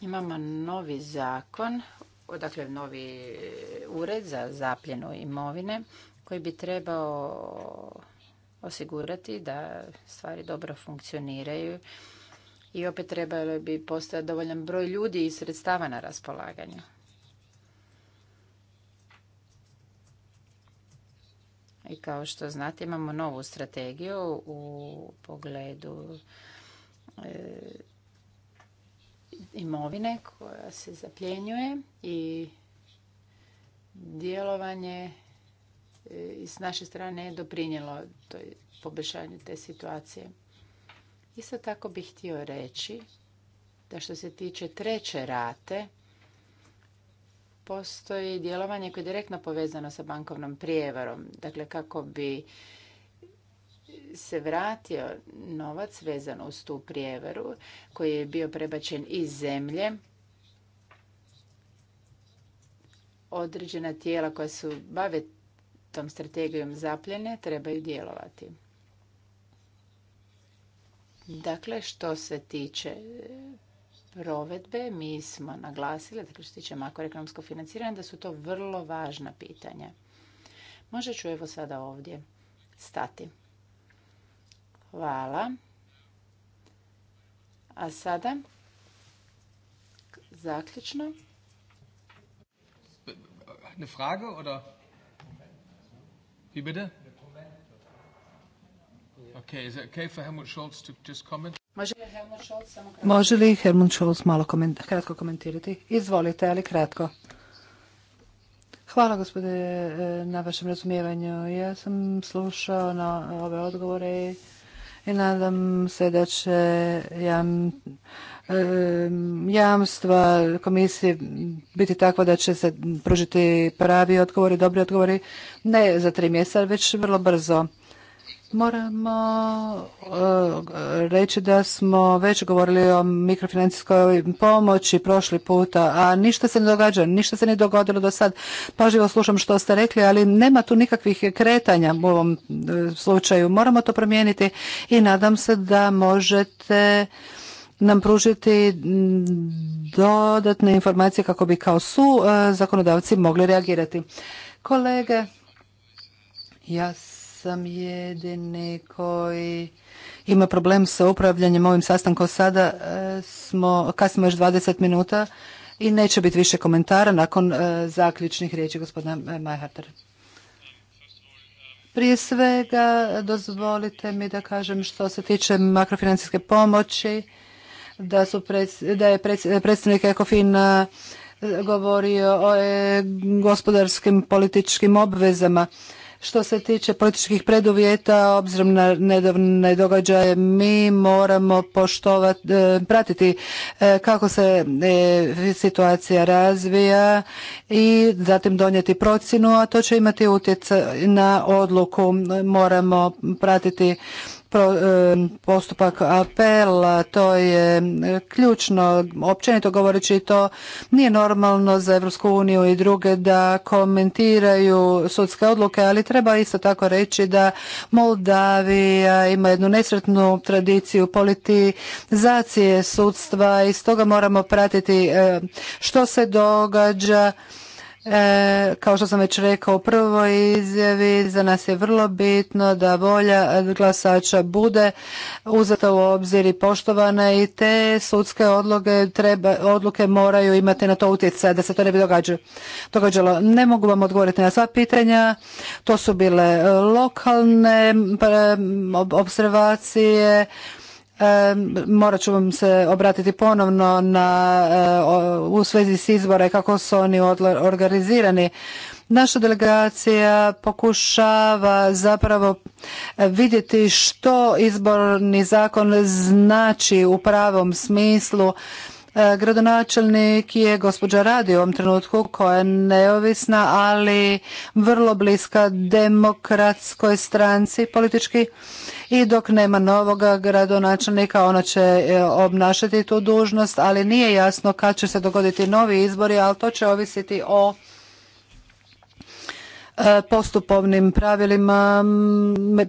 Speaker 6: Imamo novi zakon, dakle novi ured za zapljenu imovine koji bi trebao osigurati da stvari dobro funkcioniraju i opet trebalo bi postojati dovoljan broj ljudi i sredstava na raspolaganju. I kao što znate imamo novu strategiju u pogledu e, imovine koja se zapljenjuje i djelovanje s e, naše strane je doprinjelo poboljšanju te situacije. Isto tako bih htio reći da što se tiče treće rate, postoji djelovanje koje je direktno povezano sa bankovnom prijevarom. Dakle, kako bi se vratio novac vezan uz tu prijevaru koji je bio prebačen iz zemlje određena tijela koja su bave tom strategijom zapljene trebaju djelovati. Dakle, što se tiče provedbe, mi smo naglasili, dakle što se tiče makroekonomskog financiranja, da su to vrlo važna pitanja. Možda ću evo sada ovdje stati. Hvala. A sada zaključno.
Speaker 3: Ne Frage oder Vi bitte? Okay, is it okay for Helmut Scholz to
Speaker 1: just comment? Može li Helmut Scholz malo koment kratko komentirati? Izvolite, ali kratko. Hvala gospode, na vašem razumijevanju. Ja sam slušao na ove odgovore i i nadam se da će jam, jamstva komisije biti takva da će se pružiti pravi odgovori, dobri odgovori, ne za tri mjeseca, već vrlo brzo. Moramo e, reći da smo već govorili o mikrofinancijskoj pomoći prošli puta, a ništa se ne događa, ništa se ne dogodilo do sad. Pažljivo slušam što ste rekli, ali nema tu nikakvih kretanja u ovom e, slučaju. Moramo to promijeniti i nadam se da možete nam pružiti dodatne informacije kako bi kao su e, zakonodavci mogli reagirati. Kolege, ja sam jedini koji ima problem sa upravljanjem ovim sastankom. Sada e, smo, kasnimo još 20 minuta i neće biti više komentara nakon e, zaključnih riječi gospodina Majhartera. Prije svega dozvolite mi da kažem što se tiče makrofinancijske pomoći, da, su da je predstavnik predstavnik Ekofina e, govorio o gospodarskim političkim obvezama što se tiče političkih preduvjeta, obzirom na nedavne događaje, mi moramo poštovati, e, pratiti e, kako se e, situacija razvija i zatim donijeti procjenu, a to će imati utjecaj na odluku. Moramo pratiti E, postupak apela, to je ključno, općenito govoreći to nije normalno za Europsku uniju i druge da komentiraju sudske odluke, ali treba isto tako reći da Moldavija ima jednu nesretnu tradiciju politizacije sudstva i stoga moramo pratiti e, što se događa E, kao što sam već rekao u prvoj izjavi, za nas je vrlo bitno da volja glasača bude uzeta u obzir i poštovana i te sudske odluke treba, odluke moraju imati na to utjecaj da se to ne bi događalo. Ne mogu vam odgovoriti na sva pitanja, to su bile lokalne observacije, morat ću vam se obratiti ponovno na, e, u svezi s izbore kako su oni organizirani. Naša delegacija pokušava zapravo vidjeti što izborni zakon znači u pravom smislu. E, gradonačelnik je gospođa Radi u ovom trenutku koja je neovisna, ali vrlo bliska demokratskoj stranci politički i dok nema novoga gradonačelnika ona će e, obnašati tu dužnost, ali nije jasno kad će se dogoditi novi izbori, ali to će ovisiti o e, postupovnim pravilima.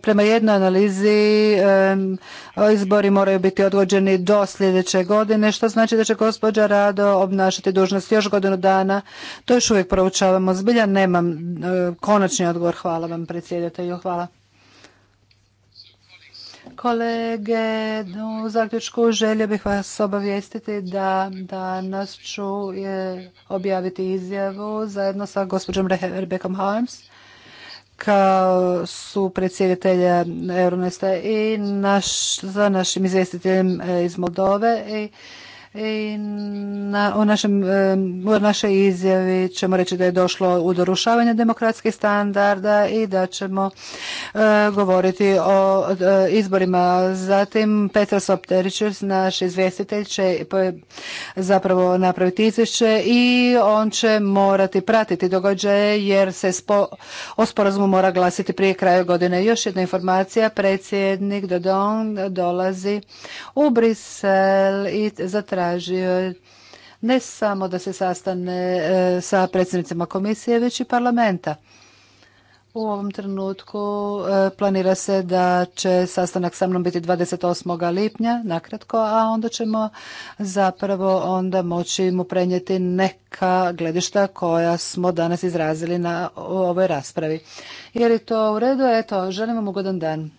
Speaker 1: Prema jednoj analizi e, izbori moraju biti odgođeni do sljedeće godine, što znači da će gospođa Rado obnašati dužnost još godinu dana. To još uvijek proučavamo. Zbilja nemam konačni odgovor. Hvala vam predsjedatelju. Hvala kolege, u zaključku želio bih vas obavijestiti da danas ću objaviti izjavu zajedno sa gospođom Rebekom Harms kao su predsjeditelja Euronesta i naš, za našim izvjestiteljem e, iz Moldove i i na, o, našoj izjavi ćemo reći da je došlo u dorušavanje demokratskih standarda i da ćemo e, govoriti o e, izborima. Zatim Petra Sopterić, naš izvjestitelj, će zapravo napraviti izvješće i on će morati pratiti događaje jer se o sporazumu mora glasiti prije kraja godine. Još jedna informacija, predsjednik Dodon dolazi u Brisel i zatraži tražio ne samo da se sastane e, sa predsjednicima komisije, već i parlamenta. U ovom trenutku e, planira se da će sastanak sa mnom biti 28. lipnja, nakratko, a onda ćemo zapravo onda moći mu prenijeti neka gledišta koja smo danas izrazili na ovoj raspravi. Jer je to u redu? Eto, želim vam ugodan dan.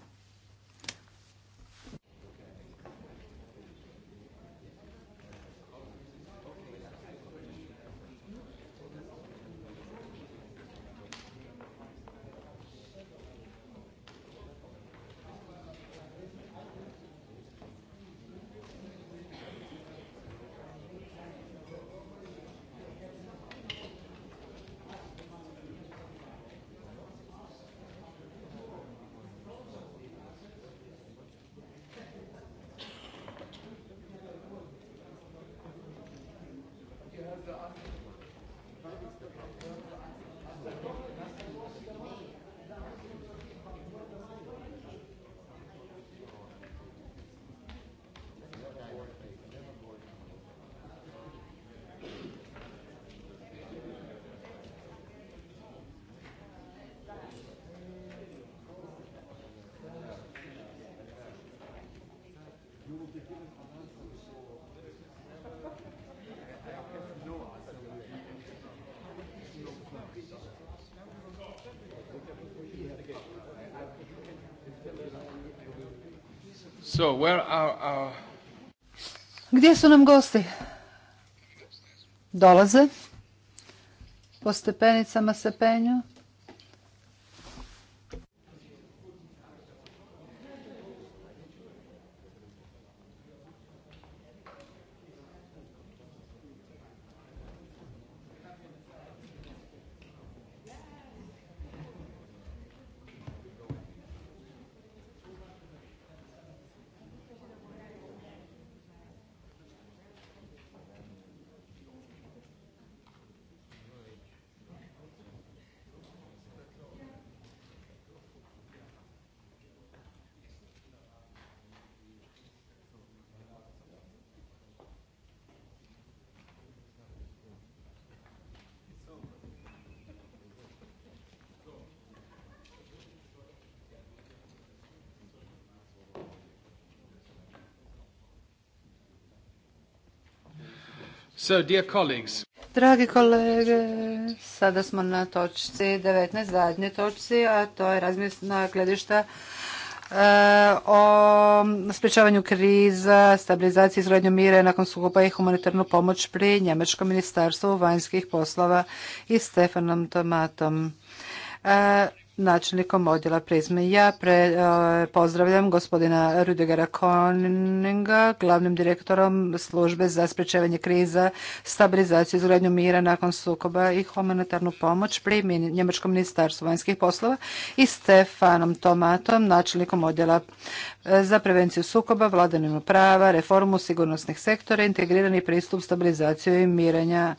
Speaker 1: Gdje su nam gosti? Dolaze. Po stepenicama se penju. Dragi kolege, sada smo na točci 19, zadnje točci, a to je razmjena gledišta e, o sprječavanju kriza, stabilizaciji izgradnju mire nakon sukoba i humanitarnu pomoć pri Njemačkom ministarstvu vanjskih poslova i Stefanom Tomatom. E, načelnikom odjela Prizme. Ja pre, e, pozdravljam gospodina Rudigera Koninga, glavnim direktorom službe za sprječavanje kriza, stabilizaciju, izgradnju mira nakon sukoba i humanitarnu pomoć pri Njemačkom ministarstvu vanjskih poslova i Stefanom Tomatom, načelnikom odjela e, za prevenciju sukoba, vladavinu prava, reformu sigurnosnih sektora, integrirani pristup stabilizaciju i mirenja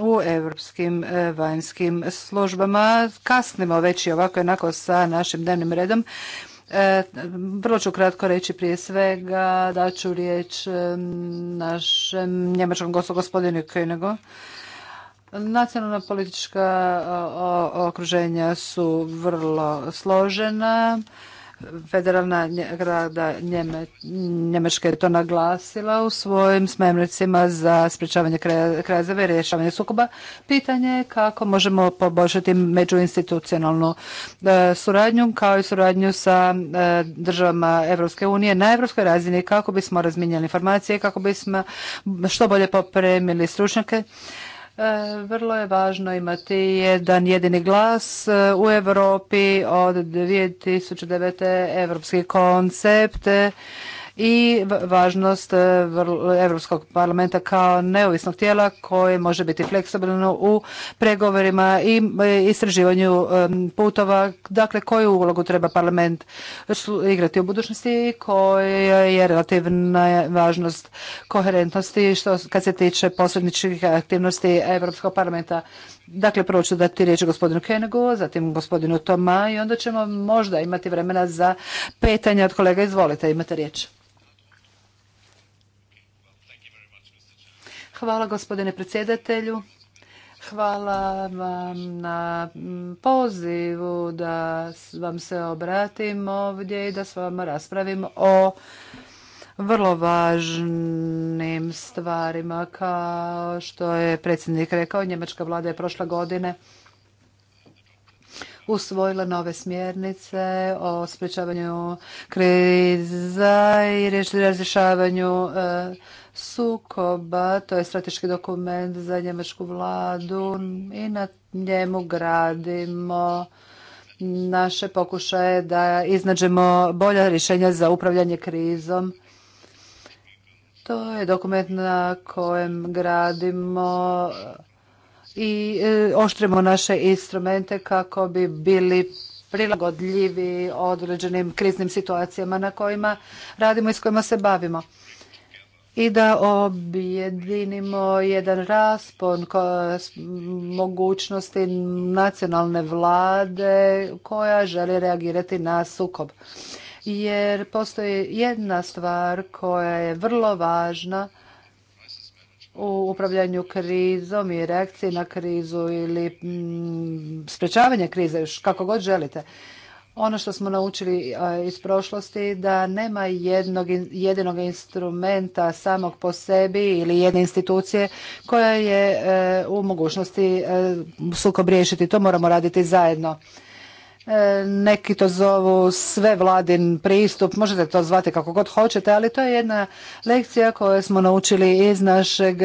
Speaker 1: u europskim e, vanjskim službama. Kasnimo već i ovako ovako i onako sa našim dnevnim redom. E, vrlo ću kratko reći prije svega da ću riječ e, našem njemačkom gostu gospodinu Kojnego. Nacionalna politička e, okruženja su vrlo složena. Federalna grada Njemačka je to naglasila u svojim smemnicima za sprječavanje krajeva i rješavanje sukoba. Pitanje je kako možemo poboljšati međuinstitucionalnu e, suradnju kao i suradnju sa e, državama Europske unije na evropskoj razini kako bismo razminjali informacije, kako bismo što bolje popremili stručnjake E, vrlo je važno imati jedan jedini glas e, u Europi od 2009. evropski koncept i važnost Europskog parlamenta kao neovisnog tijela koje može biti fleksibilno u pregovorima i e, istraživanju e, putova, dakle koju ulogu treba parlament igrati u budućnosti i koja je relativna važnost koherentnosti što kad se tiče posredničkih aktivnosti Europskog parlamenta. Dakle, prvo ću dati riječ gospodinu Kenegu, zatim gospodinu Toma i onda ćemo možda imati vremena za pitanja od kolega. Izvolite, imate riječ. Hvala gospodine predsjedatelju. Hvala vam na pozivu da vam se obratim ovdje i da s vama raspravim o vrlo važnim stvarima kao što je predsjednik rekao. Njemačka vlada je prošle godine usvojila nove smjernice o sprečavanju kriza i razrješavanju e, sukoba. To je strateški dokument za njemačku vladu i na njemu gradimo naše pokušaje da iznađemo bolja rješenja za upravljanje krizom. To je dokument na kojem gradimo i e, oštrimo naše instrumente kako bi bili prilagodljivi određenim kriznim situacijama na kojima radimo i s kojima se bavimo i da objedinimo jedan raspon mogućnosti nacionalne vlade koja želi reagirati na sukob. Jer postoji jedna stvar koja je vrlo važna u upravljanju krizom i reakciji na krizu ili mm, sprečavanje krize, kako god želite ono što smo naučili e, iz prošlosti da nema jednog, jedinog instrumenta samog po sebi ili jedne institucije koja je e, u mogućnosti e, sukob riješiti. To moramo raditi zajedno. Neki to zovu sve vladin pristup, možete to zvati kako god hoćete, ali to je jedna lekcija koju smo naučili iz našeg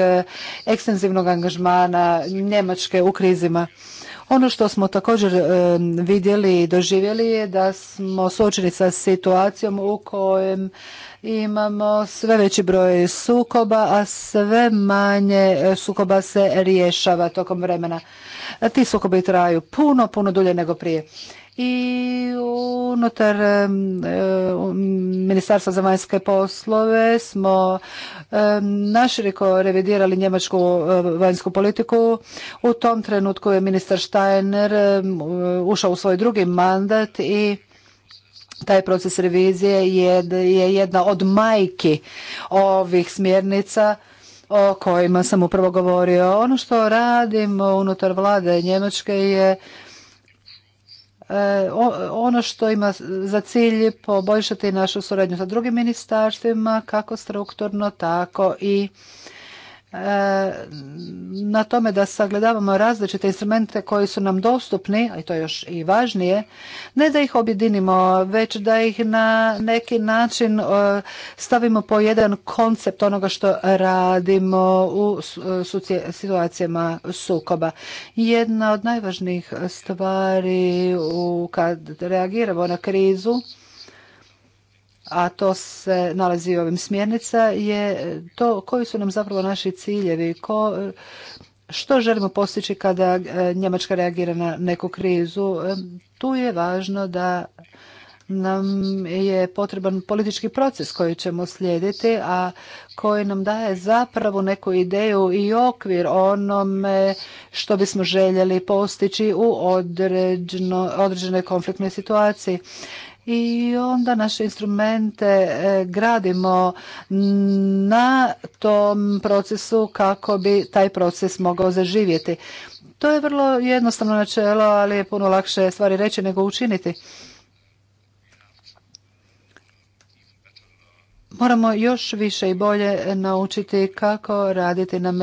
Speaker 1: ekstenzivnog angažmana Njemačke u krizima. Ono što smo također e, vidjeli i doživjeli je da smo suočeni sa situacijom u kojem imamo sve veći broj sukoba, a sve manje e, sukoba se rješava tokom vremena. Ti sukobi traju puno, puno dulje nego prije i unutar Ministarstva za vanjske poslove smo naširiko revidirali njemačku vanjsku politiku. U tom trenutku je ministar Steiner ušao u svoj drugi mandat i taj proces revizije je jedna od majki ovih smjernica o kojima sam upravo govorio. Ono što radim unutar vlade Njemačke je E, ono što ima za cilj poboljšati našu suradnju sa drugim ministarstvima, kako strukturno, tako i E, na tome da sagledavamo različite instrumente koji su nam dostupni, a to je još i važnije, ne da ih objedinimo, već da ih na neki način e, stavimo po jedan koncept onoga što radimo u e, situacijama sukoba. Jedna od najvažnijih stvari kad reagiramo na krizu a to se nalazi u ovim smjernica, je to koji su nam zapravo naši ciljevi, ko, što želimo postići kada e, Njemačka reagira na neku krizu. E, tu je važno da nam je potreban politički proces koji ćemo slijediti, a koji nam daje zapravo neku ideju i okvir onome što bismo željeli postići u određeno, određenoj konfliktnoj situaciji i onda naše instrumente e, gradimo na tom procesu kako bi taj proces mogao zaživjeti. To je vrlo jednostavno načelo, ali je puno lakše stvari reći nego učiniti. moramo još više i bolje naučiti kako raditi na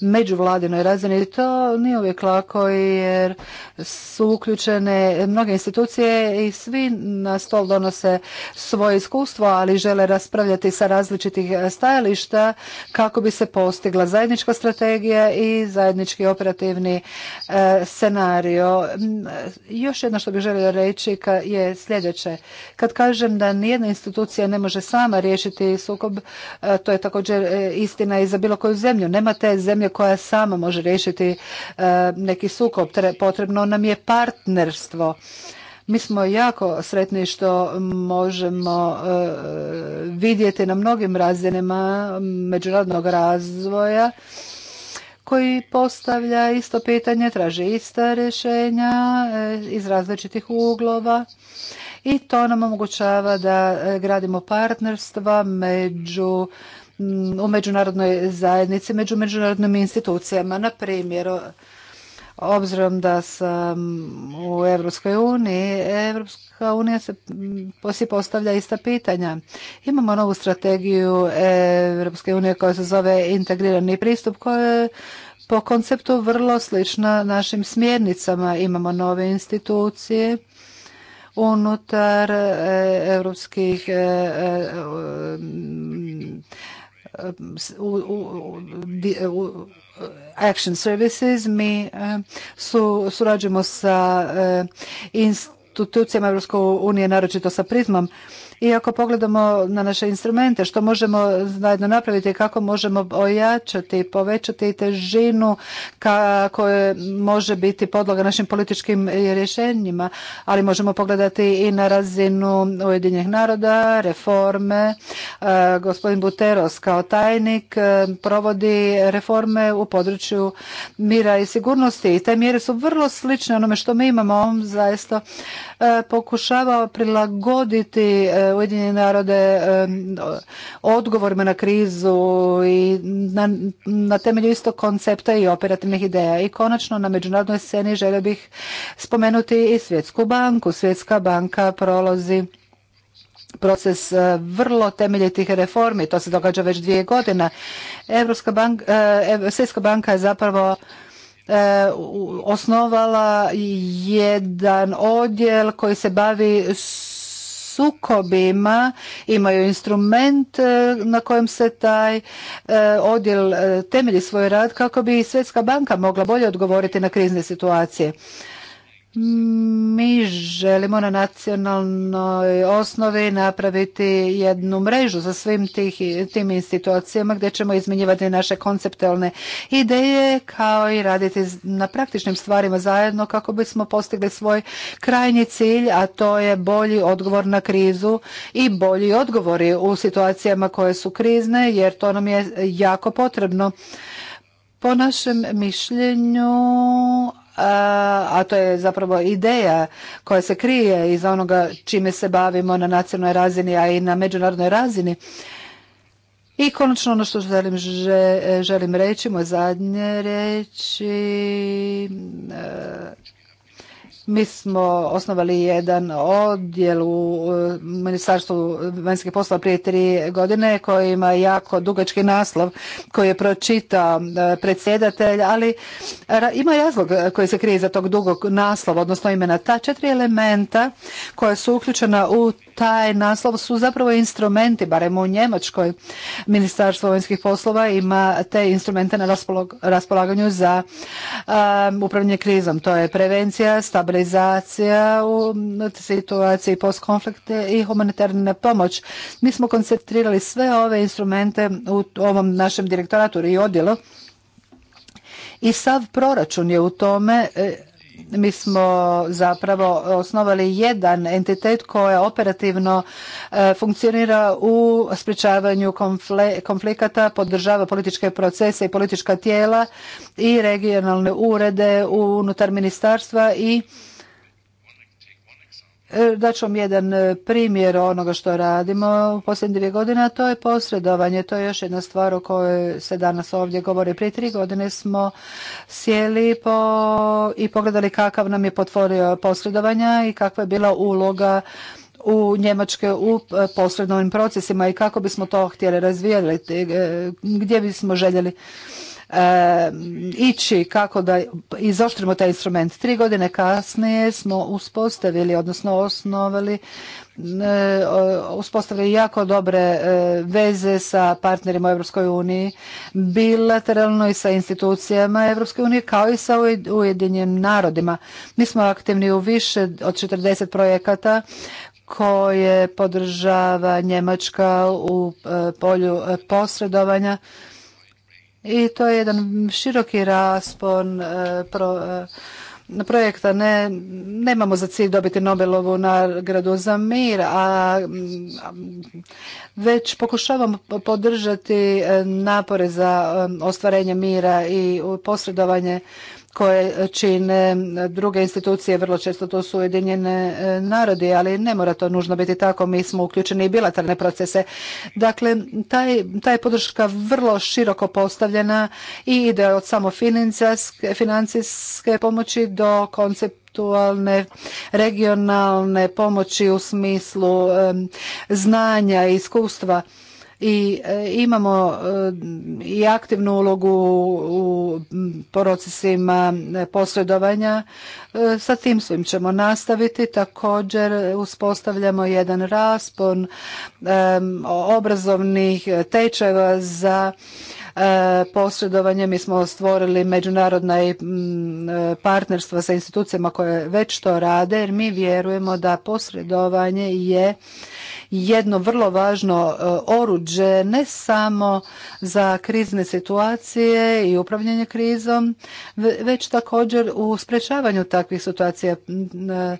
Speaker 1: međuvladinoj razini. To nije uvijek lako jer su uključene mnoge institucije i svi na stol donose svoje iskustvo, ali žele raspravljati sa različitih stajališta kako bi se postigla zajednička strategija i zajednički operativni e, scenario. Još jedno što bih želio reći je sljedeće. Kad kažem da nijedna institucija ne može sama Sama riješiti sukob. E, to je također e, istina i za bilo koju zemlju. Nema te zemlje koja sama može riješiti e, neki sukob. Potrebno nam je partnerstvo. Mi smo jako sretni što možemo vidjeti na mnogim razinama međunarodnog razvoja koji postavlja isto pitanje, traži ista rješenja iz različitih uglova i to nam omogućava da e, gradimo partnerstva među mm, u međunarodnoj zajednici, među međunarodnim institucijama. Na primjer, obzirom da sam u Europskoj uniji, Evropska unija se posi mm, postavlja ista pitanja. Imamo novu strategiju Evropske unije koja se zove integrirani pristup koja je po konceptu vrlo slična našim smjernicama. Imamo nove institucije unutar europskih e, e, action services. Mi e, surađujemo sa institucijama Europske unije, naročito sa prizmom i ako pogledamo na naše instrumente, što možemo zajedno napraviti, kako možemo ojačati, povećati težinu koja može biti podloga našim političkim rješenjima, ali možemo pogledati i na razinu Ujedinjenih naroda, reforme. E, gospodin Buteros kao tajnik e, provodi reforme u području mira i sigurnosti i te mjere su vrlo slične onome što mi imamo. On zaista e, pokušava prilagoditi Ujedinjene narode odgovorima na krizu i na, temelju istog koncepta i operativnih ideja. I konačno na međunarodnoj sceni želio bih spomenuti i Svjetsku banku. Svjetska banka prolazi proces e, vrlo temeljitih reformi. To se događa već dvije godine. E, Svjetska banka je zapravo e, osnovala jedan odjel koji se bavi s sukobima imaju instrument e, na kojem se taj e, odjel e, temelji svoj rad kako bi Svjetska banka mogla bolje odgovoriti na krizne situacije. Mi želimo na nacionalnoj osnovi napraviti jednu mrežu za svim tih, tim institucijama gdje ćemo izmjenjivati naše konceptualne ideje kao i raditi na praktičnim stvarima zajedno kako bismo postigli svoj krajnji cilj, a to je bolji odgovor na krizu i bolji odgovori u situacijama koje su krizne jer to nam je jako potrebno. Po našem mišljenju a to je zapravo ideja koja se krije iz onoga čime se bavimo na nacionalnoj razini, a i na međunarodnoj razini. I konačno ono što želim, želim reći, moje zadnje reći, mi smo osnovali jedan odjel u e, Ministarstvu vanjskih poslova prije tri godine koji ima jako dugački naslov koji je pročitao e, predsjedatelj, ali ima razlog koji se krije za tog dugog naslova, odnosno imena. Ta četiri elementa koja su uključena u taj naslov su zapravo instrumenti, barem u Njemačkoj Ministarstvo vanjskih poslova ima te instrumente na raspolaganju za e, upravljanje krizom. To je prevencija, stabilizacija, stabilizacija u situaciji postkonflikte i humanitarna pomoć. Mi smo koncentrirali sve ove instrumente u ovom našem direktoratu i odjelu i sav proračun je u tome e, mi smo zapravo osnovali jedan entitet koja operativno e, funkcionira u sprječavanju konflikata, podržava političke procese i politička tijela i regionalne urede unutar ministarstva i E, Daću vam jedan e, primjer onoga što radimo u posljednje dvije godine, a to je posredovanje. To je još jedna stvar o kojoj se danas ovdje govori. Prije tri godine smo sjeli po, i pogledali kakav nam je potvorio posredovanja i kakva je bila uloga u njemačkoj u e, posredovnim procesima i kako bismo to htjeli razvijati, gdje bismo željeli ići kako da izoštrimo taj instrument. Tri godine kasnije smo uspostavili, odnosno osnovali e, uspostavili jako dobre e, veze sa partnerima u Europskoj uniji, bilateralno i sa institucijama Europske unije kao i sa Ujedinjenim narodima. Mi smo aktivni u više od 40 projekata koje podržava Njemačka u e, polju posredovanja i to je jedan široki raspon e, e, projekta ne, nemamo za cilj dobiti Nobelovu nagradu za mir, a mm, već pokušavamo podržati e, napore za ostvarenje mira i posredovanje koje čine druge institucije, vrlo često to su ujedinjene e, narodi, ali ne mora to nužno biti tako, mi smo uključeni i bilateralne procese. Dakle, taj, ta je podrška vrlo široko postavljena i ide od samo financijske pomoći do konceptualne, regionalne pomoći u smislu znanja i iskustva i e, imamo e, i aktivnu ulogu u procesima posredovanja. E, sa tim svim ćemo nastaviti. Također uspostavljamo jedan raspon obrazovnih tečajeva za posredovanje. Mi smo stvorili međunarodna i partnerstva sa institucijama koje već to rade jer mi vjerujemo da posredovanje je jedno vrlo važno e, oruđe ne samo za krizne situacije i upravljanje krizom, već također u sprečavanju takvih situacija. E,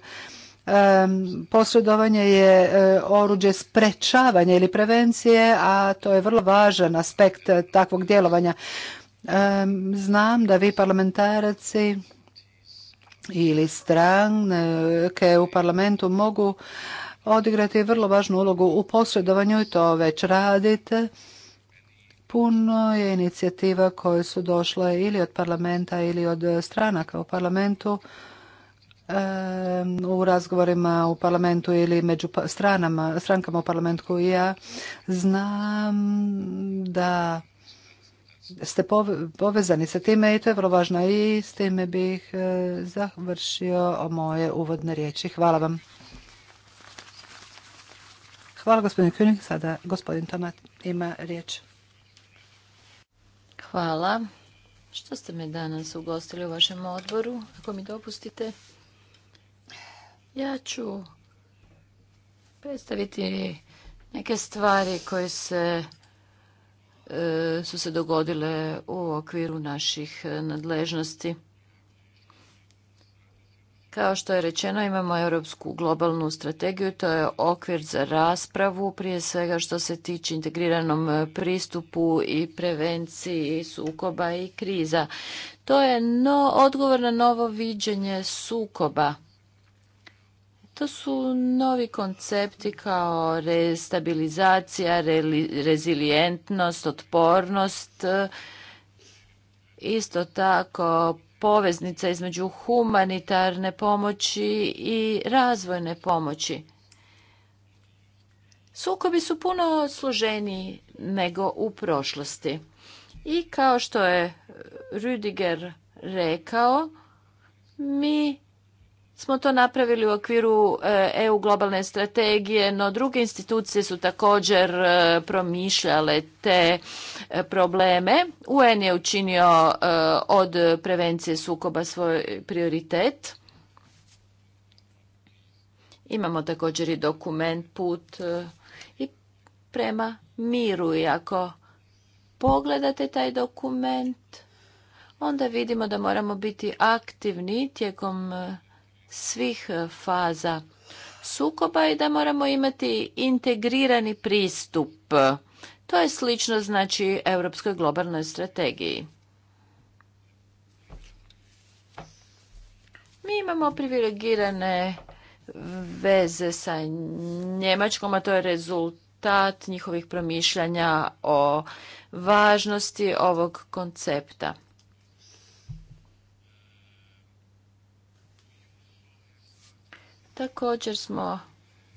Speaker 1: posredovanje je e, oruđe sprečavanja ili prevencije, a to je vrlo važan aspekt takvog djelovanja. Znam da vi parlamentaraci ili stranke u parlamentu mogu odigrati vrlo važnu ulogu u posredovanju i to već radite. Puno je inicijativa koje su došle ili od parlamenta ili od stranaka u parlamentu u razgovorima u parlamentu ili među pa, stranama, strankama u parlamentu i ja znam da ste povezani sa time i to je vrlo važno i s time bih eh, završio moje uvodne riječi. Hvala vam. Hvala gospodine König. Sada gospodin Tomat ima riječ. Hvala. Što ste me danas
Speaker 5: ugostili u vašem odboru, ako mi dopustite? Ja ću predstaviti neke stvari koje se e, su se dogodile u okviru naših nadležnosti. Kao što je rečeno, imamo europsku globalnu strategiju, to je okvir za raspravu, prije svega što se tiče integriranom e, pristupu i prevenciji sukoba i kriza. To je odgovor na novo viđenje sukoba. To su novi koncepti kao restabilizacija, rezilijentnost, otpornost, e, Isto tako poveznica između humanitarne pomoći i razvojne pomoći. Sukobi su puno složeniji nego u prošlosti. I kao što je Rüdiger rekao, mi smo to napravili u okviru e, EU globalne strategije, no druge institucije su također e, promišljale te e, probleme. UN je učinio od prevencije sukoba svoj prioritet. Imamo također i dokument put i prema miru. I ako pogledate taj dokument, onda vidimo da moramo biti aktivni tijekom svih e, faza sukoba i da moramo imati integrirani pristup. To je slično znači europskoj globalnoj strategiji. Mi imamo privilegirane veze sa Njemačkom, a to je rezultat njihovih promišljanja o važnosti ovog koncepta. Također smo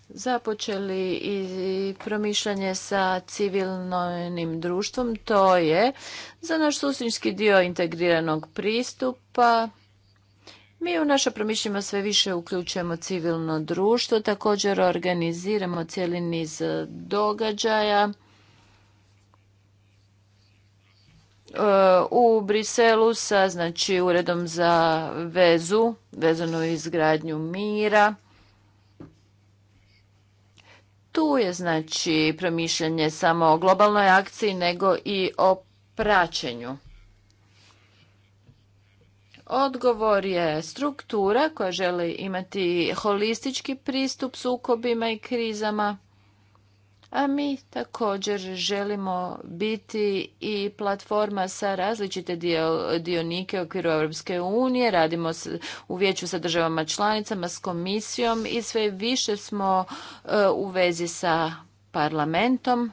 Speaker 5: započeli i promišljanje sa civilnim društvom. To je za naš susrinski dio integriranog pristupa. Mi u naša promišljima sve više uključujemo civilno društvo, također organiziramo cijeli niz događaja. E, u Briselu sa znači, uredom za vezu, vezano izgradnju mira tu je znači promišljanje samo o globalnoj akciji nego i o praćenju. Odgovor je struktura koja želi imati holistički pristup sukobima i krizama a mi također želimo biti i platforma sa različite dionike u okviru Europske unije, radimo u vijeću sa državama članicama, s komisijom i sve više smo e, u vezi sa parlamentom.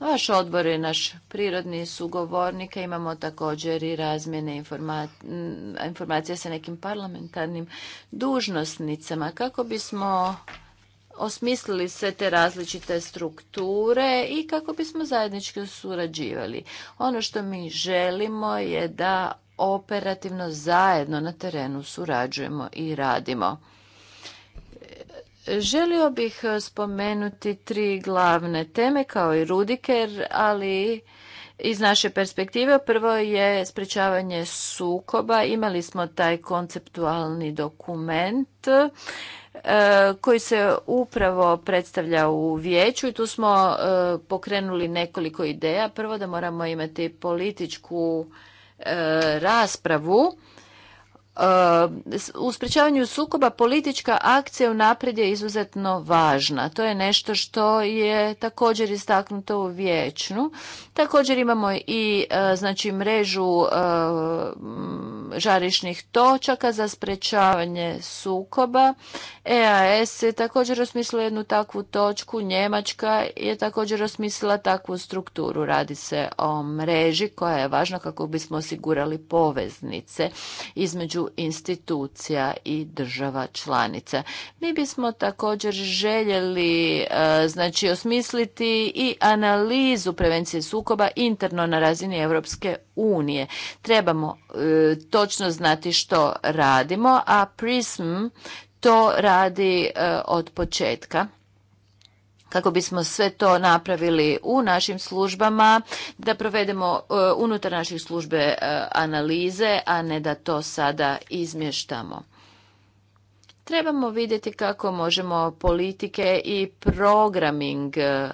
Speaker 5: Vaš odbor je naš prirodni sugovornik, imamo također i razmjene informacija sa nekim parlamentarnim dužnosnicama kako bismo osmislili sve te različite strukture i kako bismo zajednički surađivali. Ono što mi želimo je da operativno zajedno na terenu surađujemo i radimo. Želio bih spomenuti tri glavne teme kao i Rudiker, ali iz naše perspektive. Prvo je sprečavanje sukoba. Imali smo taj konceptualni dokument e, koji se upravo predstavlja u vijeću i tu smo e, pokrenuli nekoliko ideja. Prvo da moramo imati političku e, raspravu u sprečavanju sukoba politička akcija u napred je izuzetno važna. To je nešto što je također istaknuto u vječnu. Također imamo i e, znači, mrežu e, žarišnih točaka za sprečavanje sukoba. EAS je također osmislila jednu takvu točku. Njemačka je također osmislila takvu strukturu. Radi se o mreži koja je važna kako bismo osigurali poveznice između institucija i država članica. Mi bismo također željeli e, znači osmisliti i analizu prevencije sukoba interno na razini Europske unije. Trebamo e, točno znati što radimo, a PRISM to radi e, od početka kako bismo sve to napravili u našim službama, da provedemo e, unutar naših službe e, analize, a ne da to sada izmještamo. Trebamo vidjeti kako možemo politike i programming e,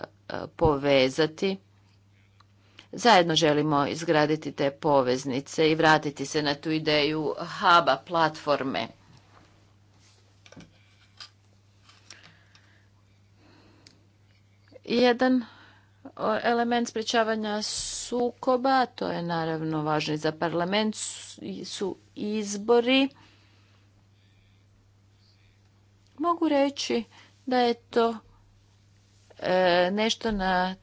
Speaker 5: povezati. Zajedno želimo izgraditi te poveznice i vratiti se na tu ideju huba platforme. Jedan element sprečavanja sukoba, to je naravno važno i za parlament, su izbori. Mogu reći da je to e, nešto na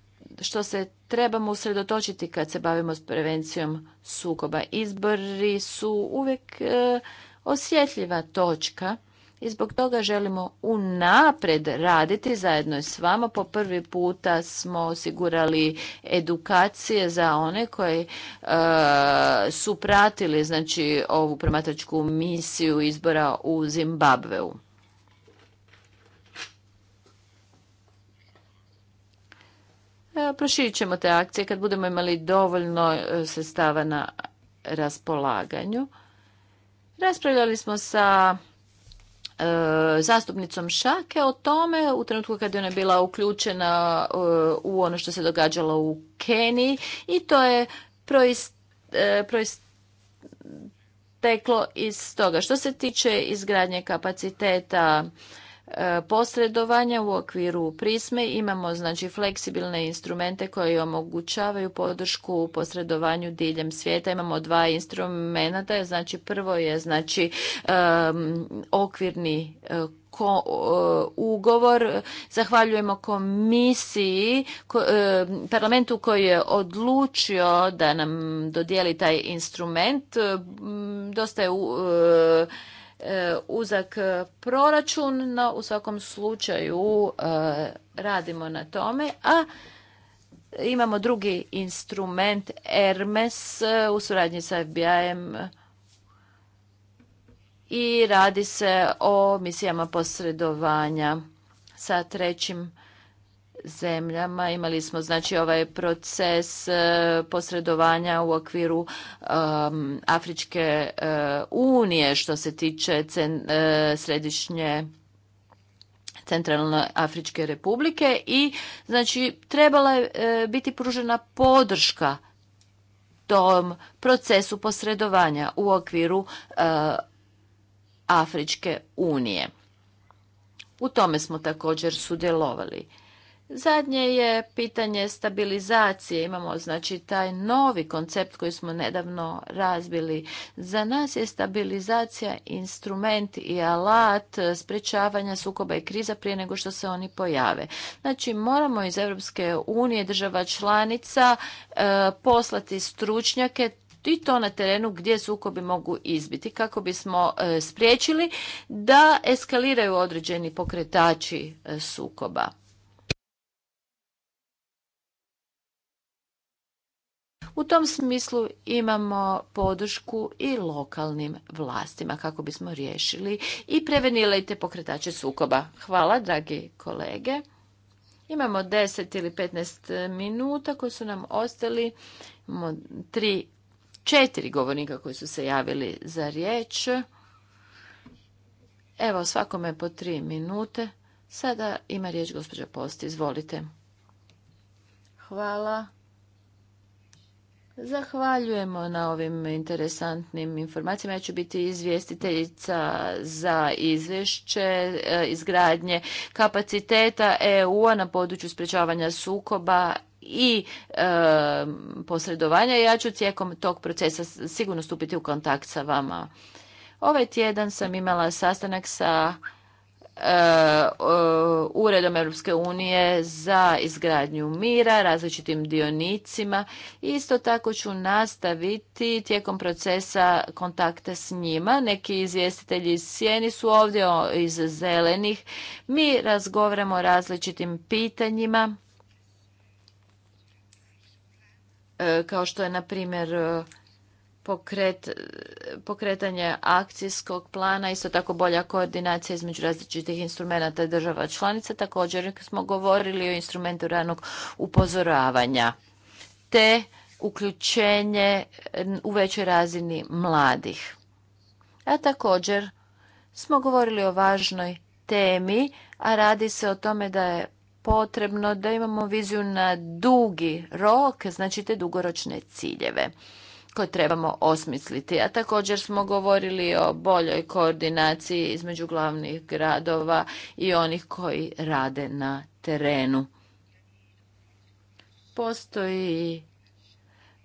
Speaker 5: što se trebamo usredotočiti kad se bavimo s prevencijom sukoba. Izbori su uvijek e, osjetljiva točka i zbog toga želimo unapred raditi zajedno s vama. Po prvi puta smo osigurali edukacije za one koji e, su pratili znači, ovu promatračku misiju izbora u Zimbabveu. E, proširit ćemo te akcije kad budemo imali dovoljno e, sredstava na raspolaganju. Raspravljali smo sa E, zastupnicom Šake o tome u trenutku kad ona bila uključena e, u ono što se događalo u Keniji i to je e, proisteklo iz toga. Što se tiče izgradnje kapaciteta E, posredovanja u okviru prisme imamo znači fleksibilne instrumente koji omogućavaju podršku u posredovanju diljem svijeta imamo dva instrumenta znači prvo je znači okvirni e, e, ugovor. Zahvaljujemo komisiji, parlamentu koji je odlučio da nam dodijeli taj instrument. dosta je E, uzak proračun, no u svakom slučaju e, radimo na tome, a imamo drugi instrument Hermes e, u suradnji sa FBI-em i radi se o misijama posredovanja sa trećim zemljama. Imali smo znači ovaj proces e, posredovanja u okviru Afričke e, unije što se tiče e, središnje Centralno Afričke republike i znači trebala je biti pružena podrška tom procesu posredovanja u okviru Afričke unije. U tome smo također sudjelovali. Zadnje je pitanje stabilizacije. Imamo znači taj novi koncept koji smo nedavno razbili. Za nas je stabilizacija instrument i alat sprečavanja sukoba i kriza prije nego što se oni pojave. Znači moramo iz Europske unije država članica e, poslati stručnjake i to na terenu gdje sukobi mogu izbiti kako bismo e, spriječili da eskaliraju određeni pokretači e, sukoba. U tom smislu imamo podršku i lokalnim vlastima kako bismo riješili i te pokretače sukoba. Hvala, dragi kolege. Imamo 10 ili 15 minuta koji su nam ostali. Imamo tri, četiri govornika koji su se javili za riječ. Evo, svakome po tri minute. Sada ima riječ gospođa Posti, izvolite. Hvala. Zahvaljujemo na ovim interesantnim informacijama. Ja ću biti izvjestiteljica za izvješće e, izgradnje kapaciteta EU-a na području sprečavanja sukoba i e, posredovanja. Ja ću tijekom tog procesa sigurno stupiti u kontakt sa vama. Ovaj tjedan sam imala sastanak sa E, uredom Europske unije za izgradnju mira, različitim dionicima. Isto tako ću nastaviti tijekom procesa kontakta s njima. Neki izvjestitelji iz Sjeni su ovdje iz Zelenih. Mi razgovaramo o različitim pitanjima, e, kao što je na primjer pokret, pokretanje akcijskog plana, isto tako bolja koordinacija između različitih instrumenta država članica. Također smo govorili o instrumentu ranog upozoravanja te uključenje u većoj razini mladih. A također smo govorili o važnoj temi, a radi se o tome da je potrebno da imamo viziju na dugi rok, znači te dugoročne ciljeve koje trebamo osmisliti. A također smo govorili o boljoj koordinaciji između glavnih gradova i onih koji rade na terenu. Postoji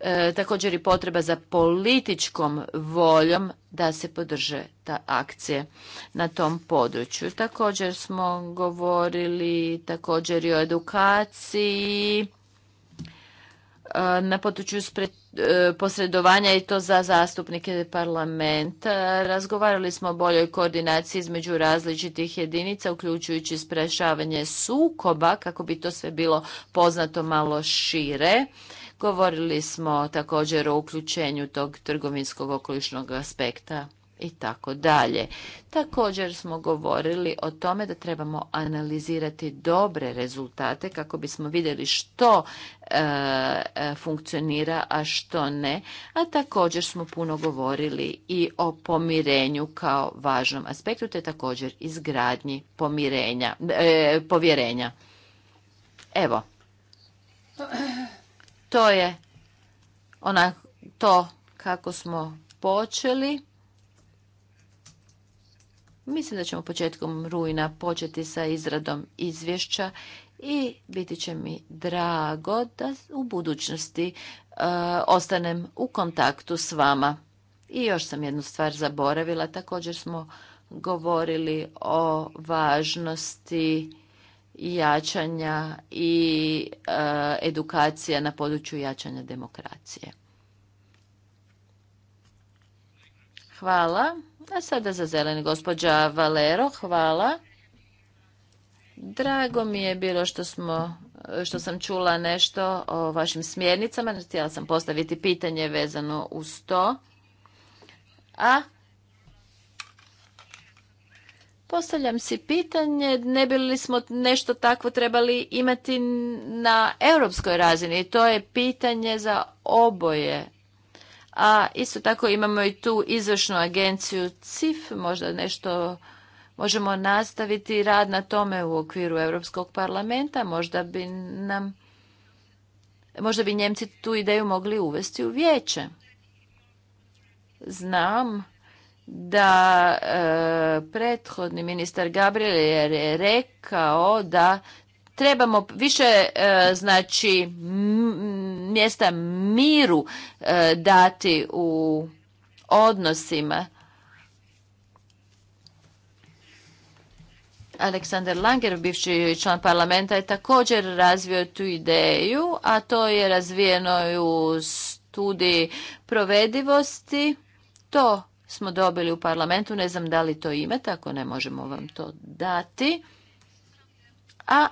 Speaker 5: e, također i potreba za političkom voljom da se podrže ta akcije na tom području. Također smo govorili također i o edukaciji Eh, na području eh, posredovanja i to za zastupnike parlamenta. Razgovarali smo o boljoj koordinaciji između različitih jedinica, uključujući sprešavanje sukoba, kako bi to sve bilo poznato malo šire. Govorili smo također o uključenju tog trgovinskog okolišnog aspekta i tako dalje. Također smo govorili o tome da trebamo analizirati dobre rezultate kako bismo vidjeli što e, e, funkcionira, a što ne. A također smo puno govorili i o pomirenju kao važnom aspektu, te također izgradnji pomirenja, e, povjerenja. Evo, to je ona to kako smo počeli. Mislim da ćemo početkom rujna početi sa izradom izvješća i biti će mi drago da u budućnosti e, ostanem u kontaktu s vama. I još sam jednu stvar zaboravila, također smo govorili o važnosti jačanja i e, edukacija na području jačanja demokracije. Hvala. A sada za zeleni gospođa Valero, hvala. Drago mi je bilo što smo što sam čula nešto o vašim smjernicama, htjela sam postaviti pitanje vezano uz to. A postavljam si pitanje, ne bi li smo nešto takvo trebali imati na europskoj razini? To je pitanje za oboje a isto tako imamo i tu izvršnu agenciju CIF, možda nešto možemo nastaviti rad na tome u okviru Europskog parlamenta, možda bi nam možda bi Njemci tu ideju mogli uvesti u vijeće. Znam da e, prethodni ministar Gabriel je rekao da trebamo više e, znači mjesta miru e, dati u odnosima. Aleksandar Langer, bivši član parlamenta, je također razvio tu ideju, a to je razvijeno u studiji provedivosti. To smo dobili u parlamentu, ne znam da li to imate, ako ne možemo vam to dati. A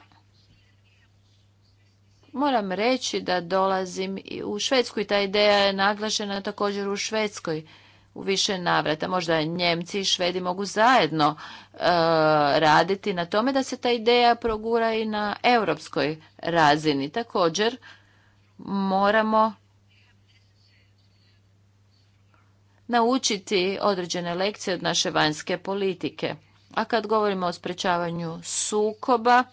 Speaker 5: Moram reći da dolazim i u Švedsku i ta ideja je naglašena također u Švedskoj u više navrata. Možda Njemci i Švedi mogu zajedno e, raditi na tome da se ta ideja progura i na europskoj razini. Također moramo naučiti određene lekcije od naše vanjske politike. A kad govorimo o sprečavanju sukoba,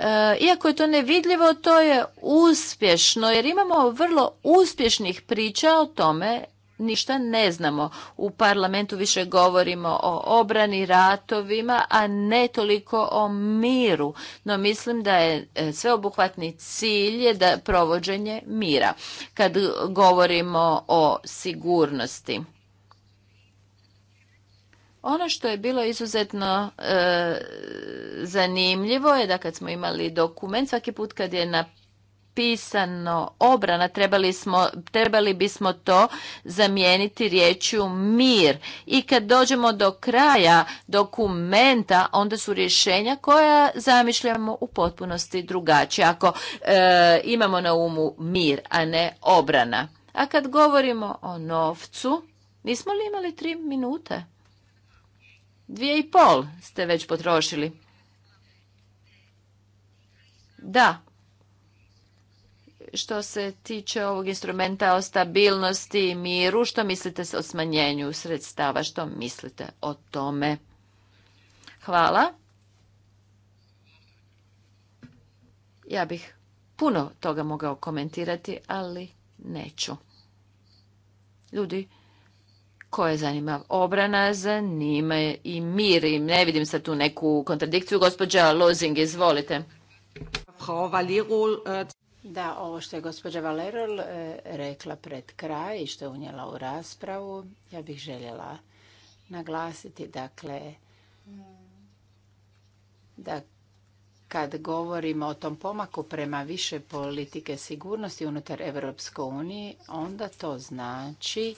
Speaker 5: E, iako je to nevidljivo, to je uspješno jer imamo vrlo uspješnih priča o tome ništa ne znamo. U parlamentu više govorimo o obrani ratovima, a ne toliko o miru. No mislim da je e, sveobuhvatni cilj je da provođenje mira kad govorimo o sigurnosti. Ono što je bilo izuzetno e, zanimljivo je da kad smo imali dokument, svaki put kad je na pisano obrana, trebali, smo, trebali bismo to zamijeniti riječju mir. I kad dođemo do kraja dokumenta, onda su rješenja koja zamišljamo u potpunosti drugačije. Ako e, imamo na umu mir, a ne obrana. A kad govorimo o novcu, nismo li imali tri minute? Dvije i pol ste već potrošili. Da. Što se tiče ovog instrumenta o stabilnosti i miru, što mislite o smanjenju sredstava? Što mislite o tome? Hvala. Ja bih puno toga mogao komentirati, ali neću. Ljudi koje zanima obrana, zanima i mir. I ne vidim sad tu neku kontradikciju. Gospođa Lozing, izvolite.
Speaker 6: Da, ovo što je gospođa Valerol e, rekla pred kraj i što je unijela u raspravu, ja bih željela naglasiti, dakle, da kad govorimo o tom pomaku prema više politike sigurnosti unutar Europske unije, onda to znači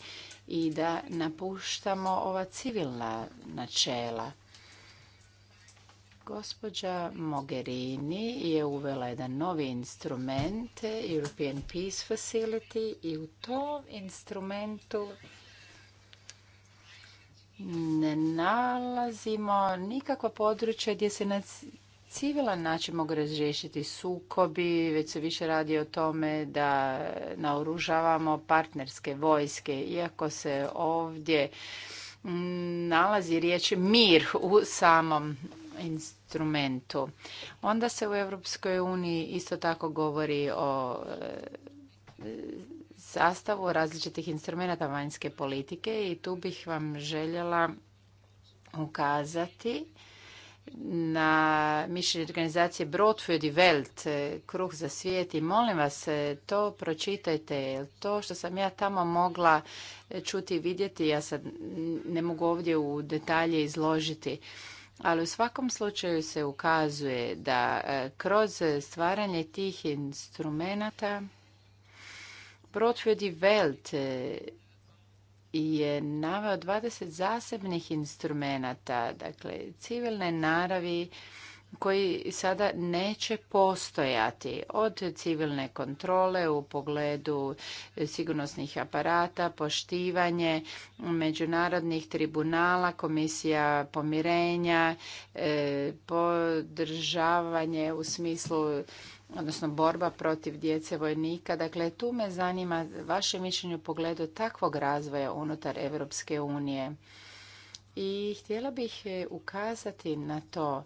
Speaker 6: i da napuštamo ova civilna načela. Gospođa Mogherini je uvela jedan novi instrument, European Peace Facility, i u tom instrumentu ne nalazimo nikakva područja gdje se civilan način mogu razriješiti sukobi, već se više radi o tome da naoružavamo partnerske vojske, iako se ovdje nalazi riječ mir u samom instrumentu. Onda se u Europskoj uniji isto tako govori o e, sastavu različitih instrumenta vanjske politike i tu bih vam željela ukazati na mišljenje organizacije Brot für die Welt, e, kruh za svijet i molim vas e, to pročitajte to što sam ja tamo mogla e, čuti i vidjeti, ja sad ne mogu ovdje u detalje izložiti. Ali u svakom slučaju se ukazuje da kroz stvaranje tih instrumenata Brot für die Welt je naveo 20 zasebnih instrumenata, dakle civilne naravi koji sada neće postojati od civilne kontrole u pogledu sigurnosnih aparata, poštivanje međunarodnih tribunala, komisija pomirenja, e, podržavanje u smislu odnosno borba protiv djece vojnika. Dakle, tu me zanima vaše mišljenje u pogledu takvog razvoja unutar Europske unije. I htjela bih e, ukazati na to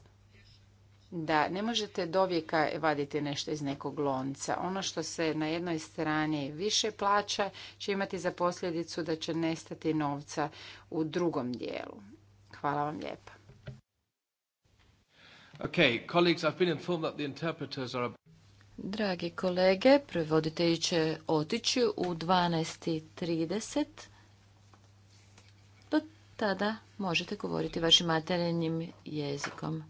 Speaker 6: da ne možete dovijeka vaditi nešto iz nekog lonca. Ono što se na jednoj strani više plaća će imati za posljedicu da će nestati novca u drugom dijelu.
Speaker 5: Hvala vam lijepa.
Speaker 3: Okay, colleagues, I've been informed that the interpreters are
Speaker 5: Dragi kolege, prevoditelji će otići u 12.30. Do tada možete govoriti vašim materijalnim jezikom.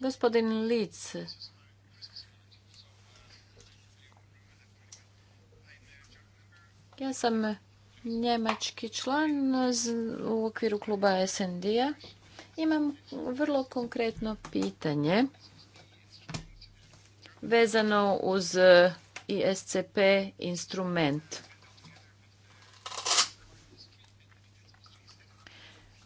Speaker 5: Gospodin Lic, ja sam njemački član u okviru kluba SND-a. Imam vrlo konkretno pitanje vezano uz e, ISCP instrument.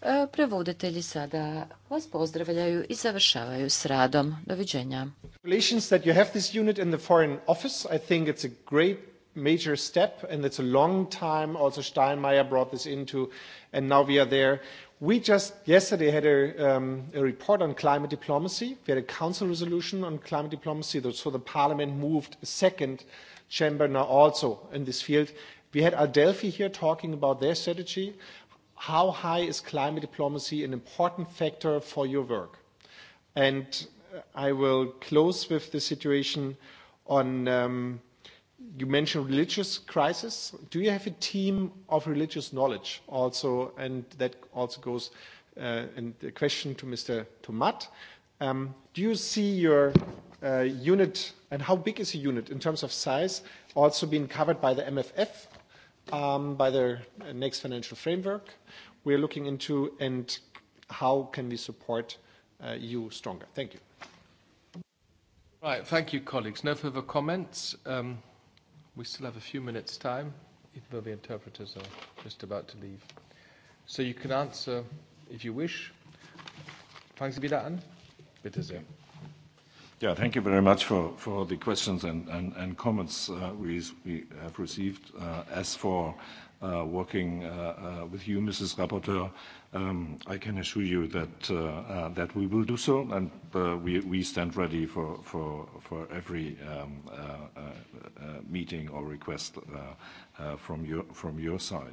Speaker 5: E, prevoditelji sada vas
Speaker 2: pozdravljaju i završavaju s radom. Doviđenja. Relations that you have this unit in the Foreign Office, I think it's a great major step and it's a long time also Steinmeier brought this into and now we are there We just yesterday had a, um, a report on climate diplomacy. We had a council resolution on climate diplomacy, so the parliament moved a second chamber now also in this field. We had Adelphi here talking about their strategy. How high is climate diplomacy an important factor for your work? And I will close with the situation on um, you mentioned religious crisis. Do you have a team of religious knowledge also? And that also goes, uh, and the question to Mr. Tomat. Um, do you see your uh, unit, and how big is the unit in terms of size, also being covered by the MFF, um, by the next financial framework we're looking into, and how can we support uh, you stronger? Thank you.
Speaker 3: Right, thank you, colleagues. No further comments. Um... We still have a few minutes' time, even though the interpreters are just about to leave. So you can answer if you wish. Fangen Sie wieder an. Bitte sehr.
Speaker 7: Yeah, thank you very much for, for the questions and, and, and comments uh, we, we have received. Uh, as for uh, working uh, uh, with you, Mrs. Rapporteur, Um, I can assure you that, uh, uh, that we will do so, and uh, we, we stand ready for, for, for every um, meeting or request from your, from your side.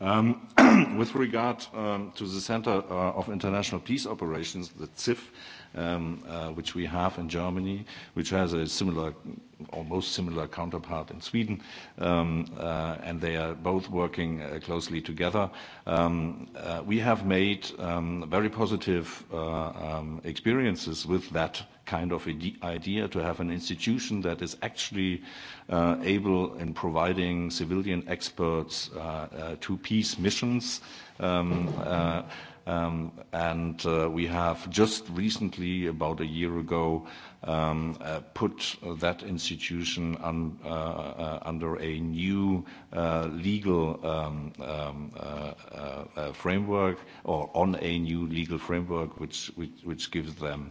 Speaker 7: Um, with regard um, to the Center of International Peace Operations, the CIF, um, uh, which we have in Germany, which has a similar, almost similar counterpart in Sweden, um, uh, and they are both working uh, closely together. Um, we have made um, very positive um, experiences with that kind of idea to have an institution that is actually able in providing civilian experts to peace missions. Um, Um, and uh, we have just recently, about a year ago, um, uh, put that institution uh, under a new legal um, framework or on a new legal framework which, which, which gives them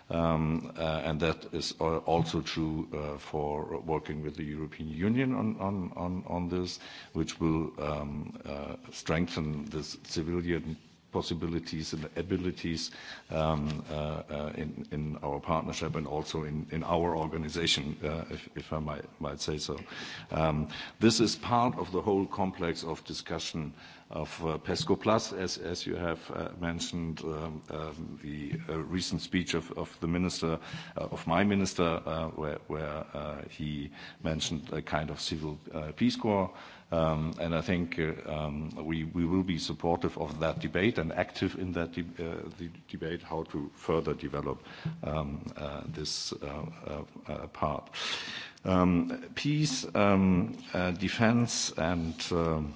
Speaker 7: um, uh, and that is uh, also true uh, for working with the European Union on, on, on, on this, which will um, uh, strengthen the civilian possibilities and abilities um, uh, uh, in, in our partnership and also in, in our organization, uh, if, if I might, might say so. Um, this is part of the whole complex of discussion of uh, PESCO Plus, as, you have uh, mentioned um, um, the uh, recent speech of, the minister, of my minister, where, he mentioned a kind of civil peace corps. Um, and I think we, will be supportive of that debate and active in that debate, how to further develop this part. Peace, defense, and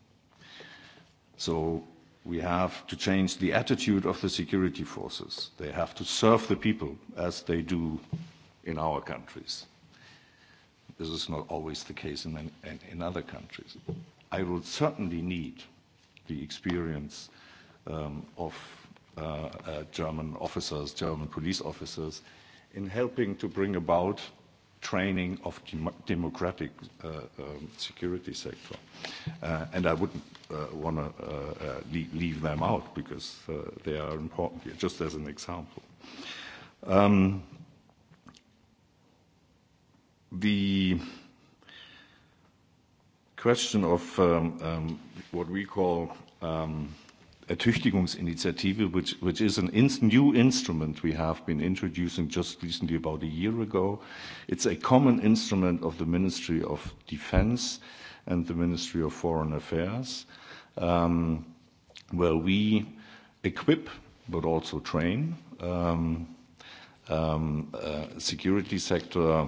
Speaker 7: So we have to change the attitude of the security forces. They have to serve the people as they do in our countries. This is not always the case in, in, in other countries. I would certainly need the experience um, of uh, uh, German officers, German police officers, in helping to bring about training of democratic uh, um, security sector. Uh, and I wouldn't uh, want to leave, them out because they are important here, just as an example. Um, the question of um, um what we call um, Ertüchtigungsinitiative, which, which is an ins new instrument we have been introducing just recently, about a year ago. It's a common instrument of the Ministry of Defense and the Ministry of Foreign Affairs, um, where we equip but also train um, um, uh, security sector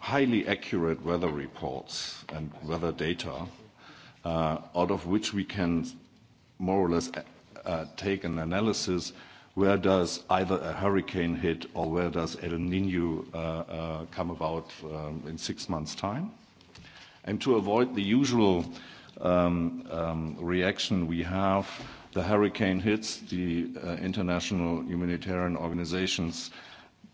Speaker 7: highly accurate weather reports and weather data uh, out of which we can more or less uh, uh, take an analysis where does either a hurricane hit or where does El Nino come about um, in six months' time. And to avoid the usual um, um reaction we have, the hurricane hits, the international humanitarian organizations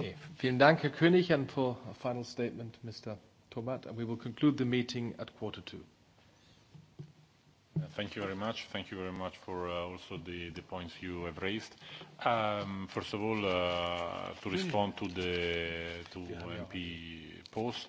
Speaker 3: Okay. Vielen Dank, Herr König. And for a final statement, Mr. Tomat, and we will conclude the meeting at quarter two.
Speaker 4: Uh, thank you very much. Thank you very much for uh, also the, the points you have raised. Um, first of all, uh, to hmm. respond to the to MP Post,